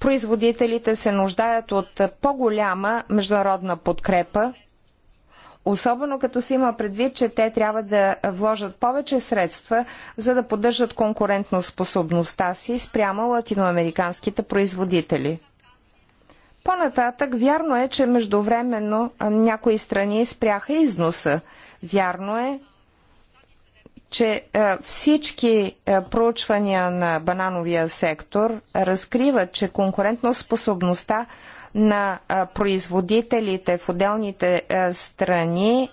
производителите се нуждаят от по-голяма международна подкрепа Особено като се има предвид, че те трябва да вложат повече средства, за да поддържат конкурентно способността си спрямо латиноамериканските производители. По-нататък, вярно е, че междувременно някои страни спряха износа. Вярно е, че е, всички е, проучвания на банановия сектор разкриват, че конкурентно способността на производителите в отделните страни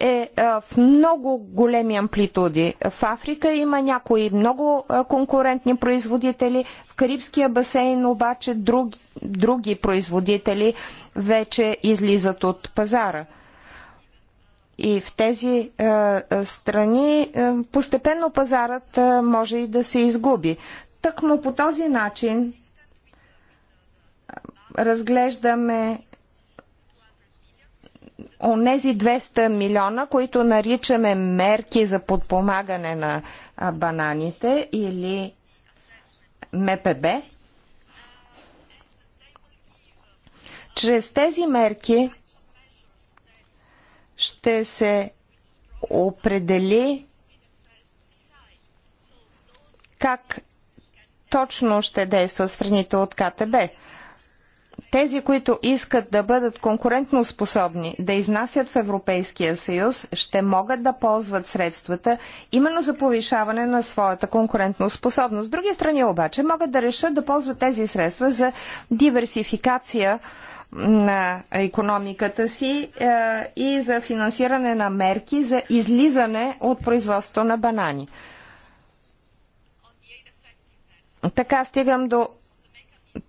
е в много големи амплитуди. В Африка има някои много конкурентни производители, в Карибския басейн обаче други, други производители вече излизат от пазара. И в тези е, страни е, постепенно пазарът е, може и да се изгуби. Тъкмо по този начин разглеждаме онези 200 милиона, които наричаме мерки за подпомагане на бананите или МПБ. Чрез тези мерки ще се определи как точно ще действат страните от КТБ тези, които искат да бъдат конкурентно способни, да изнасят в Европейския съюз, ще могат да ползват средствата именно за повишаване на своята конкурентно способност. С други страни обаче могат да решат да ползват тези средства за диверсификация на економиката си е, и за финансиране на мерки за излизане от производство на банани. Така стигам до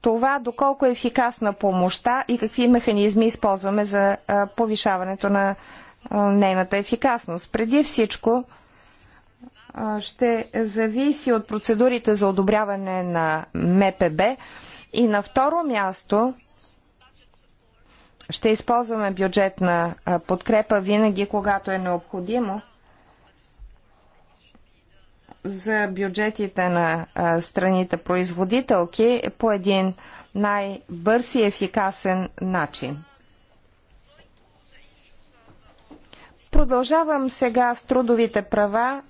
това доколко е ефикасна помощта и какви механизми използваме за повишаването на нейната ефикасност. Преди всичко ще зависи от процедурите за одобряване на МПБ и на второ място ще използваме бюджетна подкрепа винаги, когато е необходимо за бюджетите на страните производителки по един най-бърз и ефикасен начин. Продължавам сега с трудовите права,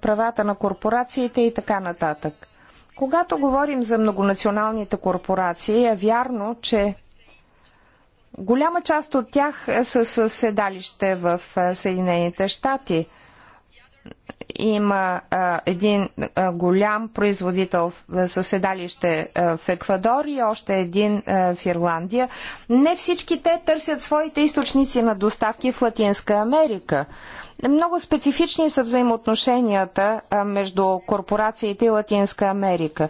правата на корпорациите и така нататък. Когато говорим за многонационалните корпорации, е вярно, че голяма част от тях са със седалище в Съединените щати има а, един а, голям производител със седалище а, в Еквадор и още един а, в Ирландия. Не всички те търсят своите източници на доставки в Латинска Америка. Много специфични са взаимоотношенията а, между корпорациите и Латинска Америка.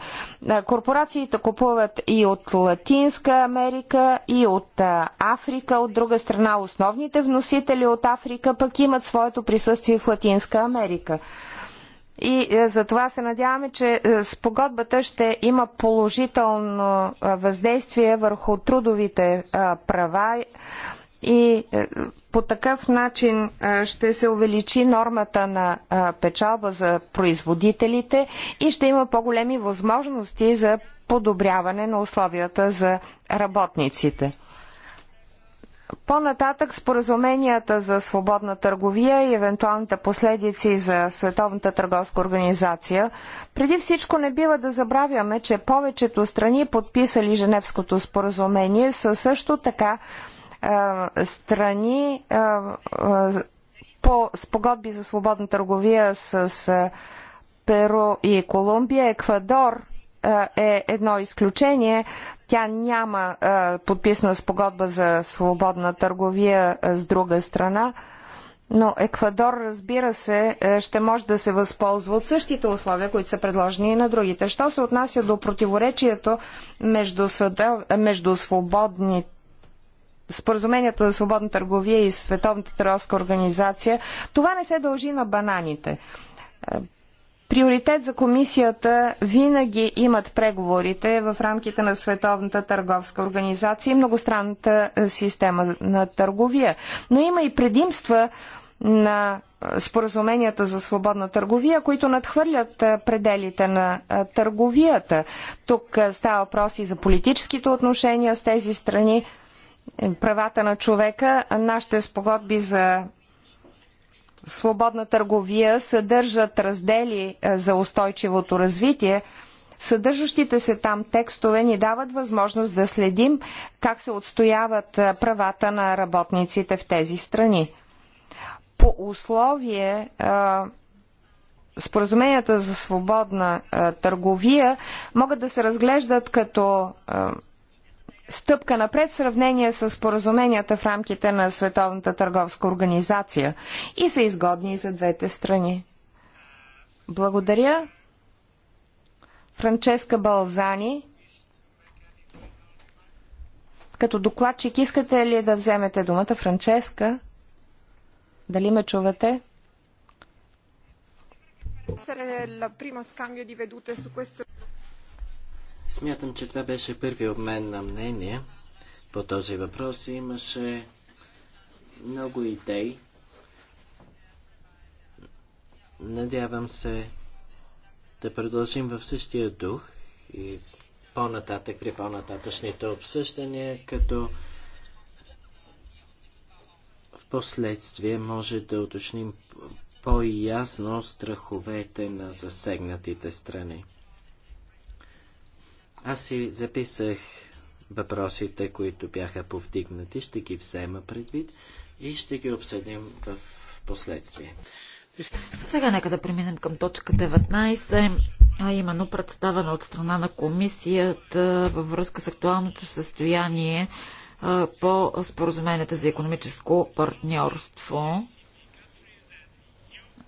А, корпорациите купуват и от Латинска Америка, и от а, Африка. От друга страна, основните вносители от Африка пък имат своето присъствие в Латинска Америка и е, за това се надяваме, че е, спогодбата ще има положително е, въздействие върху трудовите права и по такъв начин ще се увеличи нормата на печалба за производителите и ще има по-големи възможности за подобряване на условията за работниците. По-нататък споразуменията за свободна търговия и евентуалните последици за Световната търговска организация, преди всичко не бива да забравяме, че повечето страни, подписали Женевското споразумение, са също така е, страни е, е, по спогодби за свободна търговия с, с е, Перу и Колумбия. Еквадор е, е едно изключение, тя няма подписана спогодба за свободна търговия с друга страна, но Еквадор, разбира се, е, ще може да се възползва от същите условия, които са предложени и на другите. Що се отнася до противоречието между, свъдъл... между споразуменията за свободна търговия и Световната търговска организация, това не се дължи на бананите. Приоритет за комисията винаги имат преговорите в рамките на Световната търговска организация и многостранната е, система на търговия. Но има и предимства на е, споразуменията за свободна търговия, които надхвърлят е, пределите на търговията. Тук става въпрос и за политическите отношения с тези страни, правата на човека, нашите спогодби за свободна търговия съдържат раздели е, за устойчивото развитие, съдържащите се там текстове ни дават възможност да следим как се отстояват е, правата на работниците в тези страни. По условие е, споразуменията за свободна търговия могат да се разглеждат като стъпка напред в сравнение с споразуменията в рамките на Световната търговска организация и са изгодни и за двете страни. Благодаря. Франческа Балзани. Като докладчик, искате ли да вземете думата? Франческа, дали ме чувате? Е, Смятам, че това беше първи обмен на мнение по този въпрос. и Имаше много идеи. Надявам се да продължим в същия дух и по-нататък при по-нататъчните обсъждания, като в последствие може да уточним по-ясно страховете на засегнатите страни. Аз си записах въпросите, които бяха повдигнати, ще ги взема предвид и ще ги обсъдим в последствие. Сега нека да преминем към точка 19, а именно представена от страна на комисията във връзка с актуалното състояние по споразуменията за економическо партньорство.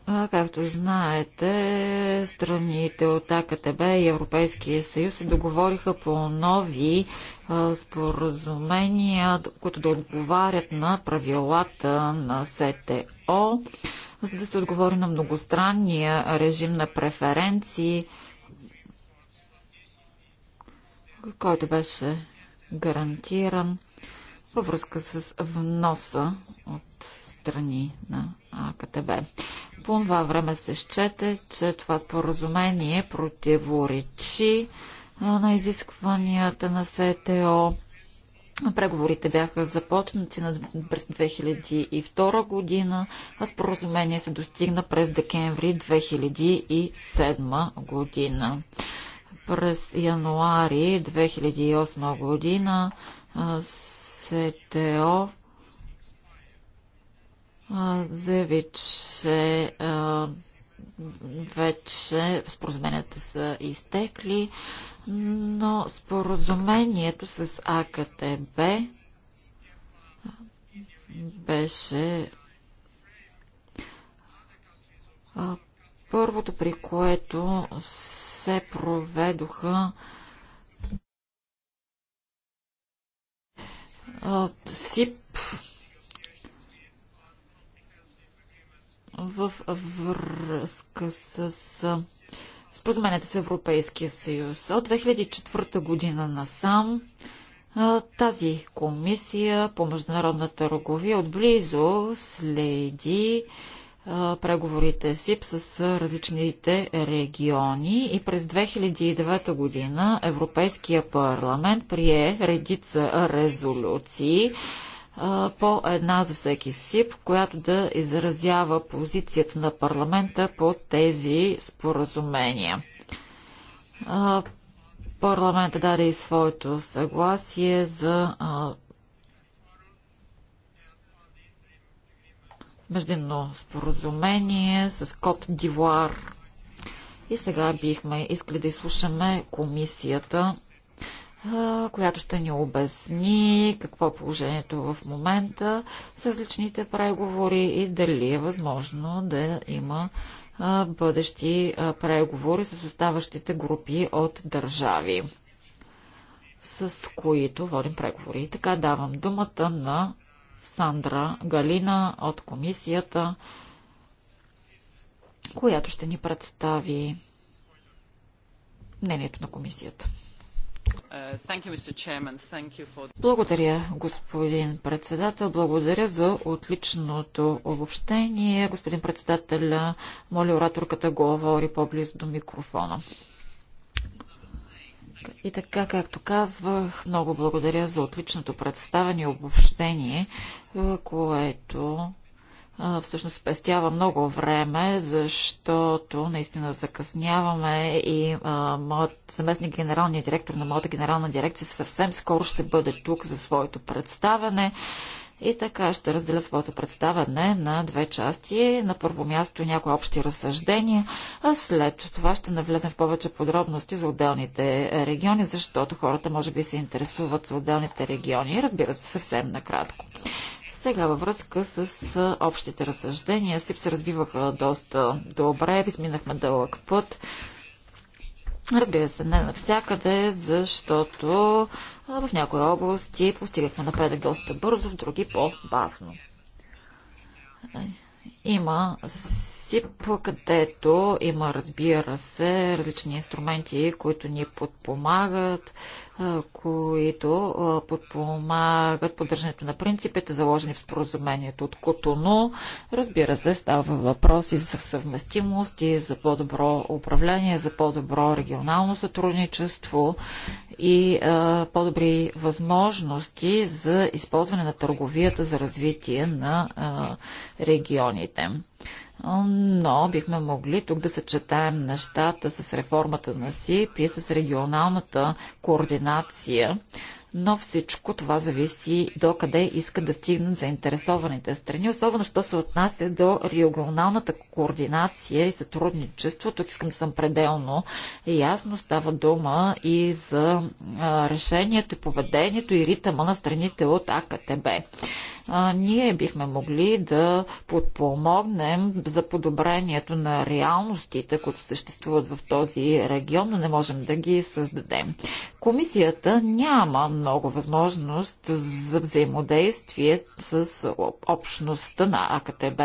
Както знаете, страните от АКТБ и Европейския съюз се договориха по нови споразумения, които да отговарят на правилата на СТО, за да се отговори на многостранния режим на преференции, който беше гарантиран във връзка с вноса от страни на КТБ. По това време се счете, че това споразумение противоречи на изискванията на СТО. Преговорите бяха започнати през 2002 година, а споразумение се достигна през декември 2007 година. През януари 2008 година СТО Заявиче заяви, че а, вече споразуменията са изтекли, но споразумението с АКТБ беше а, първото, при което се проведоха а, СИП в връзка с споразумението с Европейския съюз. От 2004 година насам тази комисия по международна търговия отблизо следи преговорите си с различните региони и през 2009 година Европейския парламент прие редица резолюции по една за всеки СИП, която да изразява позицията на парламента по тези споразумения. Парламента даде и своето съгласие за междинно споразумение с Кот Дивуар. И сега бихме искали да изслушаме комисията която ще ни обясни какво е положението в момента с различните преговори и дали е възможно да има бъдещи преговори с оставащите групи от държави, с които водим преговори. И така давам думата на Сандра Галина от комисията, която ще ни представи мнението на комисията. Благодаря, господин председател. Благодаря за отличното обобщение. Господин председател, моля ораторката говори по-близо до микрофона. И така, както казвах, много благодаря за отличното представяне и обобщение, което всъщност спестява много време, защото наистина закъсняваме и моят заместник генералния директор на моята генерална дирекция съвсем скоро ще бъде тук за своето представяне. И така ще разделя своето представяне на две части. На първо място някои общи разсъждения, а след това ще навлезем в повече подробности за отделните региони, защото хората може би се интересуват за отделните региони. Разбира се, съвсем накратко. Сега във връзка с общите разсъждения, СИП се разбиваха доста добре, изминахме дълъг път. Разбира се, не навсякъде, защото в някои области постигахме напредък доста бързо, в други по-бавно. Е, има принцип, където има, разбира се, различни инструменти, които ни подпомагат, които подпомагат поддържането на принципите, заложени в споразумението от Котоно. Разбира се, става въпрос и за съвместимост, и за по-добро управление, за по-добро регионално сътрудничество и по-добри възможности за използване на търговията за развитие на регионите но бихме могли тук да съчетаем нещата с реформата на СИП и с регионалната координация, но всичко това зависи до къде искат да стигнат заинтересованите страни, особено що се отнася до регионалната координация и сътрудничество. Тук искам да съм пределно ясно. Става дума и за решението, поведението и ритъма на страните от АКТБ ние бихме могли да подпомогнем за подобрението на реалностите, които съществуват в този регион, но не можем да ги създадем. Комисията няма много възможност за взаимодействие с общността на АКТБ.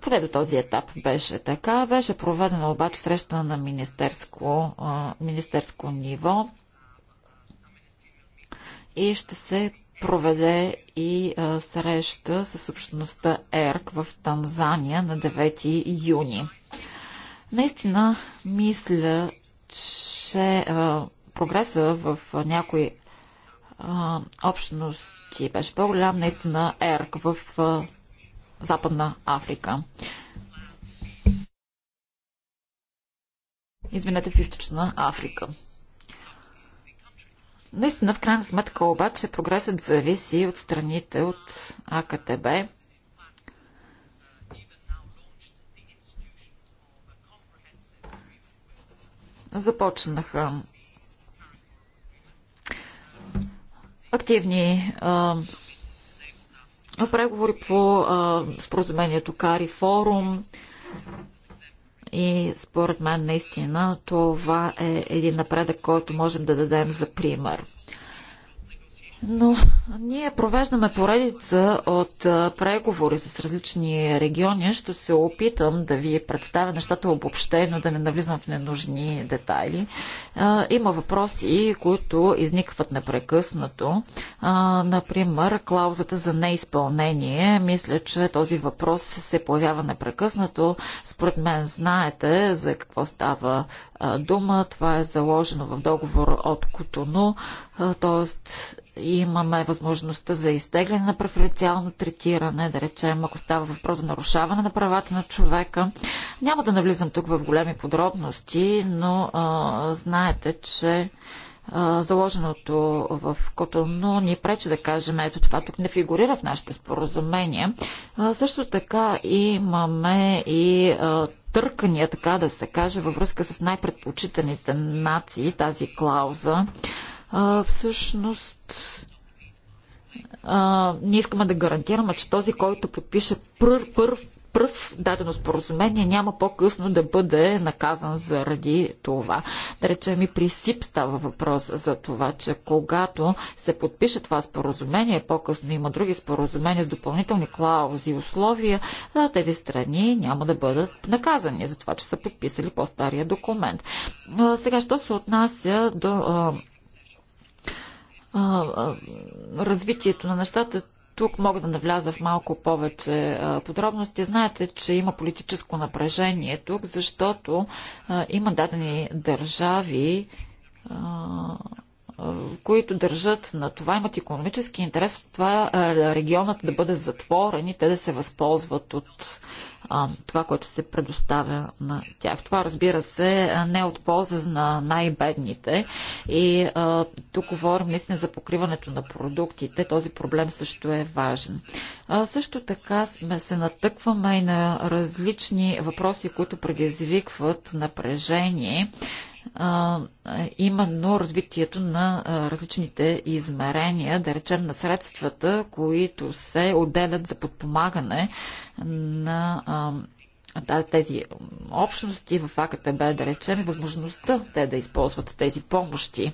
Поне до този етап беше така. Беше проведена обаче среща на министерско, министерско ниво и ще се проведе и среща с общността ЕРК в Танзания на 9 юни. Наистина мисля, че прогреса в някои Общност и беше по-голям, наистина ЕРК в а, Западна Африка. Извинете, в Източна Африка. Наистина, в крайна сметка, обаче, прогресът зависи от страните от АКТБ. Започнаха активни а, преговори по а, споразумението Кари Форум. И според мен наистина това е един напредък, който можем да дадем за пример. Но ние провеждаме поредица от преговори с различни региони. Ще се опитам да ви представя нещата обобщено, да не навлизам в ненужни детайли. Има въпроси, които изникват непрекъснато. Например, клаузата за неизпълнение. Мисля, че този въпрос се появява непрекъснато. Според мен знаете за какво става дума. Това е заложено в договор от Котону, т.е имаме възможността за изтегляне на преференциално третиране, да речем, ако става въпрос за нарушаване на правата на човека. Няма да навлизам тук в големи подробности, но а, знаете, че заложеното в Котону ни пречи да кажем, ето това тук не фигурира в нашите споразумения. А, също така имаме и а, търкания, така да се каже, във връзка с най-предпочитаните нации, тази клауза а, всъщност а, ние искаме да гарантираме, че този, който подпише пръв, пръв, пръв дадено споразумение няма по-късно да бъде наказан заради това. Да речем и при СИП става въпрос за това, че когато се подпише това споразумение, по-късно има други споразумения с допълнителни клаузи и условия, да, тези страни няма да бъдат наказани за това, че са подписали по-стария документ. Сега, що се отнася до а, а, развитието на нещата. Тук мога да навляза в малко повече а, подробности. Знаете, че има политическо напрежение тук, защото а, има дадени държави, а, които държат на това, имат економически интерес от това регионът да бъде затворен и те да се възползват от това, което се предоставя на тях. Това, разбира се, не е от полза на най-бедните. И а, тук говорим наистина за покриването на продуктите. Този проблем също е важен. А, също така сме се натъкваме и на различни въпроси, които предизвикват напрежение именно развитието на различните измерения, да речем на средствата, които се отделят за подпомагане на тези общности в АКТБ, да речем, и възможността те да използват тези помощи.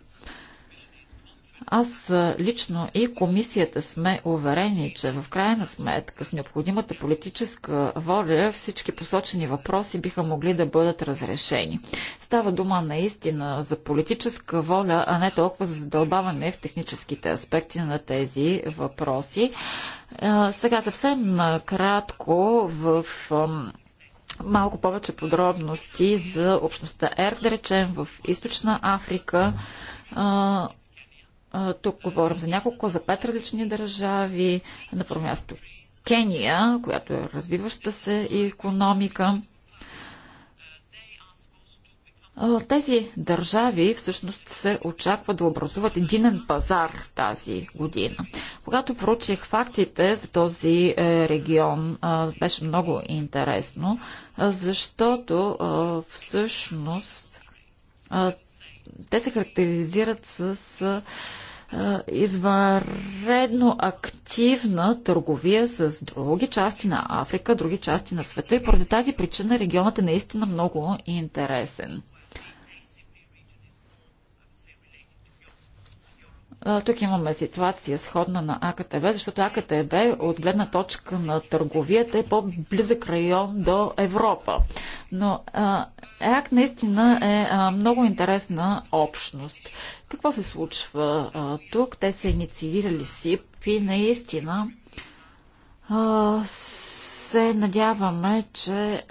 Аз лично и комисията сме уверени, че в крайна сметка с необходимата политическа воля всички посочени въпроси биха могли да бъдат разрешени. Става дума наистина за политическа воля, а не толкова за задълбаване в техническите аспекти на тези въпроси. Сега съвсем кратко в малко повече подробности за общността ЕРК, да речем в Източна Африка тук говорим за няколко, за пет различни държави. На първо място Кения, която е развиваща се и економика. Тези държави всъщност се очаква да образуват единен пазар тази година. Когато проучих фактите за този е, регион, беше много интересно, защото всъщност те се характеризират с извънредно активна търговия с други части на Африка, други части на света и поради тази причина регионът е наистина много интересен. Тук имаме ситуация сходна на АКТВ, защото АКТВ от гледна точка на търговията е по-близък район до Европа. Но ЕАК наистина е много интересна общност. Какво се случва тук? Те са инициирали СИП и наистина се надяваме, че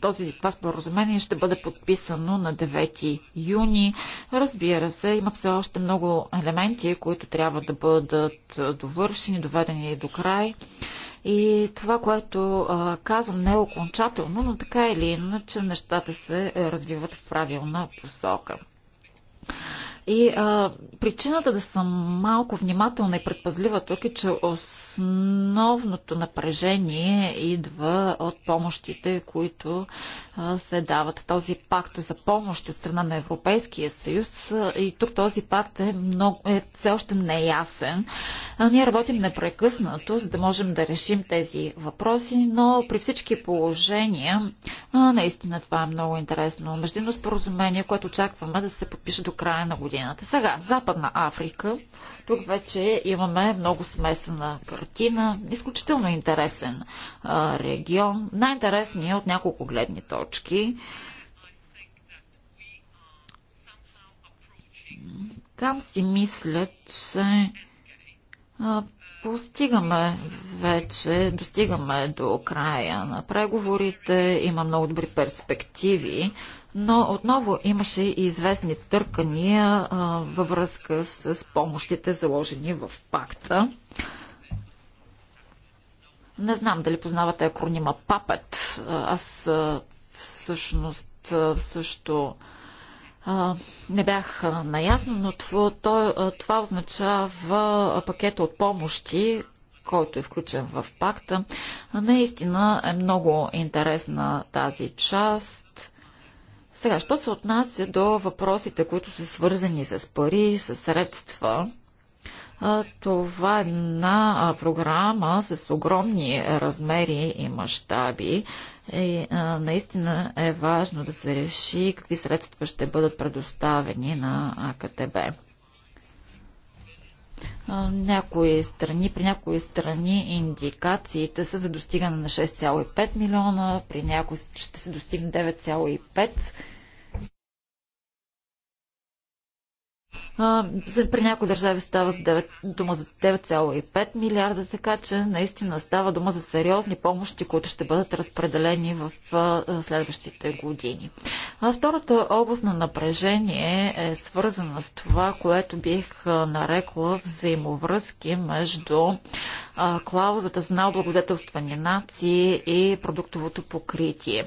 този, това споразумение ще бъде подписано на 9 юни. Разбира се, има все още много елементи, които трябва да бъдат довършени, доведени до край. И това, което а, казвам, не е окончателно, но така или иначе нещата се развиват в правилна посока. И а, причината да съм малко внимателна и предпазлива тук е, че основното напрежение идва от помощите, които а, се дават. Този пакт за помощ от страна на Европейския съюз а, и тук този пакт е, много, е все още неясен. А, ние работим непрекъснато, за да можем да решим тези въпроси, но при всички положения а, наистина това е много интересно. Междинно споразумение, което очакваме да се подпише до края на година годината. Сега, Западна Африка. Тук вече имаме много смесена картина. Изключително интересен а, регион. Най-интересният е от няколко гледни точки. Там си мисля, че а, постигаме вече, достигаме до края на преговорите, има много добри перспективи но отново имаше и известни търкания а, във връзка с, с помощите, заложени в пакта. Не знам дали познавате акронима ПАПЕТ. Аз всъщност също не бях наясно, но това, това означава пакета от помощи, който е включен в пакта. Наистина е много интересна тази част. Сега, що се отнася до въпросите, които са свързани с пари, с средства, това е една програма с огромни размери и мащаби. И наистина е важно да се реши какви средства ще бъдат предоставени на АКТБ някои страни, при някои страни индикациите са за достигане на 6,5 милиона, при някои ще се достигне 9,5 милиона При някои държави става за 9, дума за 9,5 милиарда, така че наистина става дума за сериозни помощи, които ще бъдат разпределени в следващите години. А втората област на напрежение е свързана с това, което бих нарекла взаимовръзки между клаузата за най-облагодетелствани нации и продуктовото покритие.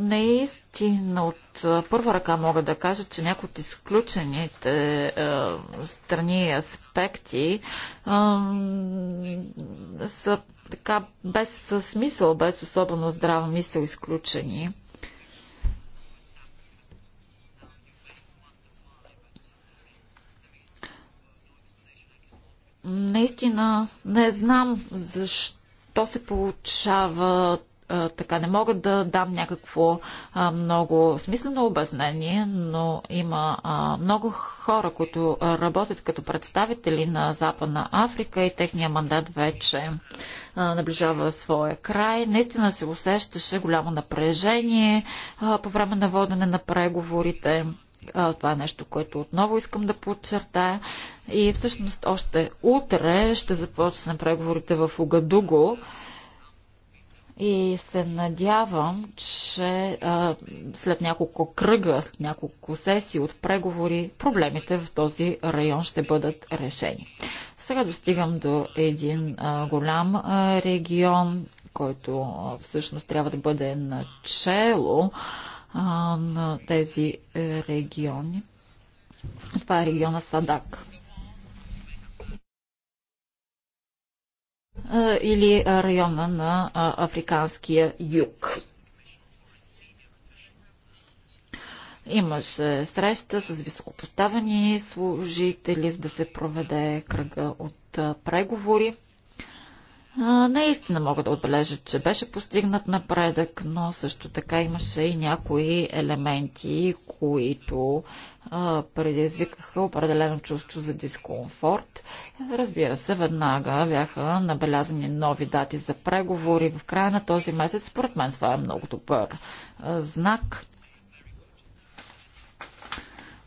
Наистина от първа ръка мога да кажа, че някои от изключените е, страни и аспекти е, са така без смисъл, без особено здрава мисъл изключени. Наистина не знам защо се получават така не мога да дам някакво а, много смислено обяснение, но има а, много хора, които работят като представители на Западна Африка и техния мандат вече а, наближава своя край. Наистина се усещаше голямо напрежение а, по време на водене на преговорите. Това е нещо, което отново искам да подчертая. И всъщност още утре ще започнем преговорите в Угадуго и се надявам, че а, след няколко кръга, след няколко сесии от преговори, проблемите в този район ще бъдат решени. Сега достигам до един а, голям а, регион, който а, всъщност трябва да бъде начало а, на тези е, региони. Това е региона Садак. или района на Африканския юг. Имаше среща с високопоставени служители, за да се проведе кръга от преговори. Наистина мога да отбележа, че беше постигнат напредък, но също така имаше и някои елементи, които предизвикаха определено чувство за дискомфорт. Разбира се, веднага бяха набелязани нови дати за преговори в края на този месец. Според мен това е много добър знак.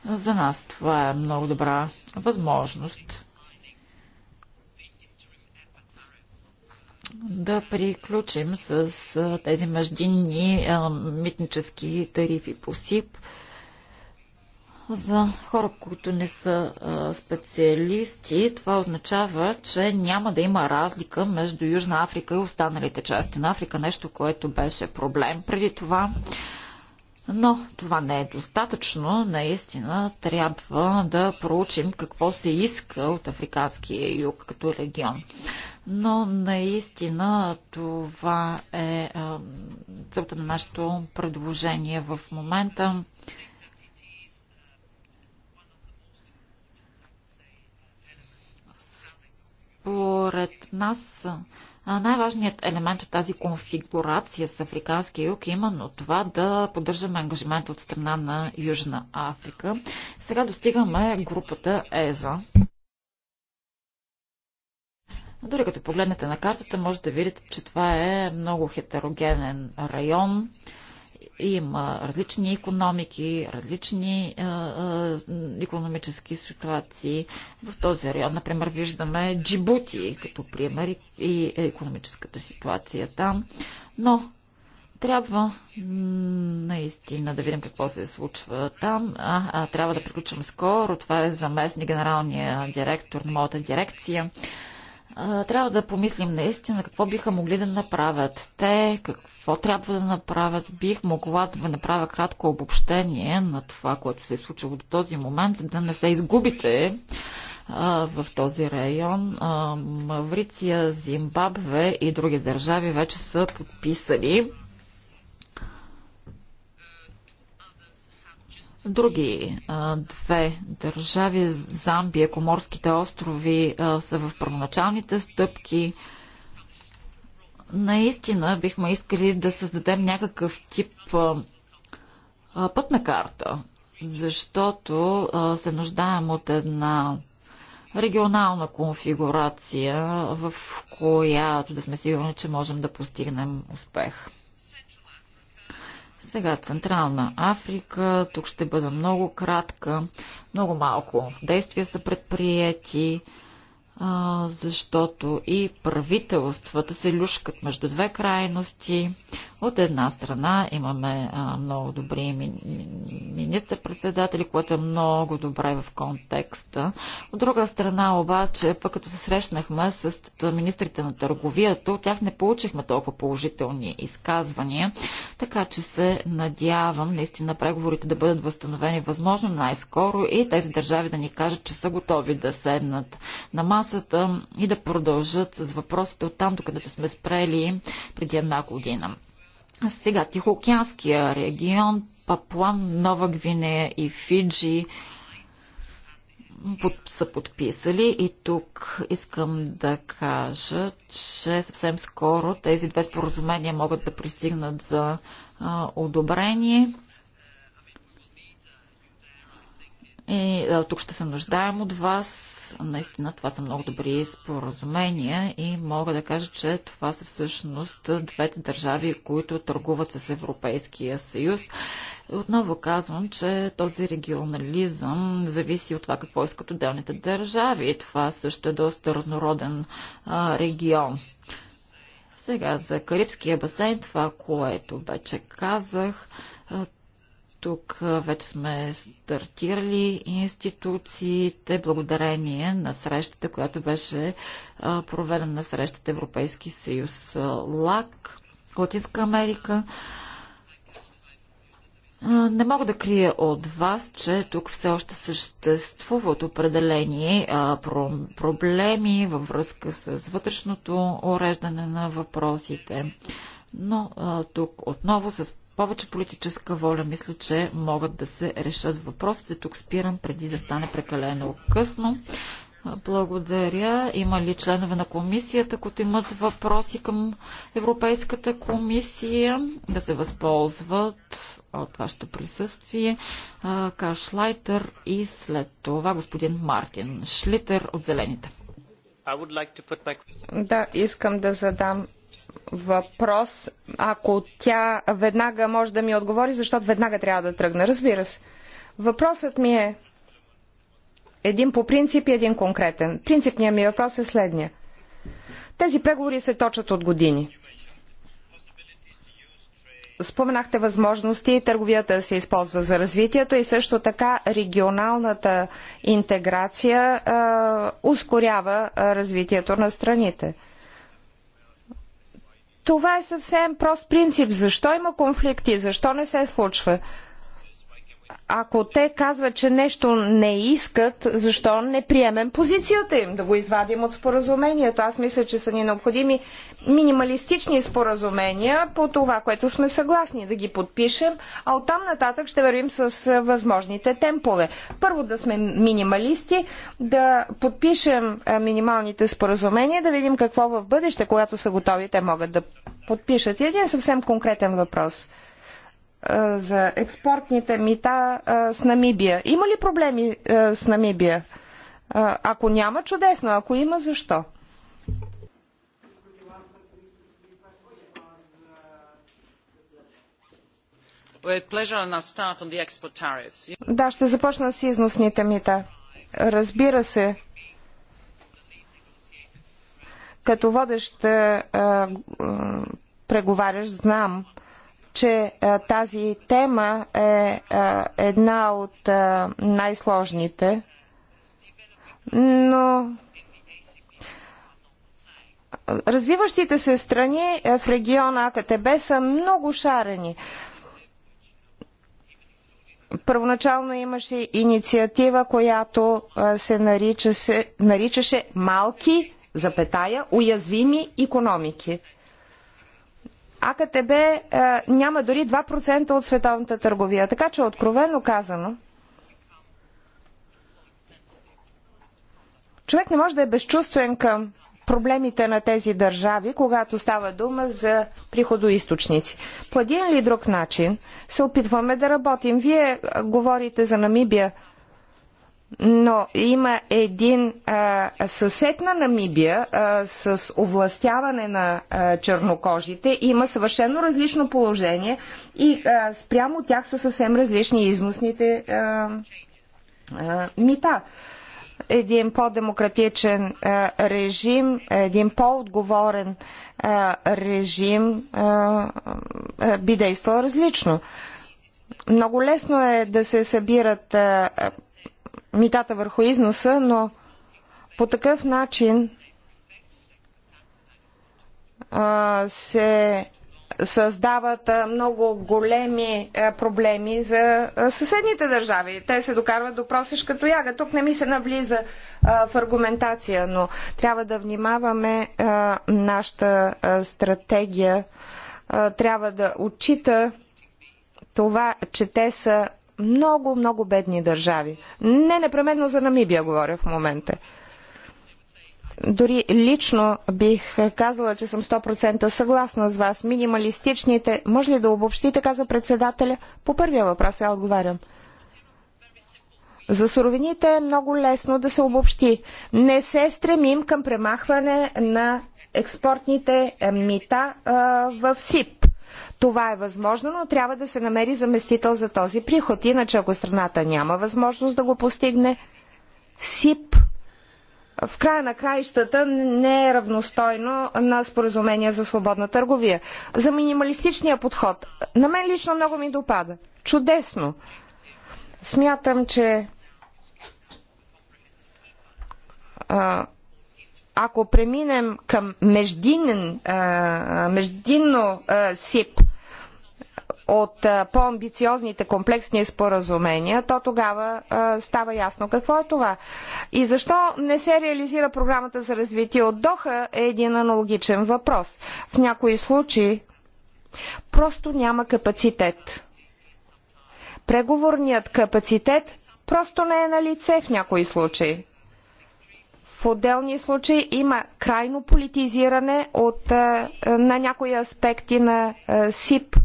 За нас това е много добра възможност да приключим с тези междинни митнически тарифи по СИП за хора, които не са специалисти, това означава, че няма да има разлика между Южна Африка и останалите части на Африка, нещо, което беше проблем преди това. Но това не е достатъчно. Наистина трябва да проучим какво се иска от Африканския юг като регион. Но наистина това е целта на нашето предложение в момента. Според нас най-важният елемент от тази конфигурация с Африканския юг е именно това да поддържаме ангажимент от страна на Южна Африка. Сега достигаме групата ЕЗА. Дори като погледнете на картата, може да видите, че това е много хетерогенен район. Има различни економики, различни економически ситуации. В този район, например, виждаме Джибути като пример и економическата ситуация там. Но трябва наистина да видим какво се случва там. А, а, трябва да приключим скоро. Това е заместник генералния директор на моята дирекция трябва да помислим наистина какво биха могли да направят те, какво трябва да направят. Бих могла да направя кратко обобщение на това, което се е случило до този момент, за да не се изгубите в този район. А, Мавриция, Зимбабве и други държави вече са подписали Други а, две държави, Замбия, Коморските острови, а, са в първоначалните стъпки. Наистина бихме искали да създадем някакъв тип а, а, пътна карта, защото а, се нуждаем от една регионална конфигурация, в която да сме сигурни, че можем да постигнем успех. Сега Централна Африка, тук ще бъда много кратка, много малко действия са предприяти а, защото и правителствата се люшкат между две крайности. От една страна имаме а, много добри ми, министър-председатели, което е много добре в контекста. От друга страна обаче, пък като се срещнахме с министрите на търговията, от тях не получихме толкова положителни изказвания, така че се надявам наистина преговорите да бъдат възстановени възможно най-скоро и тези държави да ни кажат, че са готови да седнат на маса масата и да продължат с въпросите от там, докъдето сме спрели преди една година. Сега Тихоокеанския регион, Папуан, Нова Гвинея и Фиджи под, са подписали и тук искам да кажа, че съвсем скоро тези две споразумения могат да пристигнат за а, одобрение. И а, тук ще се нуждаем от вас Наистина това са много добри споразумения и мога да кажа, че това са всъщност двете държави, които търгуват с Европейския съюз. Отново казвам, че този регионализъм зависи от това какво искат отделните държави. Това също е доста разнороден а, регион. Сега за Карибския басейн, това, което вече казах, тук вече сме стартирали институциите благодарение на срещата, която беше проведена на срещата Европейски съюз ЛАК, Латинска Америка. Не мога да крия от вас, че тук все още съществуват определени проблеми във връзка с вътрешното уреждане на въпросите. Но тук отново с повече политическа воля, мисля, че могат да се решат въпросите. Тук спирам преди да стане прекалено късно. Благодаря. Има ли членове на комисията, които имат въпроси към Европейската комисия, да се възползват от вашето присъствие? Кашлайтер и след това господин Мартин Шлитер от Зелените. Да, искам да задам въпрос, ако тя веднага може да ми отговори, защото веднага трябва да тръгна, разбира се. Въпросът ми е един по принцип и един конкретен. Принципният ми въпрос е следния. Тези преговори се точат от години. Споменахте възможности, търговията се използва за развитието и също така регионалната интеграция е, ускорява развитието на страните. Това е съвсем прост принцип. Защо има конфликти? Защо не се случва? Ако те казват, че нещо не искат, защо не приемем позицията им, да го извадим от споразумението? Аз мисля, че са ни необходими минималистични споразумения по това, което сме съгласни да ги подпишем, а оттам нататък ще вървим с възможните темпове. Първо да сме минималисти, да подпишем минималните споразумения, да видим какво в бъдеще, когато са готови, те могат да подпишат. И един съвсем конкретен въпрос – за експортните мита с Намибия. Има ли проблеми с Намибия? Ако няма, чудесно. Ако има, защо? Да, ще започна с износните мита. Разбира се, като водещ преговаряш, знам, че е, тази тема е, е една от е, най-сложните, но развиващите се страни в региона АКТБ са много шарени. Първоначално имаше инициатива, която се наричаше, наричаше малки, запетая, уязвими економики. АКТБ е, няма дори 2% от световната търговия. Така че откровено казано, човек не може да е безчувствен към проблемите на тези държави, когато става дума за приходоисточници. По един или друг начин се опитваме да работим. Вие говорите за Намибия но има един а, съсед на Намибия а, с овластяване на а, чернокожите, има съвършено различно положение и а, спрямо тях са съвсем различни износните а, а, мита. Един по-демократичен режим, един по-отговорен режим а, а, би действал различно. Много лесно е да се събират а, митата върху износа, но по такъв начин се създават много големи проблеми за съседните държави. Те се докарват до просеш като яга. Тук не ми се навлиза в аргументация, но трябва да внимаваме нашата стратегия. Трябва да отчита това, че те са много, много бедни държави. Не непременно за Намибия говоря в момента. Дори лично бих казала, че съм 100% съгласна с вас. Минималистичните, може ли да обобщите, каза председателя? По първия въпрос я отговарям. За суровините е много лесно да се обобщи. Не се стремим към премахване на експортните мита а, в СИП. Това е възможно, но трябва да се намери заместител за този приход. Иначе, ако страната няма възможност да го постигне, СИП в края на краищата не е равностойно на споразумение за свободна търговия. За минималистичния подход. На мен лично много ми допада. Чудесно. Смятам, че а, ако преминем към междинен, междинно СИП от по-амбициозните комплексни споразумения, то тогава става ясно какво е това. И защо не се реализира програмата за развитие от Доха е един аналогичен въпрос. В някои случаи просто няма капацитет. Преговорният капацитет просто не е на лице в някои случаи. В отделни случаи има крайно политизиране от, е, на някои аспекти на е, СИП.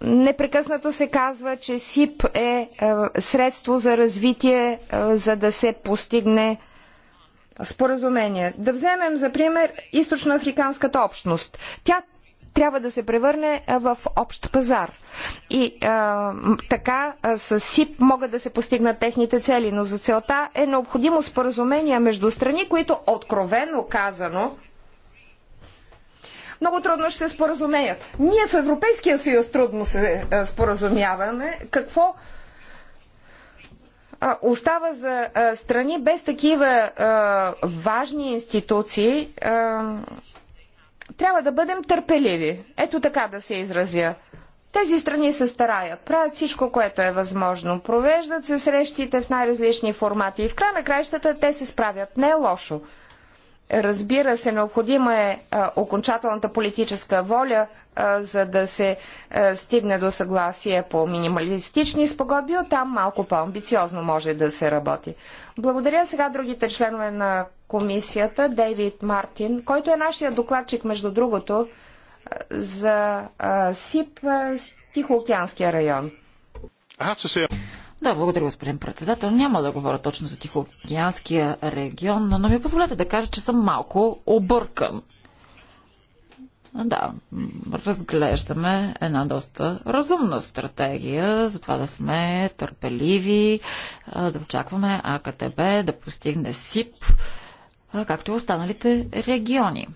Непрекъснато се казва, че СИП е, е средство за развитие, за да се постигне споразумение. Да вземем за пример източноафриканската общност. Тя трябва да се превърне в общ пазар. И а, така с СИП могат да се постигнат техните цели, но за целта е необходимо споразумение между страни, които откровено казано много трудно ще се споразумеят. Ние в Европейския съюз трудно се споразумяваме. Какво остава за страни без такива важни институции трябва да бъдем търпеливи. Ето така да се изразя. Тези страни се стараят, правят всичко, което е възможно. Провеждат се срещите в най-различни формати и в край на краищата те се справят. Не е лошо. Разбира се, необходима е а, окончателната политическа воля, а, за да се а, стигне до съгласие по минималистични спогодби, оттам малко по-амбициозно може да се работи. Благодаря сега другите членове на комисията Дейвид Мартин, който е нашия докладчик, между другото, за СИП Тихоокеанския район. Да, благодаря, господин председател. Няма да говоря точно за Тихоокеанския регион, но ми позволете да кажа, че съм малко объркан. Да, разглеждаме една доста разумна стратегия за това да сме търпеливи, да очакваме АКТБ да постигне СИП както и останалите региони.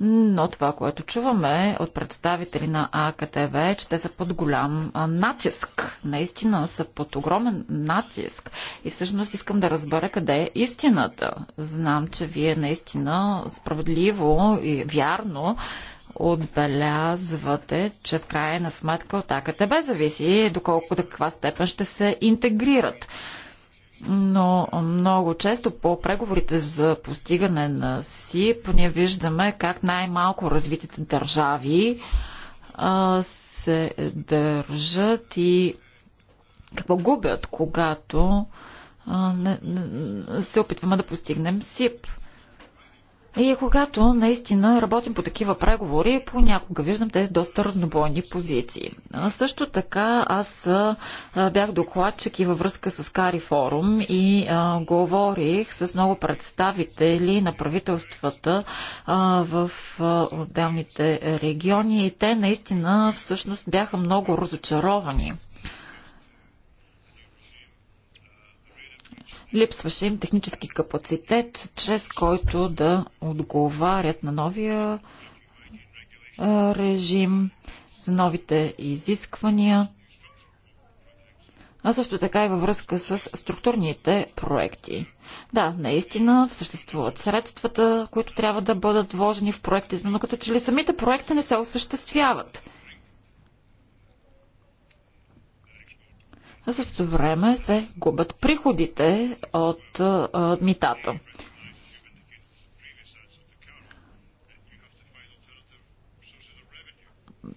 Но това, което чуваме от представители на АКТВ, е, че те са под голям натиск. Наистина са под огромен натиск. И всъщност искам да разбера къде е истината. Знам, че вие наистина справедливо и вярно отбелязвате, че в крайна сметка от АКТБ зависи доколко до каква степен ще се интегрират но много често по преговорите за постигане на СИП ние виждаме как най-малко развитите държави а, се държат и какво губят, когато а, не, не, се опитваме да постигнем СИП. И когато наистина работим по такива преговори, понякога виждам тези доста разнобойни позиции. А също така аз бях докладчик и във връзка с Кари Форум и а, говорих с много представители на правителствата а, в а, отделните региони и те наистина всъщност бяха много разочаровани Липсваше им технически капацитет, чрез който да отговарят на новия режим, за новите изисквания, а също така и във връзка с структурните проекти. Да, наистина съществуват средствата, които трябва да бъдат вложени в проектите, но като че ли самите проекти не се осъществяват. а същото време се губят приходите от митата.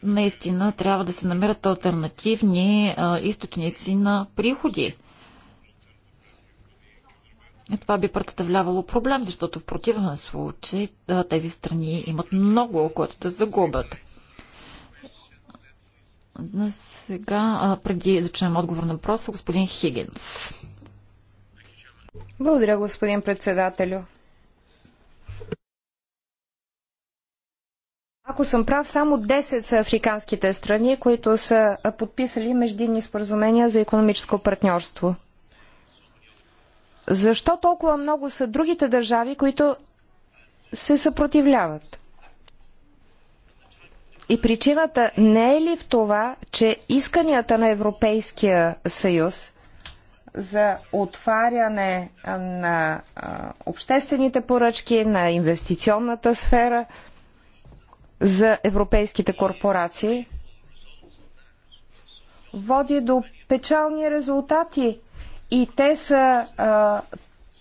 Наистина трябва да се намерят альтернативни източници на приходи. И това би представлявало проблем, защото в противен случай тези страни имат много, което да загубят. На сега, а, преди да чуем отговор на въпроса, господин Хигинс. Благодаря, господин председателю. Ако съм прав, само 10 са африканските страни, които са подписали междинни споразумения за економическо партньорство. Защо толкова много са другите държави, които се съпротивляват? И причината не е ли в това, че исканията на Европейския съюз за отваряне на обществените поръчки, на инвестиционната сфера за европейските корпорации води до печални резултати и те са а,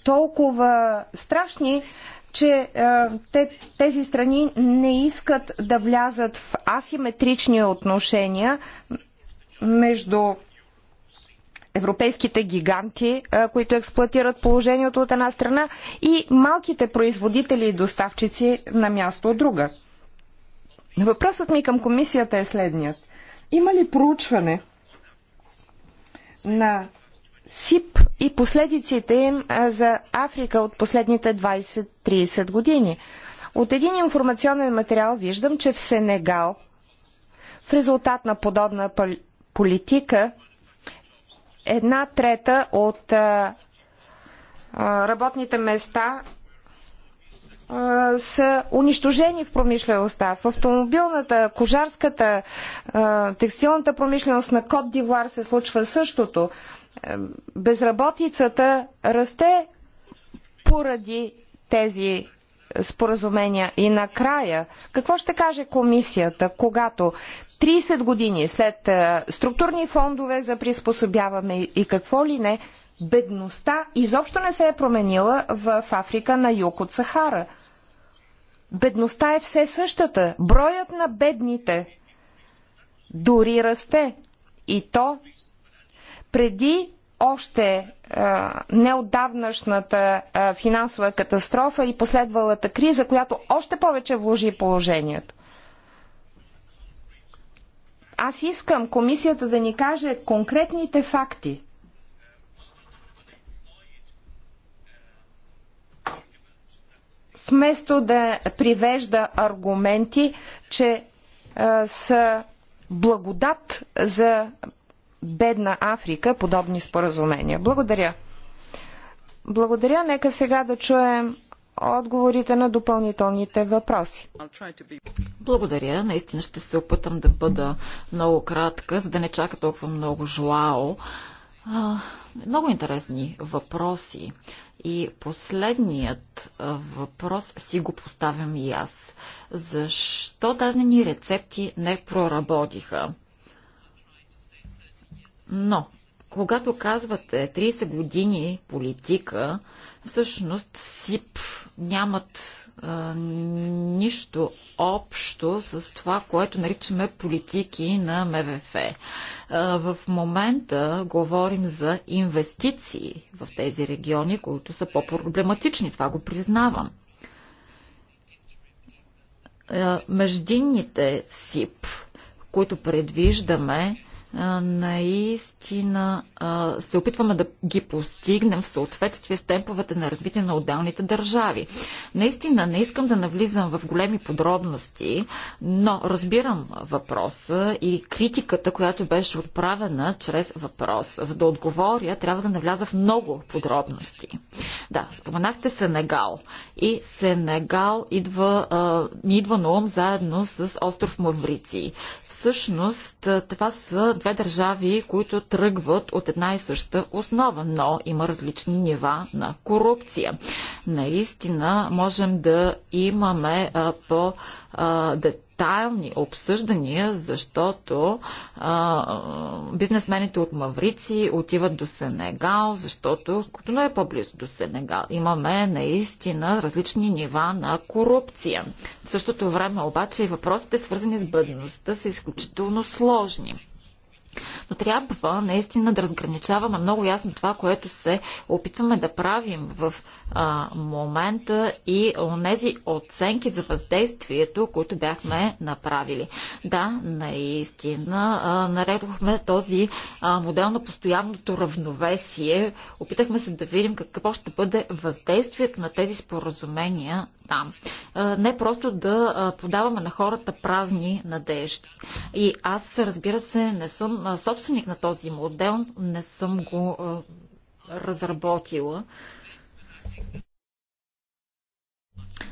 толкова страшни, че е, те, тези страни не искат да влязат в асиметрични отношения между европейските гиганти, е, които експлуатират положението от една страна и малките производители и доставчици на място от друга. Въпросът ми към комисията е следният. Има ли проучване на СИП и последиците им за Африка от последните 20-30 години. От един информационен материал виждам, че в Сенегал в резултат на подобна политика една трета от а, работните места а, са унищожени в промишлеността. В автомобилната, кожарската, а, текстилната промишленост на Кот Дивуар се случва същото безработицата расте поради тези е, споразумения. И накрая, какво ще каже комисията, когато 30 години след е, структурни фондове за приспособяване и какво ли не, бедността изобщо не се е променила в Африка на юг от Сахара. Бедността е все същата. Броят на бедните дори расте. И то преди още неотдавнашната финансова катастрофа и последвалата криза, която още повече вложи положението. Аз искам комисията да ни каже конкретните факти. Вместо да привежда аргументи, че а, са благодат за бедна Африка подобни споразумения? Благодаря. Благодаря. Нека сега да чуем отговорите на допълнителните въпроси. Благодаря. Наистина ще се опитам да бъда много кратка, за да не чака толкова много жуао. Много интересни въпроси. И последният въпрос си го поставям и аз. Защо дадени рецепти не проработиха? Но, когато казвате 30 години политика, всъщност СИП нямат а, нищо общо с това, което наричаме политики на МВФ. А, в момента говорим за инвестиции в тези региони, които са по-проблематични. Това го признавам. междинните СИП, които предвиждаме, наистина се опитваме да ги постигнем в съответствие с темповете на развитие на отделните държави. Наистина не искам да навлизам в големи подробности, но разбирам въпроса и критиката, която беше отправена чрез въпрос. За да отговоря, трябва да навляза в много подробности. Да, споменахте Сенегал. И Сенегал идва, ми идва на ум заедно с остров Маврици. Всъщност, това са две държави, които тръгват от една и съща основа, но има различни нива на корупция. Наистина можем да имаме а, по а, детайлни обсъждания, защото а, бизнесмените от Маврици отиват до Сенегал, защото не е по-близо до Сенегал. Имаме наистина различни нива на корупция. В същото време обаче и въпросите свързани с бъдността са изключително сложни. Но трябва наистина да разграничаваме много ясно това, което се опитваме да правим в а, момента и онези оценки за въздействието, които бяхме направили. Да, наистина, а, наредохме този а, модел на постоянното равновесие. Опитахме се да видим какво ще бъде въздействието на тези споразумения там. А, не просто да подаваме на хората празни надежди. И аз, разбира се, не съм собственик на този модел, не съм го разработила.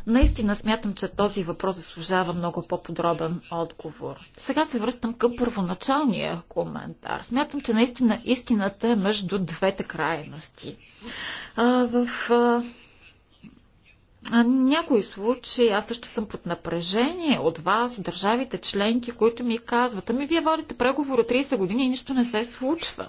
Наистина смятам, че този въпрос заслужава много по-подробен отговор. Сега се връщам към първоначалния коментар. Смятам, че наистина истината е между двете крайности. А, в а, някои случаи аз също съм под напрежение от вас, от държавите членки, които ми казват, ами вие водите преговори 30 години и нищо не се случва.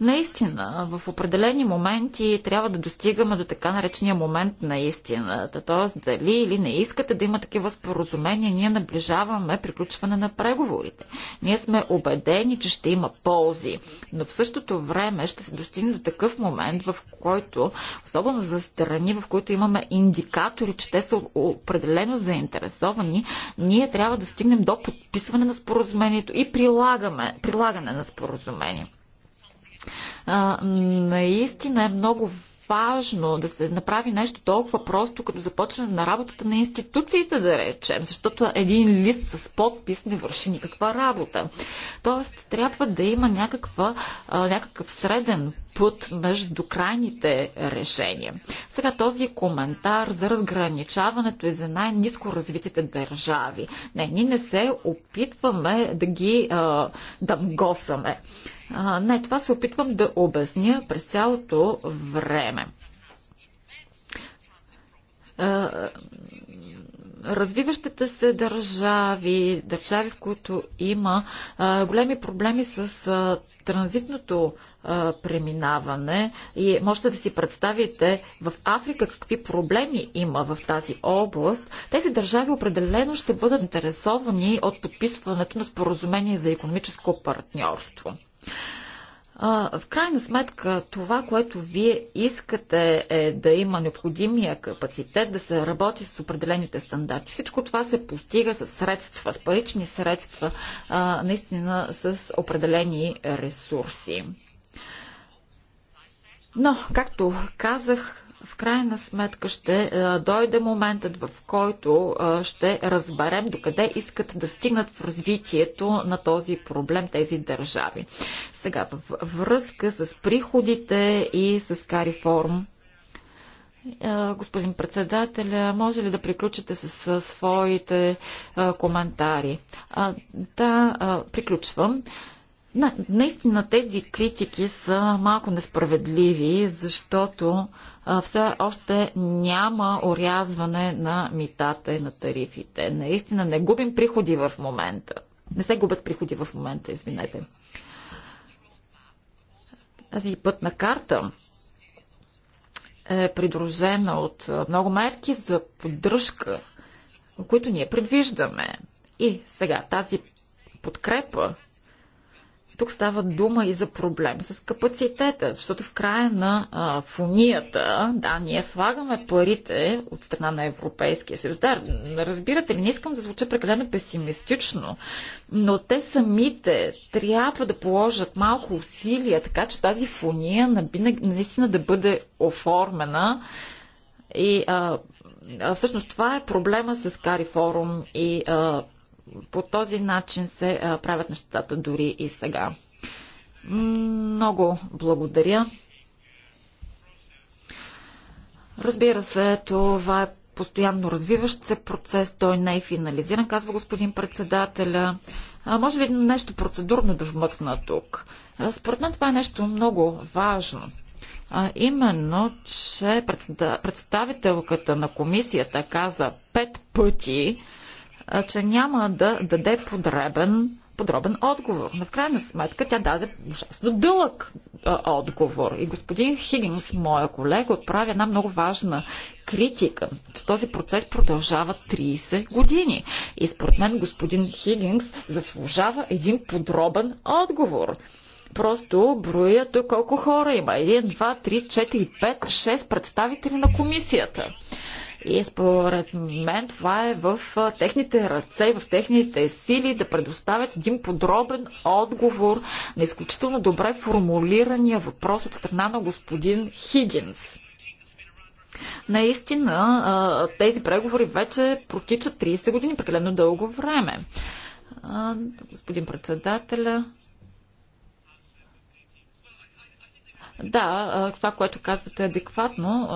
Наистина, в определени моменти трябва да достигаме до така наречения момент на истината. Т.е. дали или не искате да има такива споразумения, ние наближаваме приключване на преговорите. Ние сме убедени, че ще има ползи, но в същото време ще се достигне до такъв момент, в който, особено за страни, в които имаме индикатори, че те са определено заинтересовани, ние трябва да стигнем до подписване на споразумението и прилагаме, прилагане на споразумение. А, наистина е много важно да се направи нещо толкова просто, като започнем на работата на институциите, да речем, защото един лист с подпис не върши никаква работа. Тоест, трябва да има някаква, а, някакъв среден път между крайните решения. Сега този коментар за разграничаването и е за най-низко развитите държави. Не, ние не се опитваме да ги а, дамгосаме. А, не, това се опитвам да обясня през цялото време. А, развиващите се държави, държави, в които има а, големи проблеми с а, транзитното а, преминаване и можете да си представите в Африка какви проблеми има в тази област, тези държави определено ще бъдат интересовани от подписването на споразумение за економическо партньорство. В крайна сметка, това, което вие искате е да има необходимия капацитет, да се работи с определените стандарти. Всичко това се постига с средства, с парични средства, наистина с определени ресурси. Но, както казах, в крайна сметка ще е, дойде моментът, в който е, ще разберем докъде искат да стигнат в развитието на този проблем тези държави. Сега, във връзка с приходите и с Кариформ, е, Господин председателя, може ли да приключите с своите коментари? Да, приключвам. На, наистина тези критики са малко несправедливи, защото а, все още няма орязване на митата и на тарифите. Наистина не губим приходи в момента. Не се губят приходи в момента, извинете. Тази пътна карта е придружена от много мерки за поддръжка, които ние предвиждаме. И сега тази подкрепа тук става дума и за проблем с капацитета, защото в края на а, фунията, да, ние слагаме парите от страна на Европейския съюз. Да, разбирате ли, не искам да звуча прекалено песимистично, но те самите трябва да положат малко усилия, така че тази фуния наистина да бъде оформена и а, всъщност това е проблема с Кари Форум и а, по този начин се правят нещата дори и сега. Много благодаря. Разбира се, това е постоянно развиващ се процес, той не е финализиран, казва господин председателя. А, може ли нещо процедурно да вмъкна тук? А, според мен това е нещо много важно. А, именно, че представителката на комисията каза пет пъти, че няма да даде подребен, подробен отговор. Но в крайна сметка тя даде ужасно дълъг а, отговор. И господин Хигинс, моя колега, отправи една много важна критика, че този процес продължава 30 години. И според мен господин Хигинс заслужава един подробен отговор. Просто броя тук колко хора има. Един, два, три, четири, пет, шест представители на комисията. И според мен това е в техните ръце в техните сили да предоставят един подробен отговор на изключително добре формулирания въпрос от страна на господин Хигинс. Наистина, тези преговори вече протичат 30 години, прекалено дълго време. Господин председателя, Да, това, което казвате е адекватно.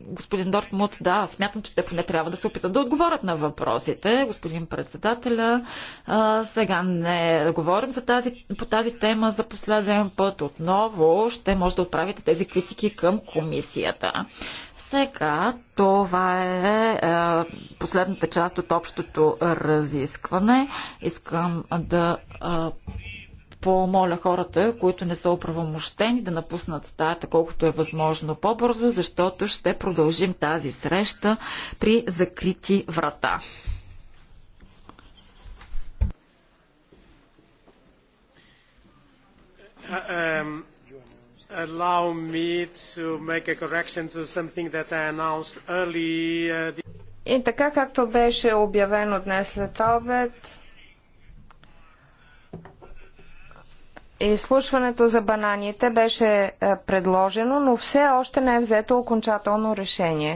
Господин Дортмут, да, смятам, че те поне трябва да се опитат да отговорят на въпросите. Господин председателя, сега не говорим за тази, по тази тема за последен път. Отново ще може да отправите тези критики към комисията. Сега това е, е последната част от общото разискване. Искам да е, помоля хората, които не са оправомощени, да напуснат стаята колкото е възможно по-бързо, защото ще продължим тази среща при закрити врата. allow me to make a correction to something that I announced uh, И така, както беше обявено днес след обед, изслушването за бананите беше е, предложено, но все още не е взето окончателно решение.